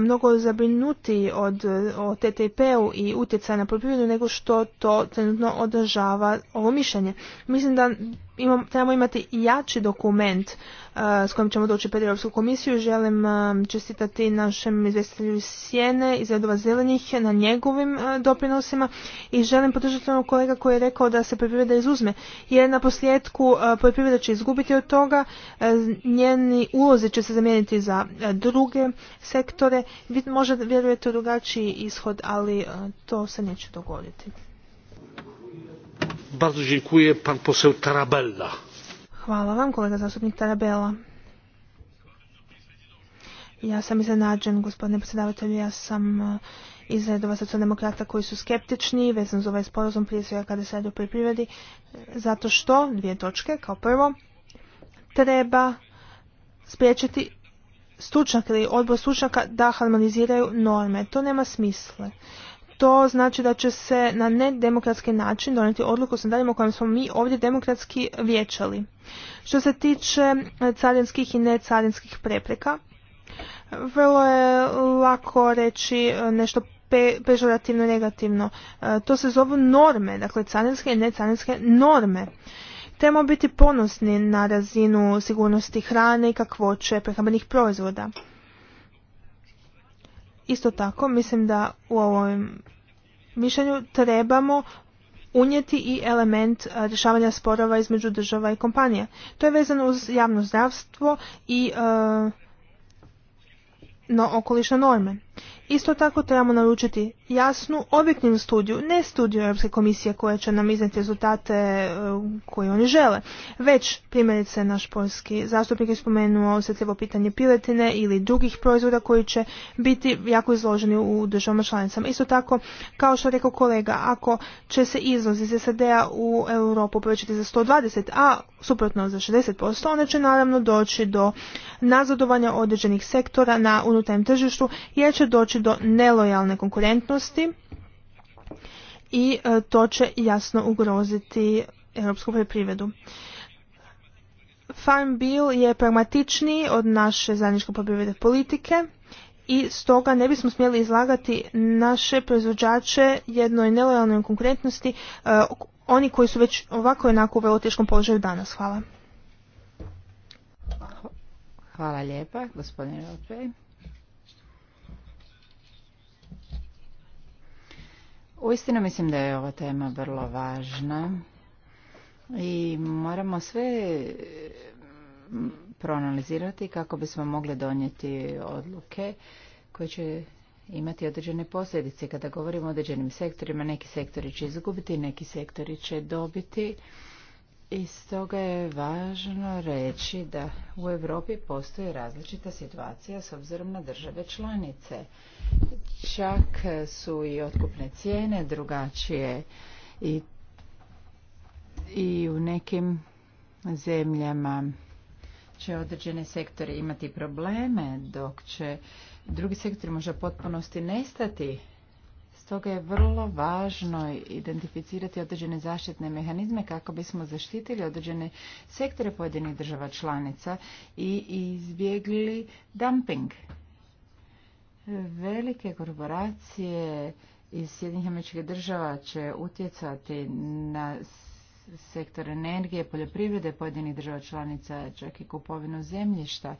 mnogo zabrinutiji od o TTIP-u i utjecaja na poljoprivredu nego što to trenutno održava ovo mišljenje. Mislim da imam, trebamo imati jači dokument uh, s kojim ćemo doći pred Europsku komisiju. Želim um, čestitati našem izvjestitelju Sjene iz redova zelenih na njegovim uh, doprinosima i želim podržati onog kolega koji je rekao da se poljoprivreda izuzme. Jer na posljedku uh, poljoprivreda će izgubiti od toga, njeni ulozi će se zamijeniti za druge sektore. Vi možda vjerujete u drugačiji ishod, ali to se neće dogoditi. Hvala vam, kolega zastupnik Tarabella. Ja sam iznenađen, gospodine predsjedavatelju, ja sam e, iz redova socijaldemokrata koji su skeptični vezan za ovaj sporazum prije svega kada se radi o poljoprivredi, zato što, dvije točke, kao prvo, treba spriječiti stručnjaka ili odbor stručnjaka da harmoniziraju norme. To nema smisla to znači da će se na nedemokratski način donijeti odluku sa daljima u kojem smo mi ovdje demokratski vječali. Što se tiče e, carinskih i necarinskih prepreka, vrlo je lako reći e, nešto pežurativno i negativno. E, to se zovu norme, dakle carinske i necarinske norme. Trebamo biti ponosni na razinu sigurnosti hrane i kakvoće prehrambenih proizvoda. Isto tako, mislim da u ovom mišljenju trebamo unijeti i element rješavanja sporova između država i kompanija. To je vezano uz javno zdravstvo i no, okolišne norme. Isto tako trebamo naručiti jasnu, objektivnu studiju, ne studiju Europske komisije koja će nam izneti rezultate e, koje oni žele. Već, primjerice, naš poljski zastupnik je spomenuo osjetljivo pitanje piletine ili drugih proizvoda koji će biti jako izloženi u državama članicama. Isto tako, kao što rekao kolega, ako će se izvoz iz SAD-a u Europu povećati za 120, a suprotno za 60%, onda će naravno doći do nazadovanja određenih sektora na unutarnjem tržištu, jer će doći do nelojalne konkurentnosti i e, to će jasno ugroziti europsku poljoprivredu. Farm Bill je pragmatičniji od naše zajedničke poljoprivredne politike i stoga ne bismo smjeli izlagati naše proizvođače jednoj nelojalnoj konkurentnosti, e, oni koji su već ovako onako u vrlo teškom položaju danas. Hvala. Hvala lijepa, gospodine Uistinu mislim da je ova tema vrlo važna i moramo sve mm, proanalizirati kako bismo mogli donijeti odluke koje će imati određene posljedice. Kada govorimo o određenim sektorima, neki sektori će izgubiti, neki sektori će dobiti. I stoga je važno reći da u Europi postoji različita situacija s obzirom na države članice. Čak su i otkupne cijene drugačije i, i u nekim zemljama će određene sektore imati probleme, dok će drugi sektor možda potpunosti nestati Stoga je vrlo važno identificirati određene zaštitne mehanizme kako bismo zaštitili određene sektore pojedinih država članica i izbjegli dumping. Velike korporacije iz Sjedinjih američkih država će utjecati na sektor energije, poljoprivrede pojedinih država članica, čak i kupovinu zemljišta.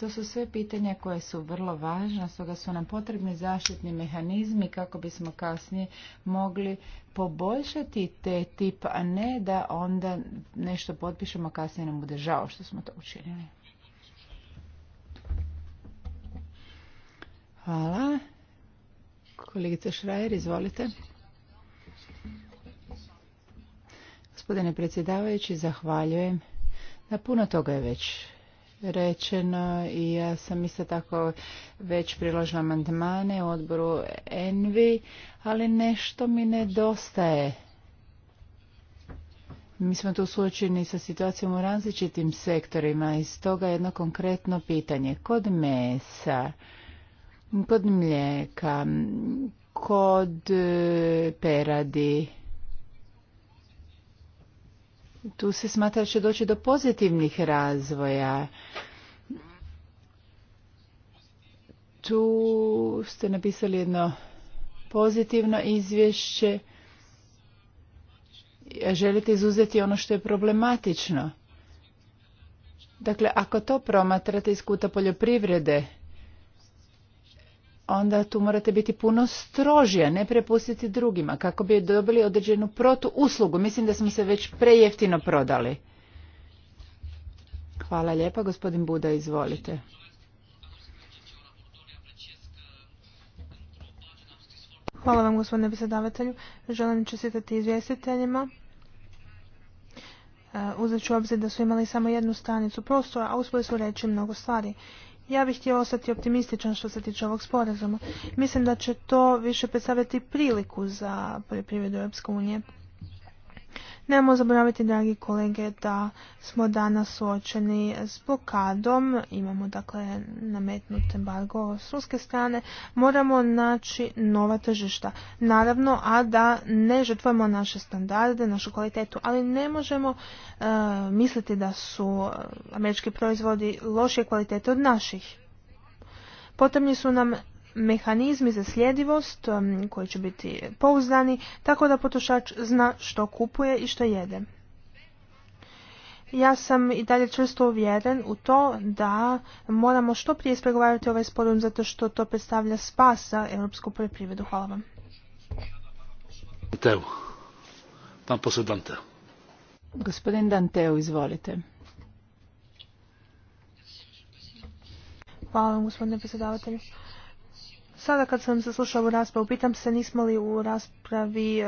To su sve pitanja koje su vrlo važna, stoga su nam potrebni zaštitni mehanizmi kako bismo kasnije mogli poboljšati te tip, a ne da onda nešto potpišemo, kasnije nam bude žao što smo to učinili. Hvala. Kolegice Šrajer, izvolite. Gospodine predsjedavajući, zahvaljujem. Na puno toga je već rečeno i ja sam isto tako već priložila amandmane u odboru Envi, ali nešto mi nedostaje. Mi smo tu suočeni sa situacijom u različitim sektorima i stoga jedno konkretno pitanje. Kod mesa, kod mlijeka, kod e, peradi, tu se smatra da će doći do pozitivnih razvoja. Tu ste napisali jedno pozitivno izvješće. Želite izuzeti ono što je problematično. Dakle, ako to promatrate iz kuta poljoprivrede, onda tu morate biti puno strožije, ne prepustiti drugima kako bi dobili određenu protu uslugu. Mislim da smo se već prejeftino prodali. Hvala lijepa, gospodin Buda, izvolite. Hvala vam gospodine predsjedavatelju. Želim čestitati izvjestiteljima. E, uzet ću obzir da su imali samo jednu stanicu prostora, a uspjeli su reći mnogo stvari. Ja bih htjela ostati optimističan što se tiče ovog sporazuma. Mislim da će to više predstavljati priliku za poljoprivredu Europske unije. Nemamo zaboraviti, dragi kolege, da smo danas suočeni s blokadom, imamo dakle nametnut embargo s ruske strane, moramo naći nova tržišta. Naravno, a da ne žrtvujemo naše standarde, našu kvalitetu, ali ne možemo e, misliti da su e, američki proizvodi lošije kvalitete od naših. Potrebni su nam mehanizmi za sljedivost um, koji će biti pouzdani, tako da potrošač zna što kupuje i što jede. Ja sam i dalje čvrsto uvjeren u to da moramo što prije ispregovarati ovaj sporum zato što to predstavlja spas za europsku poljoprivredu. Hvala vam. Gospodin Danteu, izvolite. Hvala vam, gospodine predsjedavatelju. Sada kad sam slušao ovu raspravu, pitam se nismo li u raspravi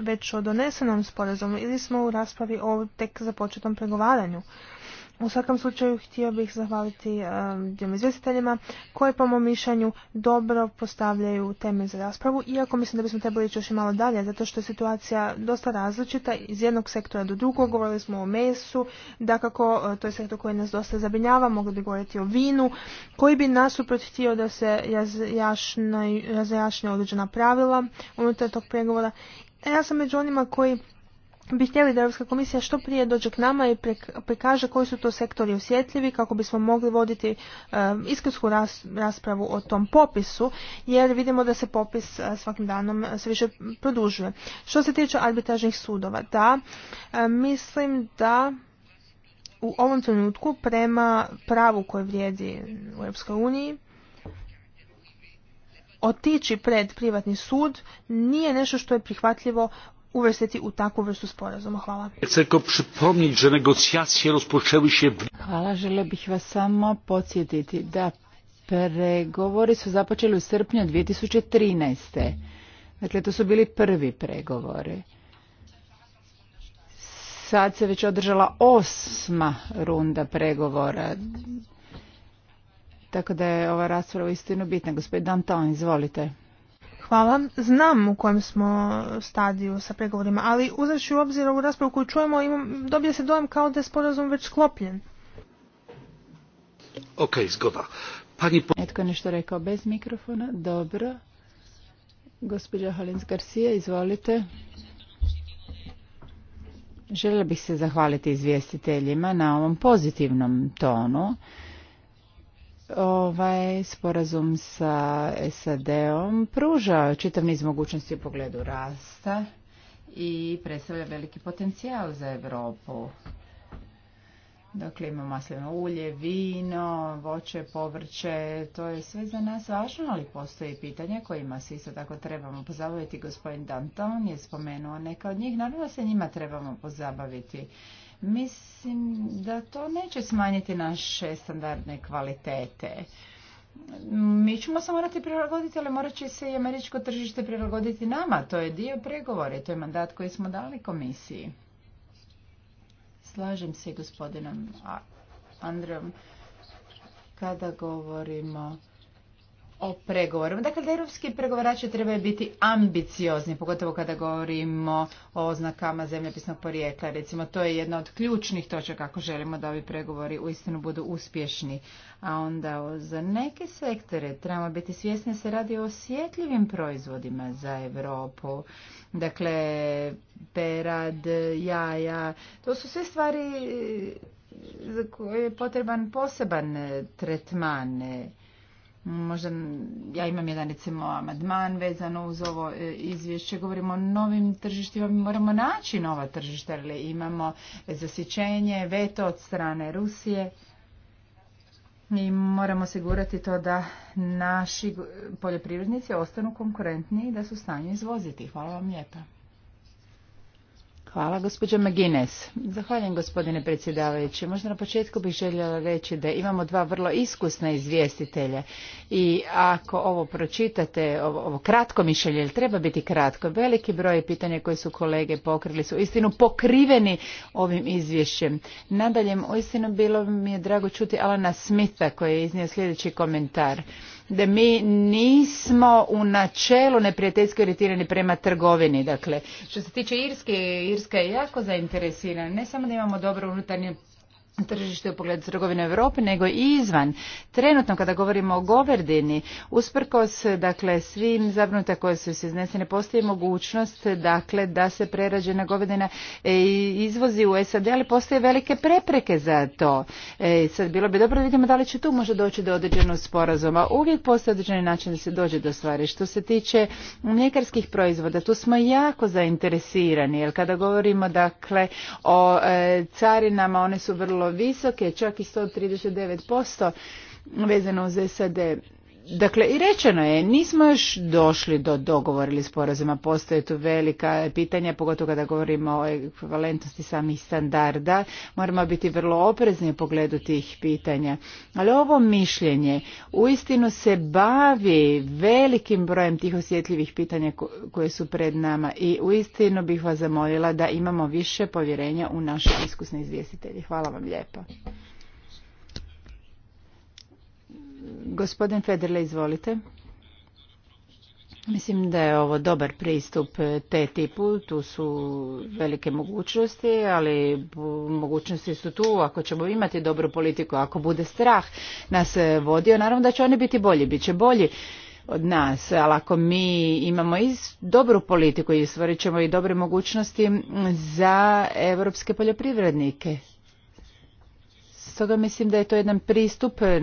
već o donesenom sporazumu ili smo u raspravi o tek započetom pregovaranju. U svakom slučaju htio bih zahvaliti eh, dvijem izvjestiteljima koji po mom mišljenju dobro postavljaju teme za raspravu, iako mislim da bismo trebali ići još i malo dalje, zato što je situacija dosta različita iz jednog sektora do drugog, govorili smo o mesu, da kako eh, to je sektor koji nas dosta zabrinjava, mogli bi govoriti o vinu, koji bi nasuprot htio da se razjašnje određena pravila unutar tog pregovora. E, ja sam među onima koji bi htjeli da Europska komisija što prije dođe k nama i prikaže koji su to sektori osjetljivi kako bismo mogli voditi um, iskrsku raspravu o tom popisu jer vidimo da se popis uh, svakim danom uh, sve više produžuje. Što se tiče arbitražnih sudova, da, uh, mislim da u ovom trenutku prema pravu koje vrijedi u Europskoj uniji otići pred privatni sud nije nešto što je prihvatljivo uvrstiti u takvu vrstu sporazuma. Hvala. Hvala, žele bih vas samo podsjetiti da pregovori su započeli u srpnju 2013. Dakle, to su bili prvi pregovori. Sad se već održala osma runda pregovora. Tako da je ova rasprava istinu bitna. Gospodin Danton, izvolite. Hvala. Znam u kojem smo stadiju sa pregovorima, ali uzavši u obzir ovu raspravu koju čujemo, imam, dobije se dojem kao da je sporazum već sklopljen. Ok, zgoda. Pani... Netko nešto rekao bez mikrofona. Dobro. Gospođa Holins Garcia, izvolite. Željela bih se zahvaliti izvjestiteljima na ovom pozitivnom tonu ovaj sporazum sa SAD-om pruža čitav niz mogućnosti u pogledu rasta i predstavlja veliki potencijal za Europu. Dakle, imamo maslino ulje, vino, voće, povrće, to je sve za nas važno, ali postoji pitanje kojima se isto tako trebamo pozabaviti. Gospodin Danton je spomenuo neka od njih, naravno se njima trebamo pozabaviti. Mislim da to neće smanjiti naše standardne kvalitete. Mi ćemo se morati prilagoditi, ali morat će se i američko tržište prilagoditi nama. To je dio pregovore, to je mandat koji smo dali komisiji. Slažem se gospodinom Andrejom kada govorimo o pregovorima. Dakle, da europski pregovarači trebaju biti ambiciozni, pogotovo kada govorimo o oznakama zemljopisnog porijekla. Recimo, to je jedna od ključnih točaka ako želimo da ovi pregovori uistinu budu uspješni. A onda za neke sektore trebamo biti svjesni se radi o osjetljivim proizvodima za Europu. Dakle, perad, jaja, to su sve stvari e, za koje je potreban poseban tretman Možda ja imam jedan recimo amadman vezano uz ovo e, izvješće, govorimo o novim tržištima, mi moramo naći nova tržišta, ali imamo zasićenje, veto od strane Rusije i moramo osigurati to da naši poljoprivrednici ostanu konkurentni i da su u stanju izvoziti. Hvala vam lijepa. Hvala, gospođo Magines. Zahvaljujem, gospodine predsjedavajući. Možda na početku bih željela reći da imamo dva vrlo iskusna izvjestitelja i ako ovo pročitate, ovo, kratko mišljenje, jer treba biti kratko, veliki broj pitanja koje su kolege pokrili su istinu pokriveni ovim izvješćem. Nadaljem, uistinu bilo mi je drago čuti Alana Smitha koji je iznio sljedeći komentar da mi nismo u načelu neprijateljski orijentirani prema trgovini. Dakle, što se tiče Irske, Irska je jako zainteresirana. Ne samo da imamo dobro unutarnje tržište u pogledu trgovine u nego i izvan. Trenutno kada govorimo o Goverdini, usprkos dakle svim zabrnuta koje su se iznesene, postoji mogućnost dakle da se prerađena govedina e, izvozi u SAD, ali postoje velike prepreke za to. E, sad bilo bi dobro da vidimo da li će tu možda doći do određenog sporazuma. Uvijek postoji određeni način da se dođe do stvari. Što se tiče mljekarskih proizvoda, tu smo jako zainteresirani, jer kada govorimo dakle o e, carinama, one su vrlo vrlo visoke, čak i 139% vezano uz SAD. Dakle, i rečeno je, nismo još došli do dogovora ili sporazuma, postoje tu velika pitanja, pogotovo kada govorimo o ekvivalentnosti samih standarda, moramo biti vrlo oprezni u pogledu tih pitanja. Ali ovo mišljenje uistinu se bavi velikim brojem tih osjetljivih pitanja koje su pred nama i uistinu bih vas zamolila da imamo više povjerenja u naše iskusne izvjestitelje. Hvala vam lijepa. Gospodin Federle, izvolite. Mislim da je ovo dobar pristup te tipu, tu su velike mogućnosti, ali mogućnosti su tu, ako ćemo imati dobru politiku, ako bude strah nas vodio, naravno da će oni biti bolji, bit će bolji od nas, ali ako mi imamo i dobru politiku i stvorit ćemo i dobre mogućnosti za europske poljoprivrednike. Stoga mislim da je to jedan pristup eh,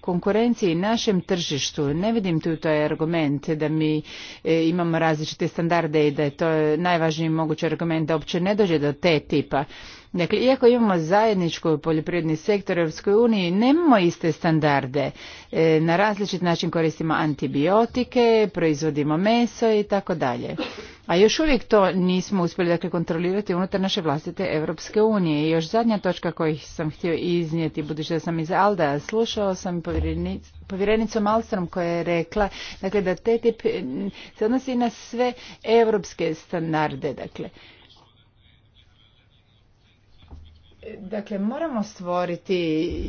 konkurenciji našem tržištu. Ne vidim tu taj argument da mi eh, imamo različite standarde i da je to najvažniji mogući argument da uopće ne dođe do te tipa Dakle, iako imamo zajedničku poljoprivredni sektor u Europskoj uniji, nemamo iste standarde. E, na različit način koristimo antibiotike, proizvodimo meso i tako dalje. A još uvijek to nismo uspjeli dakle, kontrolirati unutar naše vlastite Europske unije. I još zadnja točka koju sam htio iznijeti, budući da sam iz Alda, slušao sam povjerenicom povjerenicu Malstrom koja je rekla dakle, da TTIP se odnosi na sve europske standarde. Dakle, Dakle, moramo stvoriti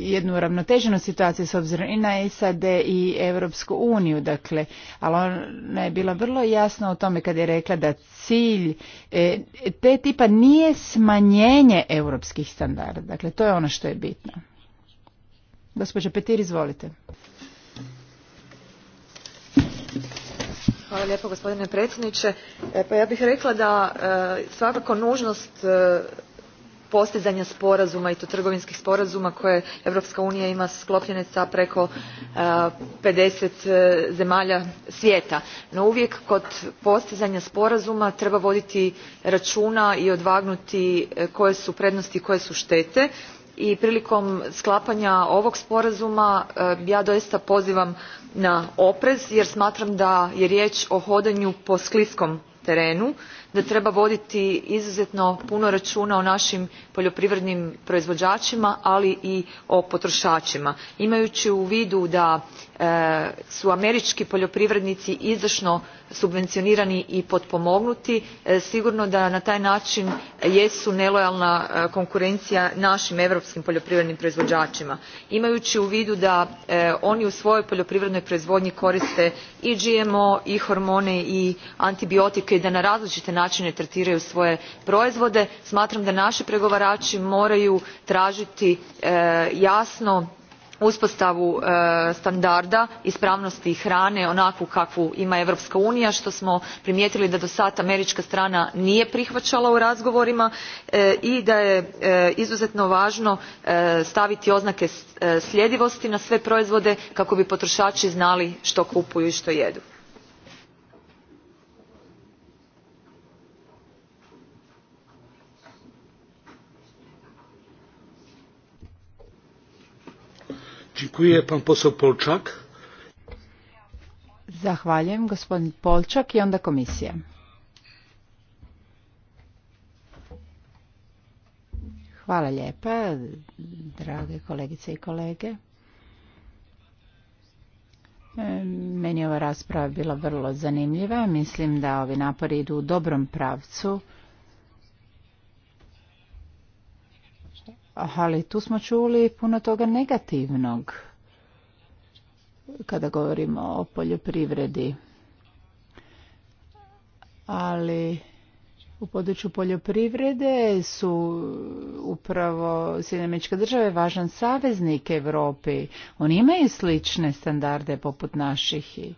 jednu ravnoteženu situaciju s obzirom i na SAD i Europsku uniju, dakle, ali ona je bila vrlo jasna o tome kad je rekla da cilj e, te tipa nije smanjenje europskih standarda, dakle, to je ono što je bitno. Gospođa Petir, izvolite. Hvala lijepo gospodine predsjedniče. E, pa ja bih rekla da e, svakako nužnost postizanja sporazuma i to trgovinskih sporazuma koje europska unija ima sklopljene s preko fifty e, e, zemalja svijeta no uvijek kod postizanja sporazuma treba voditi računa i odvagnuti e, koje su prednosti koje su štete i prilikom sklapanja ovog sporazuma ja doista pozivam na oprez jer smatram da je riječ o hodanju po skliskom terenu da treba voditi izuzetno puno računa o našim poljoprivrednim proizvođačima ali i o potrošačima. imajući u vidu da E, su američki poljoprivrednici izdašno subvencionirani i potpomognuti e, sigurno da na taj način jesu nelojalna e, konkurencija našim europskim poljoprivrednim proizvođačima. imajući u vidu da oni u svojoj poljoprivrednoj proizvodnji koriste i gmo i hormone i antibiotike i da na različite načine tretiraju svoje proizvode smatram da naši pregovarači moraju tražiti jasno uspostavu e, standarda ispravnosti hrane onakvu kakvu ima europska unija što smo primijetili da do sad američka strana nije prihvaćala u razgovorima e, i da je e, izuzetno važno staviti oznake sljedivosti na sve proizvode kako bi potrošači znali što kupuju i što jedu. Zahvaljujem gospodin Polčak i onda komisija. Hvala lijepa, drage kolegice i kolege. E, meni je ova rasprava bila vrlo zanimljiva. Mislim da ovi napori idu u dobrom pravcu. ali tu smo čuli puno toga negativnog kada govorimo o poljoprivredi. Ali u području poljoprivrede su upravo Sjedinjeničke države važan saveznik Europi. Oni imaju slične standarde poput naših i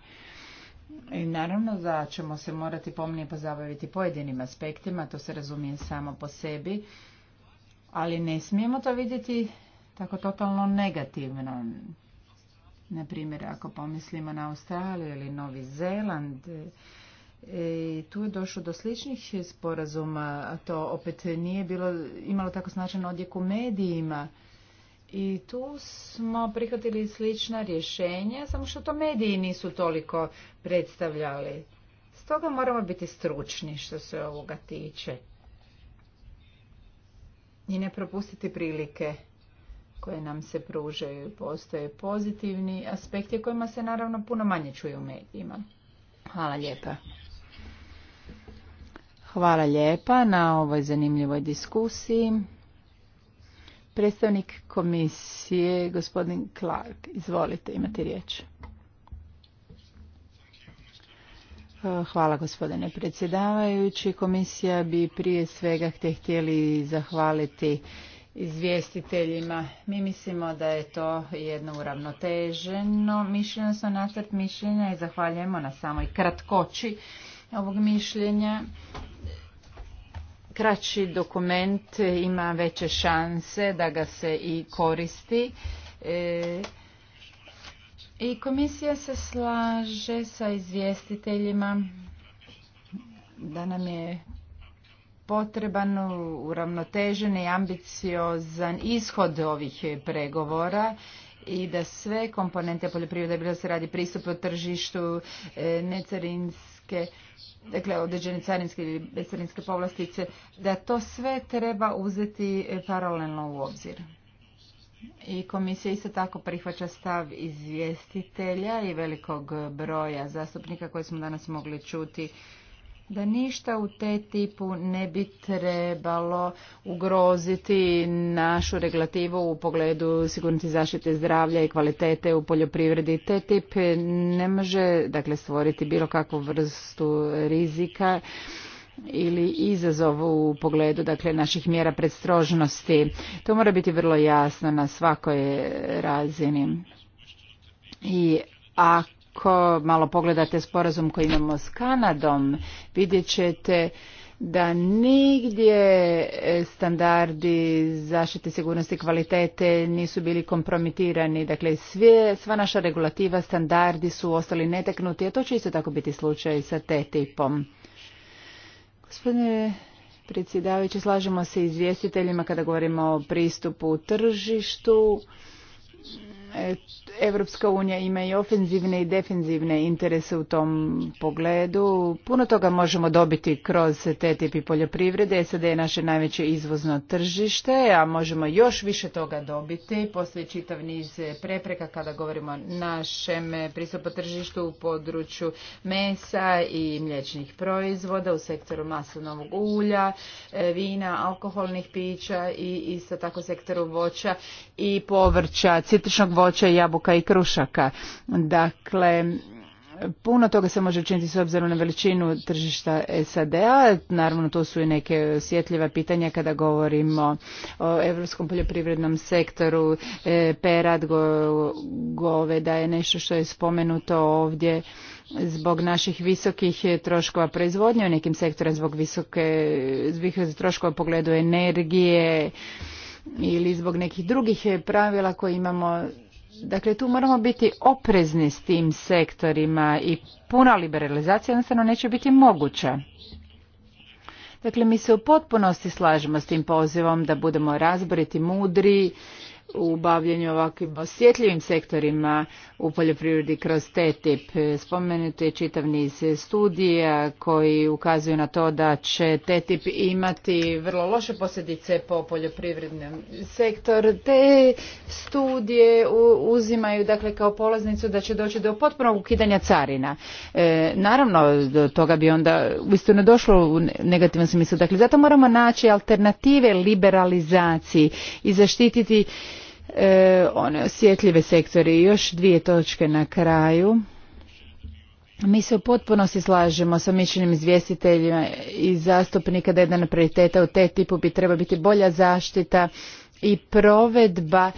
i naravno da ćemo se morati pomnije pozabaviti pojedinim aspektima, to se razumije samo po sebi, ali ne smijemo to vidjeti tako totalno negativno. Na ako pomislimo na Australiju ili Novi Zeland, e, e, tu je došlo do sličnih sporazuma, a to opet nije bilo, imalo tako značajan odjek u medijima. I tu smo prihvatili slična rješenja, samo što to mediji nisu toliko predstavljali. Stoga moramo biti stručni što se ovoga tiče i ne propustiti prilike koje nam se pružaju. Postoje pozitivni aspekti kojima se naravno puno manje čuju u medijima. Hvala lijepa. Hvala lijepa na ovoj zanimljivoj diskusiji. Predstavnik komisije, gospodin Clark, izvolite, imate riječ. Hvala gospodine predsjedavajući. Komisija bi prije svega te htjeli zahvaliti izvjestiteljima. Mi mislimo da je to jedno uravnoteženo mišljenje, načrt nacrt mišljenja i zahvaljujemo na samoj kratkoći ovog mišljenja. Kraći dokument ima veće šanse da ga se i koristi. E, i komisija se slaže sa izvjestiteljima da nam je potreban uravnotežen i ambiciozan ishod ovih pregovora i da sve komponente poljoprivrede, bilo se radi u tržištu, e, necarinske, dakle određene carinske ili bescarinske povlastice, da to sve treba uzeti paralelno u obzir. I komisija isto tako prihvaća stav izvjestitelja i velikog broja zastupnika koje smo danas mogli čuti da ništa u te tipu ne bi trebalo ugroziti našu regulativu u pogledu sigurnosti zaštite zdravlja i kvalitete u poljoprivredi. Te tip ne može dakle, stvoriti bilo kakvu vrstu rizika ili izazov u pogledu dakle naših mjera predstrožnosti. To mora biti vrlo jasno na svakoj razini. I ako malo pogledate sporazum koji imamo s Kanadom, vidjet ćete da nigdje standardi zaštite sigurnosti kvalitete nisu bili kompromitirani. Dakle, sve, sva naša regulativa, standardi su ostali neteknuti, a to će isto tako biti slučaj sa te tipom Gospodine predsjedavajući, slažemo se izvjestiteljima kada govorimo o pristupu u tržištu. E, Evropska unija ima i ofenzivne i defenzivne interese u tom pogledu. Puno toga možemo dobiti kroz te tipi poljoprivrede. SAD je naše najveće izvozno tržište, a možemo još više toga dobiti. Postoji čitav niz prepreka kada govorimo o našem pristupu tržištu u području mesa i mliječnih proizvoda, u sektoru maslinovog ulja, e, vina, alkoholnih pića i isto tako sektoru voća i povrća, citričnog voća i jabuka jabuka i krušaka. Dakle, Puno toga se može učiniti s obzirom na veličinu tržišta SAD-a. Naravno, to su i neke osjetljiva pitanja kada govorimo o evropskom poljoprivrednom sektoru. E, Perad goveda je nešto što je spomenuto ovdje zbog naših visokih troškova proizvodnje u nekim sektora zbog visoke troškova u pogledu energije ili zbog nekih drugih pravila koje imamo Dakle, tu moramo biti oprezni s tim sektorima i puna liberalizacija jednostavno neće biti moguća. Dakle, mi se u potpunosti slažemo s tim pozivom da budemo razboriti, mudri u bavljenju ovakvim osjetljivim sektorima u poljoprivredi kroz TTIP. Spomenuti je čitav niz studija koji ukazuju na to da će TTIP imati vrlo loše posljedice po poljoprivrednom sektor. Te studije uzimaju dakle kao polaznicu da će doći do potpunog ukidanja carina. E, naravno, do toga bi onda uistinu došlo u negativnom smislu. Dakle, zato moramo naći alternative liberalizaciji i zaštititi E, one osjetljive sektore. i Još dvije točke na kraju. Mi se u potpunosti slažemo sa mišljenim izvjestiteljima i zastupnika da jedan prioriteta u te tipu bi treba biti bolja zaštita i provedba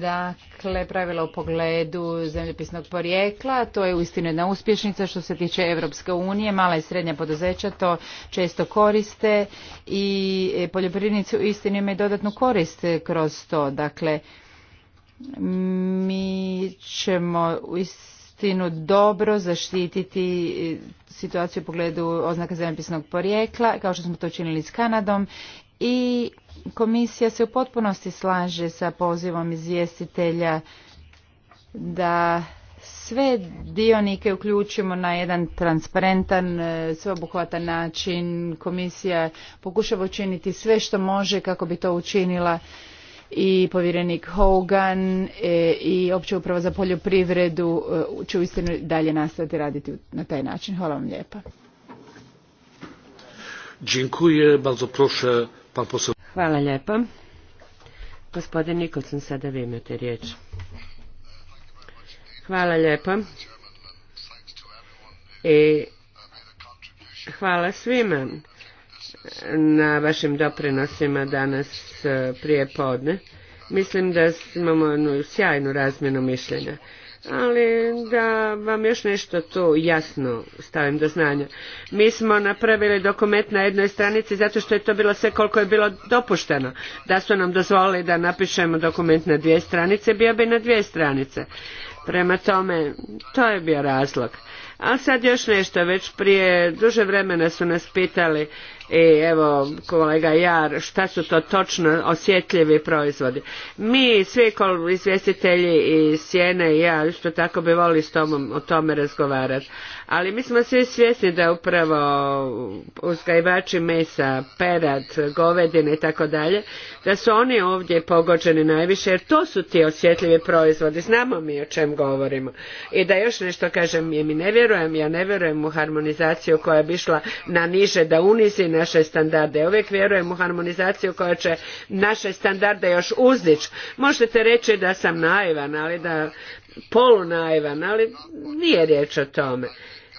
dakle pravila u pogledu zemljopisnog porijekla to je uistinu jedna uspješnica što se tiče Europske unije mala i srednja poduzeća to često koriste i e, poljoprivrednici uistinu imaju dodatnu korist kroz to dakle mi ćemo istinu dobro zaštititi situaciju u pogledu oznaka zemljopisnog porijekla, kao što smo to činili s Kanadom i komisija se u potpunosti slaže sa pozivom izvjestitelja da sve dionike uključimo na jedan transparentan, e, sveobuhvatan način. Komisija pokušava učiniti sve što može kako bi to učinila i povjerenik Hogan e, i opće uprava za poljoprivredu e, će uistinu dalje nastaviti raditi na taj način. Hvala vam lijepa. Hvala lijepa. Gospodin Nikolson, sada vi imate riječ. Hvala lijepa. hvala svima na vašim doprinosima danas e, prije podne. Mislim da imamo jednu sjajnu razmjenu mišljenja. Ali da vam još nešto tu jasno stavim do znanja. Mi smo napravili dokument na jednoj stranici zato što je to bilo sve koliko je bilo dopušteno. Da su nam dozvolili da napišemo dokument na dvije stranice, bio bi na dvije stranice. Prema tome, to je bio razlog. A sad još nešto, već prije duže vremena su nas pitali i evo kolega Jar šta su to točno osjetljivi proizvodi. Mi svi izvjestitelji i Sjene i ja isto tako bi volili s o tome razgovarati. Ali mi smo svi svjesni da upravo uzgajivači mesa, perad, govedine i tako dalje, da su oni ovdje pogođeni najviše jer to su ti osjetljivi proizvodi. Znamo mi o čem govorimo. I da još nešto kažem, ja mi ne vjerujem, ja ne vjerujem u harmonizaciju koja bi išla na niže da unizi, na naše standarde. uvijek vjerujem u harmonizaciju koja će naše standarde još uzdić. Možete reći da sam naivan, ali da polunaivan, ali nije riječ o tome.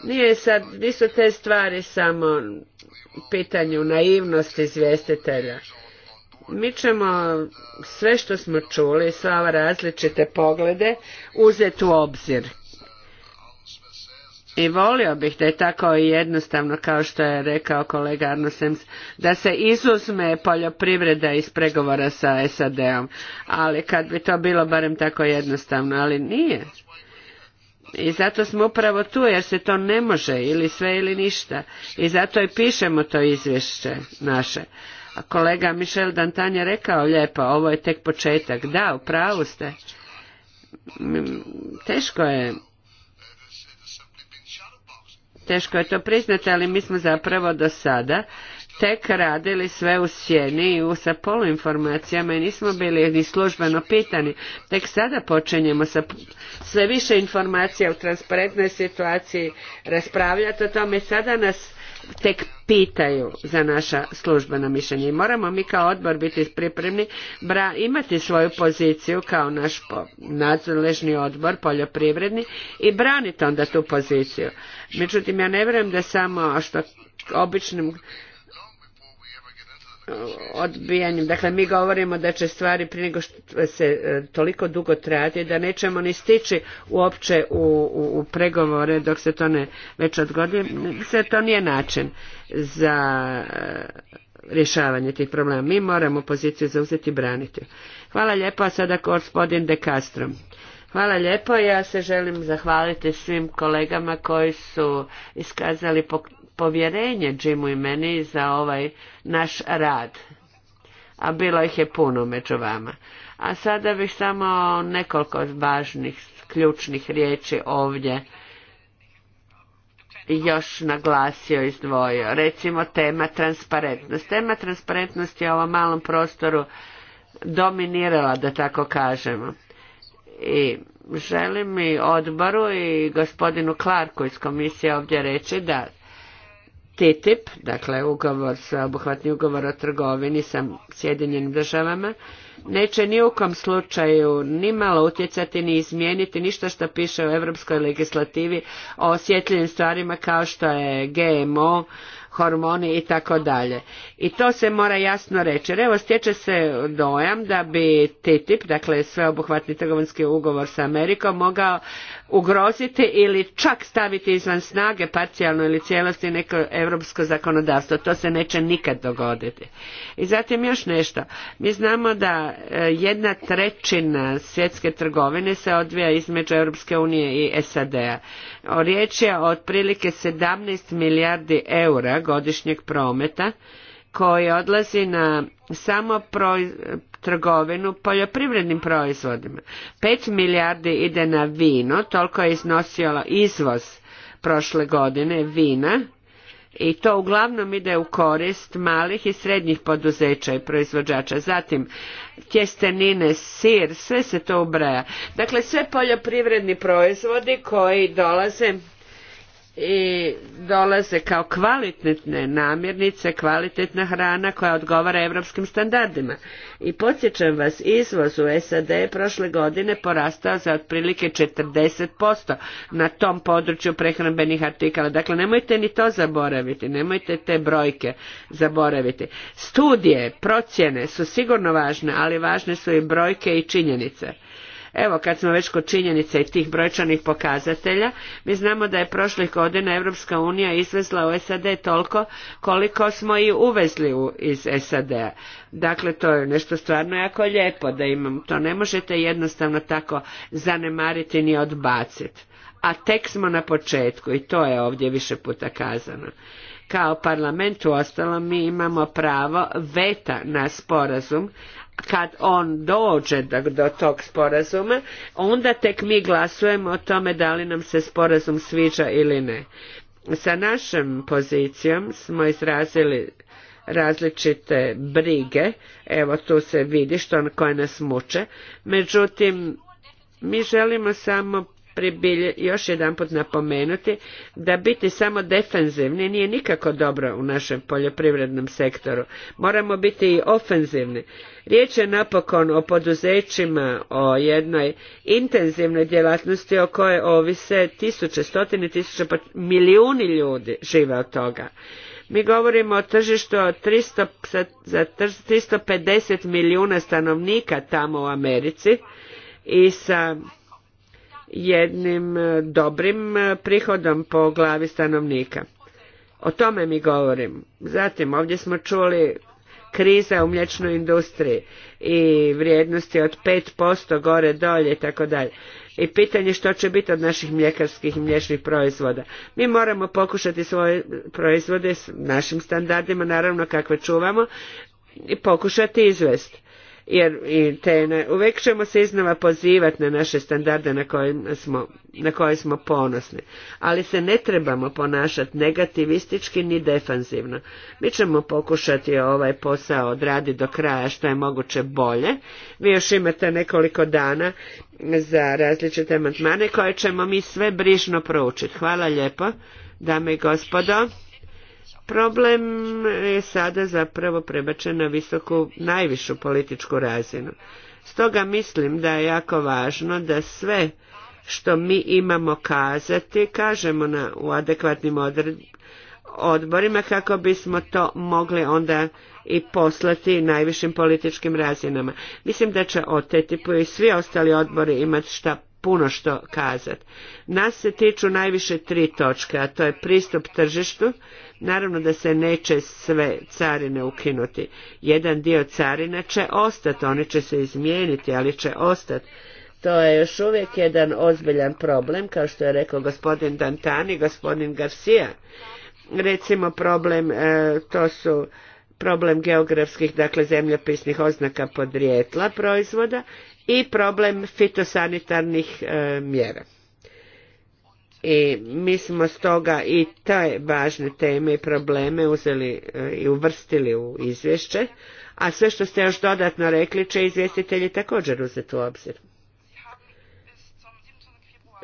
Nije sad, nisu te stvari samo pitanju naivnosti izvjestitelja. Mi ćemo sve što smo čuli, sva različite poglede, uzeti u obzir i volio bih da je tako jednostavno kao što je rekao kolega Arnosems da se izuzme poljoprivreda iz pregovora sa SAD-om. Ali kad bi to bilo barem tako jednostavno, ali nije. I zato smo upravo tu jer se to ne može ili sve ili ništa. I zato i pišemo to izvješće naše. A kolega Michel Dantan je rekao lijepo, ovo je tek početak. Da, u pravu ste. Teško je teško je to priznati, ali mi smo zapravo do sada tek radili sve u sjeni i sa poluinformacijama i nismo bili ni službeno pitani. Tek sada počinjemo sa sve više informacija u transparentnoj situaciji raspravljati o tome. Sada nas tek pitaju za naša službena mišljenja i moramo mi kao odbor biti pripremni bra, imati svoju poziciju kao naš nadležni odbor poljoprivredni i braniti onda tu poziciju. Međutim, ja ne vjerujem da samo što običnim odbijanjem. Dakle, mi govorimo da će stvari prije nego što se e, toliko dugo trajati da nećemo ni stići uopće u, u, u pregovore dok se to ne već odgodi. Sve to nije način za e, rješavanje tih problema. Mi moramo poziciju zauzeti i braniti. Hvala lijepo, a sada gospodin De Castro. Hvala lijepo, ja se želim zahvaliti svim kolegama koji su iskazali povjerenje Jimu i meni za ovaj naš rad. A bilo ih je puno među vama. A sada bih samo nekoliko važnih, ključnih riječi ovdje još naglasio, izdvojio. Recimo tema transparentnost. Tema transparentnosti je u ovom malom prostoru dominirala, da tako kažemo. I želim i odboru i gospodinu Clarku iz komisije ovdje reći da TTIP, dakle ugovor, sveobuhvatni ugovor o trgovini sa Sjedinjenim državama, neće ni u kom slučaju ni malo utjecati ni izmijeniti ništa što piše u europskoj legislativi o osjetljivim stvarima kao što je GMO, hormoni i tako dalje. I to se mora jasno reći. Evo stječe se dojam da bi TTIP, dakle sveobuhvatni trgovinski ugovor sa Amerikom, mogao ugroziti ili čak staviti izvan snage parcijalno ili cijelosti neko europsko zakonodavstvo. To se neće nikad dogoditi. I zatim još nešto. Mi znamo da e, jedna trećina svjetske trgovine se odvija između Europske unije i SAD-a. Riječ je o otprilike 17 milijardi eura godišnjeg prometa koji odlazi na samo trgovinu poljoprivrednim proizvodima. 5 milijardi ide na vino, toliko je iznosio izvoz prošle godine vina i to uglavnom ide u korist malih i srednjih poduzeća i proizvođača. Zatim tjestenine, sir, sve se to ubraja. Dakle, sve poljoprivredni proizvodi koji dolaze i dolaze kao kvalitetne namirnice, kvalitetna hrana koja odgovara europskim standardima. I podsjećam vas, izvoz u SAD je prošle godine porastao za otprilike 40% na tom području prehrambenih artikala. Dakle, nemojte ni to zaboraviti, nemojte te brojke zaboraviti. Studije, procjene su sigurno važne, ali važne su i brojke i činjenice. Evo, kad smo već kod činjenica i tih brojčanih pokazatelja, mi znamo da je prošlih godina Europska unija izvezla u SAD toliko koliko smo i uvezli iz SAD-a. Dakle, to je nešto stvarno jako lijepo da imamo. To ne možete jednostavno tako zanemariti ni odbaciti. A tek smo na početku i to je ovdje više puta kazano kao parlament uostalom mi imamo pravo veta na sporazum kad on dođe do tog sporazuma, onda tek mi glasujemo o tome da li nam se sporazum sviđa ili ne. Sa našom pozicijom smo izrazili različite brige, evo tu se vidi što koje nas muče, međutim mi želimo samo još još jedanput napomenuti da biti samo defenzivni nije nikako dobro u našem poljoprivrednom sektoru. Moramo biti i ofenzivni. Riječ je napokon o poduzećima, o jednoj intenzivnoj djelatnosti o kojoj ovise tisuće, stotine tisuće, pa milijuni ljudi žive od toga. Mi govorimo o tržištu od 350 milijuna stanovnika tamo u Americi i sa jednim e, dobrim e, prihodom po glavi stanovnika. O tome mi govorim. Zatim ovdje smo čuli kriza u mlječnoj industriji i vrijednosti od 5% gore dolje i tako dalje. I pitanje što će biti od naših mljekarskih i mlječnih proizvoda. Mi moramo pokušati svoje proizvode s našim standardima, naravno kakve čuvamo, i pokušati izvesti jer i te, uvijek ćemo se iznova pozivati na naše standarde na koje, smo, na koje smo ponosni. Ali se ne trebamo ponašati negativistički ni defanzivno. Mi ćemo pokušati ovaj posao odraditi do kraja što je moguće bolje. Vi još imate nekoliko dana za različite amandmane koje ćemo mi sve brižno proučiti. Hvala lijepo, dame i gospodo. Problem je sada zapravo prebačen na visoku, najvišu političku razinu. Stoga mislim da je jako važno da sve što mi imamo kazati, kažemo na, u adekvatnim odborima kako bismo to mogli onda i poslati najvišim političkim razinama. Mislim da će o ttip pa i svi ostali odbori imati šta puno što kazati. Nas se tiču najviše tri točke, a to je pristup tržištu. Naravno da se neće sve carine ukinuti. Jedan dio carina će ostati, oni će se izmijeniti, ali će ostati. To je još uvijek jedan ozbiljan problem, kao što je rekao gospodin Dantani, gospodin Garcia. Recimo problem, e, to su problem geografskih, dakle zemljopisnih oznaka podrijetla proizvoda i problem fitosanitarnih e, mjera. I mi smo stoga i te važne teme i probleme uzeli e, i uvrstili u izvješće, a sve što ste još dodatno rekli će izvjestitelji također uzeti u obzir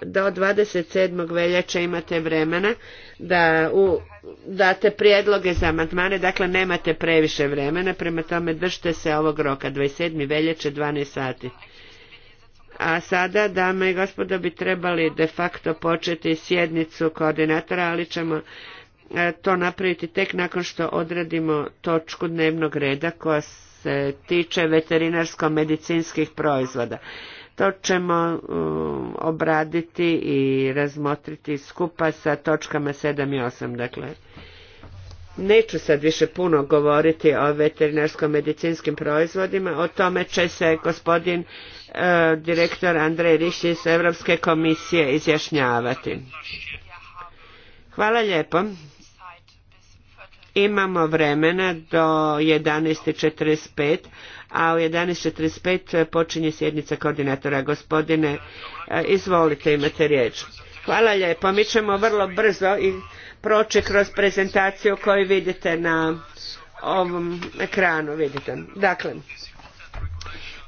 do 27. veljače imate vremena da u, date prijedloge za amandmane, dakle nemate previše vremena, prema tome držite se ovog roka, 27. veljače 12 sati. A sada, dame i gospodo, bi trebali de facto početi sjednicu koordinatora, ali ćemo e, to napraviti tek nakon što odradimo točku dnevnog reda koja se tiče veterinarsko-medicinskih proizvoda. To ćemo um, obraditi i razmotriti skupa sa točkama 7 i 8. Dakle, neću sad više puno govoriti o veterinarsko-medicinskim proizvodima. O tome će se gospodin uh, direktor Andrej Rišić iz Europske komisije izjašnjavati. Hvala lijepo. Imamo vremena do 11.45, a u 11.45 počinje sjednica koordinatora. Gospodine, eh, izvolite, imate riječ. Hvala lijepo. Mi ćemo vrlo brzo i proći kroz prezentaciju koju vidite na ovom ekranu. Vidite. Dakle,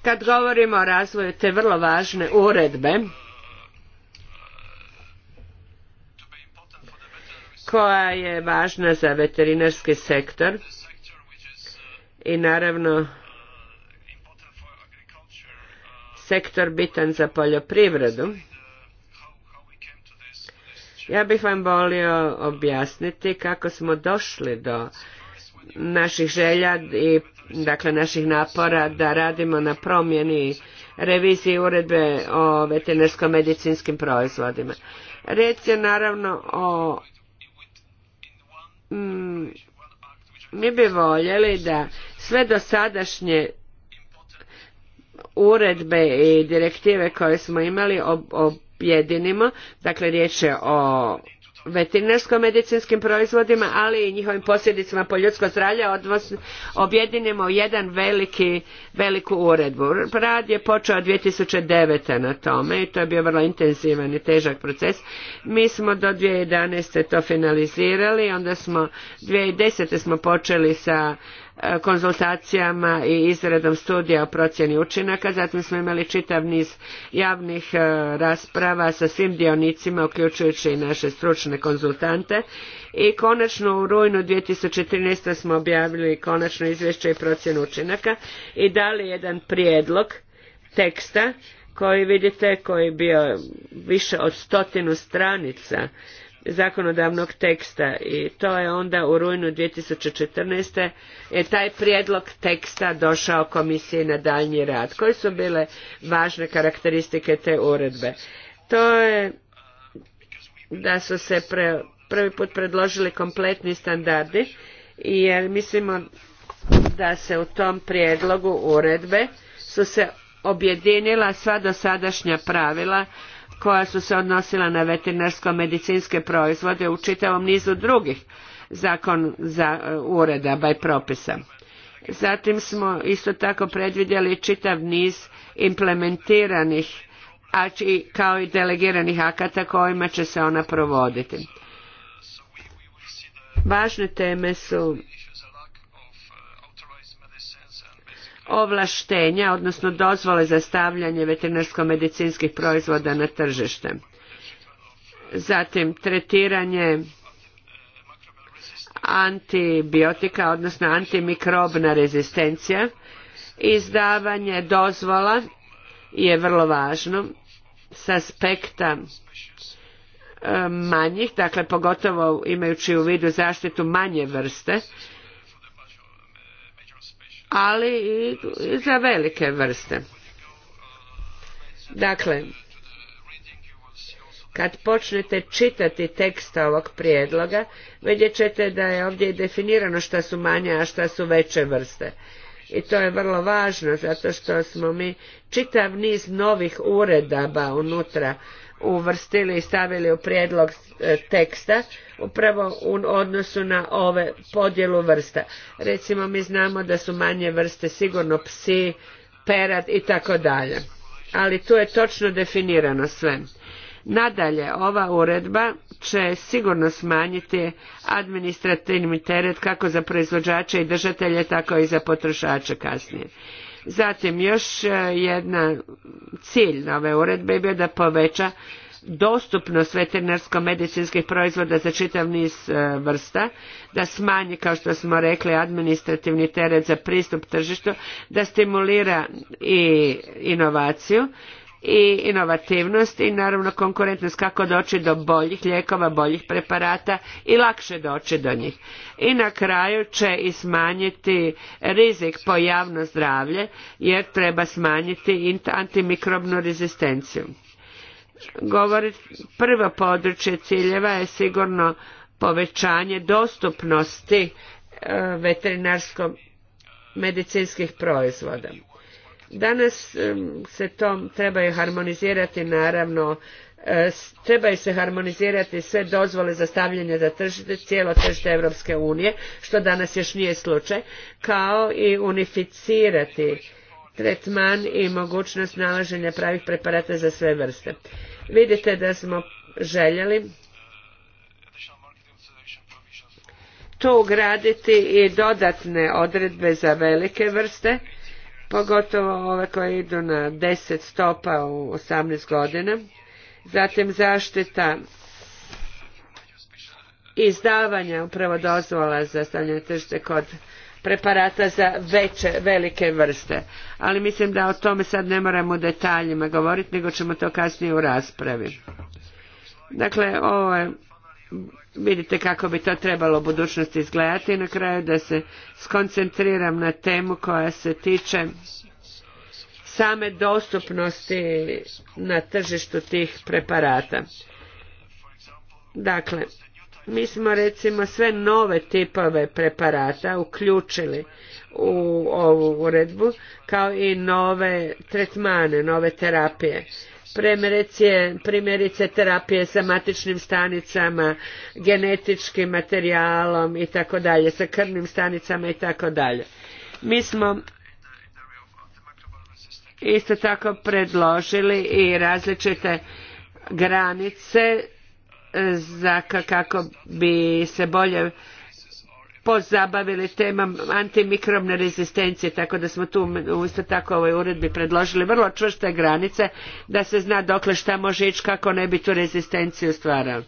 kad govorimo o razvoju te vrlo važne uredbe, koja je važna za veterinarski sektor i naravno sektor bitan za poljoprivredu. Ja bih vam volio objasniti kako smo došli do naših želja i dakle naših napora da radimo na promjeni reviziji uredbe o veterinarsko-medicinskim proizvodima. Riječ je naravno o Mm, mi bi voljeli da sve dosadašnje uredbe i direktive koje smo imali objedinimo, dakle riječ je o veterinarsko-medicinskim proizvodima, ali i njihovim posljedicama po ljudsko zdravlje objedinimo jedan veliki, veliku uredbu. Rad je počeo 2009. na tome i to je bio vrlo intenzivan i težak proces. Mi smo do 2011. to finalizirali, onda smo 2010. smo počeli sa E, konzultacijama i izradom studija o procjeni učinaka. Zatim smo imali čitav niz javnih e, rasprava sa svim dionicima, uključujući i naše stručne konzultante. I konačno u rujnu 2013. smo objavili konačno izvješće i procjenu učinaka i dali jedan prijedlog teksta koji vidite koji je bio više od stotinu stranica zakonodavnog teksta i to je onda u rujnu 2014. je e, taj prijedlog teksta došao komisiji na daljnji rad. Koje su bile važne karakteristike te uredbe? To je da su se prvi put predložili kompletni standardi jer mislimo da se u tom prijedlogu uredbe su se objedinila sva dosadašnja pravila koja su se odnosila na veterinarsko-medicinske proizvode u čitavom nizu drugih zakon za uh, uredaba i propisa. Zatim smo isto tako predvidjeli čitav niz implementiranih a kao i delegiranih akata kojima će se ona provoditi. Važne teme su ovlaštenja, odnosno dozvole za stavljanje veterinarsko-medicinskih proizvoda na tržište. Zatim tretiranje antibiotika, odnosno antimikrobna rezistencija. Izdavanje dozvola je vrlo važno s aspekta e, manjih, dakle pogotovo imajući u vidu zaštitu manje vrste ali i, za velike vrste. Dakle, kad počnete čitati tekst ovog prijedloga, vidjet ćete da je ovdje definirano šta su manje, a šta su veće vrste. I to je vrlo važno, zato što smo mi čitav niz novih uredaba unutra uvrstili i stavili u prijedlog e, teksta upravo u odnosu na ove podjelu vrsta. Recimo mi znamo da su manje vrste sigurno psi, perad i tako dalje. Ali tu je točno definirano sve. Nadalje, ova uredba će sigurno smanjiti administrativni teret kako za proizvođače i držatelje, tako i za potrošače kasnije. Zatim još e, jedna cilj nove uredbe je bio da poveća dostupnost veterinarsko-medicinskih proizvoda za čitav niz e, vrsta, da smanji, kao što smo rekli, administrativni teret za pristup tržištu, da stimulira i inovaciju i inovativnost i naravno konkurentnost kako doći do boljih lijekova, boljih preparata i lakše doći do njih. I na kraju će i smanjiti rizik po javno zdravlje jer treba smanjiti antimikrobnu rezistenciju. Govori, prvo područje ciljeva je sigurno povećanje dostupnosti e, veterinarsko medicinskih proizvoda Danas se to trebaju harmonizirati naravno e, trebaju se harmonizirati sve dozvole za stavljanje za tržište, cijelo tržište Europske unije, što danas još nije slučaj, kao i unificirati tretman i mogućnost nalaženja pravih preparata za sve vrste. Vidite da smo željeli tu ugraditi i dodatne odredbe za velike vrste, pogotovo ove koje idu na 10 stopa u 18 godina. Zatim zaštita izdavanja upravo dozvola za stavljanje tržište kod preparata za veće, velike vrste. Ali mislim da o tome sad ne moramo u detaljima govoriti, nego ćemo to kasnije u raspravi. Dakle, ovo je vidite kako bi to trebalo u budućnosti izgledati i na kraju da se skoncentriram na temu koja se tiče same dostupnosti na tržištu tih preparata. Dakle, mi smo recimo sve nove tipove preparata uključili u ovu uredbu kao i nove tretmane, nove terapije primjerice, primjerice terapije sa matičnim stanicama, genetičkim materijalom i tako dalje, sa krvnim stanicama i tako dalje. Mi smo isto tako predložili i različite granice e, za kako bi se bolje pozabavili temom antimikrobne rezistencije tako da smo tu isto tako u ovoj uredbi predložili vrlo čvrste granice da se zna dokle šta može ići kako ne bi tu rezistenciju stvarali.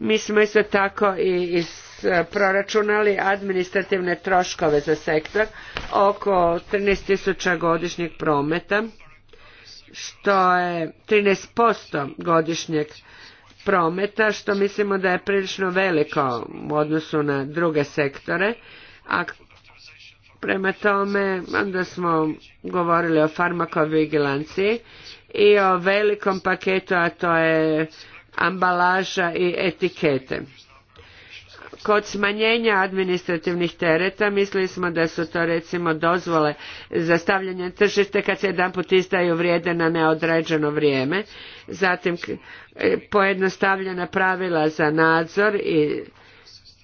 Mi smo isto tako i e, proračunali administrativne troškove za sektor oko 13.000 godišnjeg prometa što je 13% godišnjeg prometa što mislimo da je prilično veliko u odnosu na druge sektore, a prema tome onda smo govorili o farmakovigilanciji i o velikom paketu, a to je ambalaža i etikete. Kod smanjenja administrativnih tereta mislili smo da su to recimo dozvole za stavljanje tržište kad se jedanput izdaju vrijede na neodređeno vrijeme. Zatim E, pojednostavljena pravila za nadzor i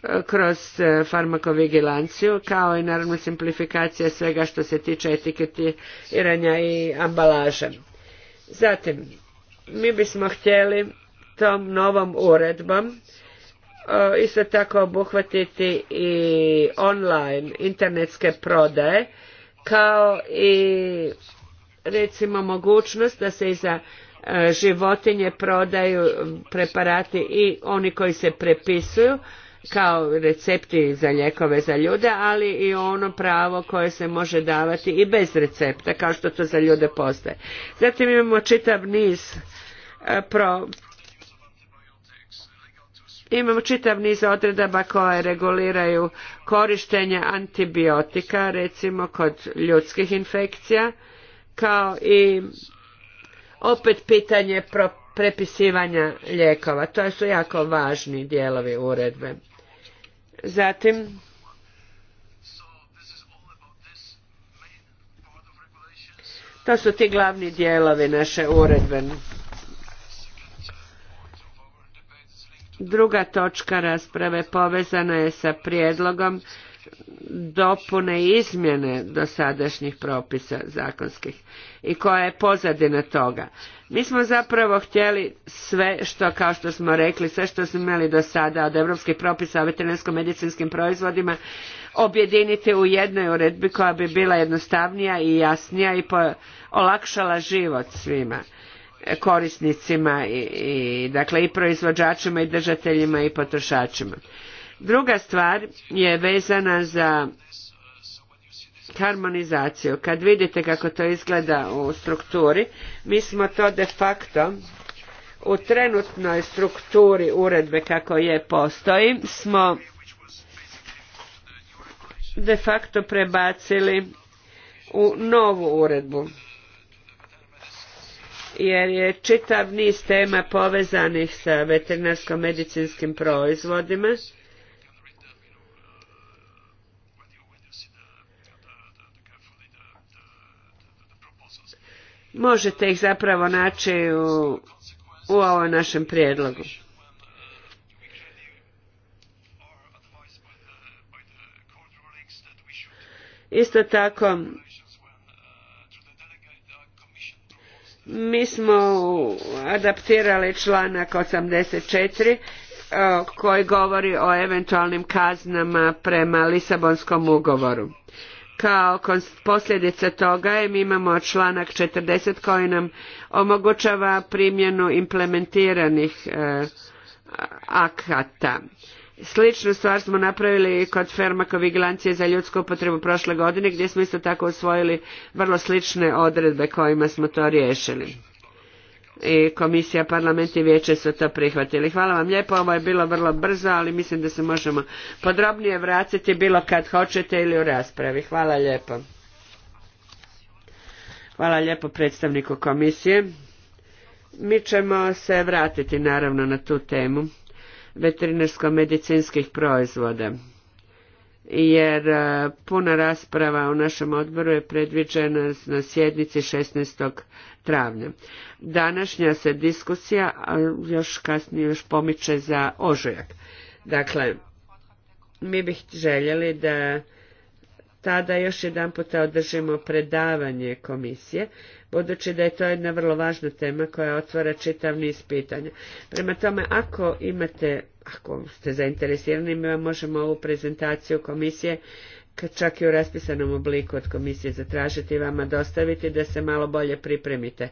e, kroz e, farmakovigilanciju kao i naravno simplifikacija svega što se tiče etiketiranja i ambalaže. Zatim, mi bismo htjeli tom novom uredbom isto tako obuhvatiti i online internetske prodaje kao i recimo mogućnost da se i za E, životinje prodaju preparati i oni koji se prepisuju kao recepti za lijekove za ljude, ali i ono pravo koje se može davati i bez recepta, kao što to za ljude postaje. Zatim imamo čitav niz e, pro... Imamo čitav niz odredaba koje reguliraju korištenje antibiotika, recimo kod ljudskih infekcija, kao i opet pitanje pro prepisivanja lijekova. To su jako važni dijelovi uredbe. Zatim, to su ti glavni dijelovi naše uredbe. Druga točka rasprave povezana je sa prijedlogom dopune i izmjene sadašnjih propisa zakonskih i koja je pozadina toga. Mi smo zapravo htjeli sve što, kao što smo rekli, sve što smo imali do sada od europskih propisa o veterinarsko-medicinskim proizvodima objediniti u jednoj uredbi koja bi bila jednostavnija i jasnija i olakšala život svima e, korisnicima i dakle i proizvođačima i držateljima i potrošačima. Druga stvar je vezana za harmonizaciju. Kad vidite kako to izgleda u strukturi, mi smo to de facto u trenutnoj strukturi uredbe kako je postoji, smo de facto prebacili u novu uredbu. Jer je čitav niz tema povezanih sa veterinarsko-medicinskim proizvodima, Možete ih zapravo naći u, u ovom našem prijedlogu. Isto tako, mi smo adaptirali članak 84 e, koji govori o eventualnim kaznama prema Lisabonskom ugovoru kao posljedica toga mi imamo članak 40 koji nam omogućava primjenu implementiranih e, akata. Sličnu stvar smo napravili kod farmakovigilancije za ljudsku upotrebu prošle godine gdje smo isto tako usvojili vrlo slične odredbe kojima smo to riješili i komisija, parlament i vijeće su to prihvatili. Hvala vam lijepo, ovo je bilo vrlo brzo, ali mislim da se možemo podrobnije vratiti bilo kad hoćete ili u raspravi. Hvala lijepo. Hvala lijepo predstavniku komisije. Mi ćemo se vratiti naravno na tu temu veterinarsko-medicinskih proizvoda jer e, puna rasprava u našem odboru je predviđena na sjednici 16 travnja. Današnja se diskusija još kasnije još pomiče za ožujak. Dakle, mi bih željeli da tada još jedan puta održimo predavanje komisije, budući da je to jedna vrlo važna tema koja otvara čitav niz pitanja. Prema tome, ako imate, ako ste zainteresirani, mi vam možemo ovu prezentaciju komisije čak i u raspisanom obliku od komisije zatražiti vama dostaviti da se malo bolje pripremite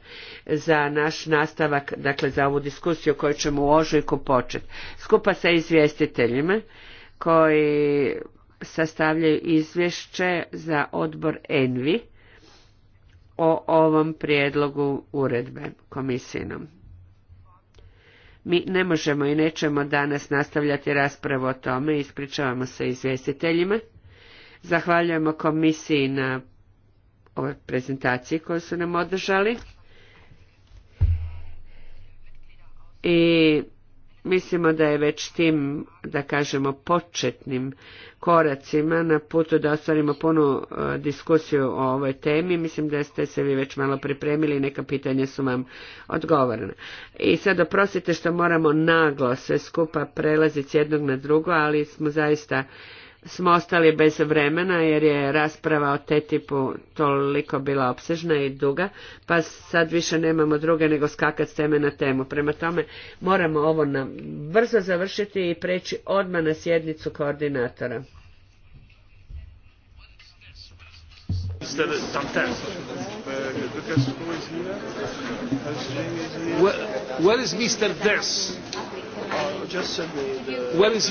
za naš nastavak, dakle za ovu diskusiju koju ćemo u ožujku početi. Skupa sa izvjestiteljima koji sastavljaju izvješće za odbor ENVI o ovom prijedlogu uredbe komisijom. Mi ne možemo i nećemo danas nastavljati raspravu o tome, ispričavamo se izvjestiteljima Zahvaljujemo komisiji na ovoj prezentaciji koju su nam održali. I mislimo da je već tim, da kažemo, početnim koracima na putu da ostvarimo punu e, diskusiju o ovoj temi. Mislim da ste se vi već malo pripremili, i neka pitanja su vam odgovorena. I sad oprostite što moramo naglo sve skupa prelaziti s jednog na drugo, ali smo zaista smo ostali bez vremena jer je rasprava o TTIP-u toliko bila opsežna i duga, pa sad više nemamo druge nego skakati s teme na temu. Prema tome moramo ovo nam brzo završiti i preći odmah na sjednicu koordinatora. is Mr. Where is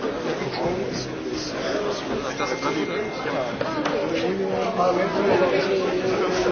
ko je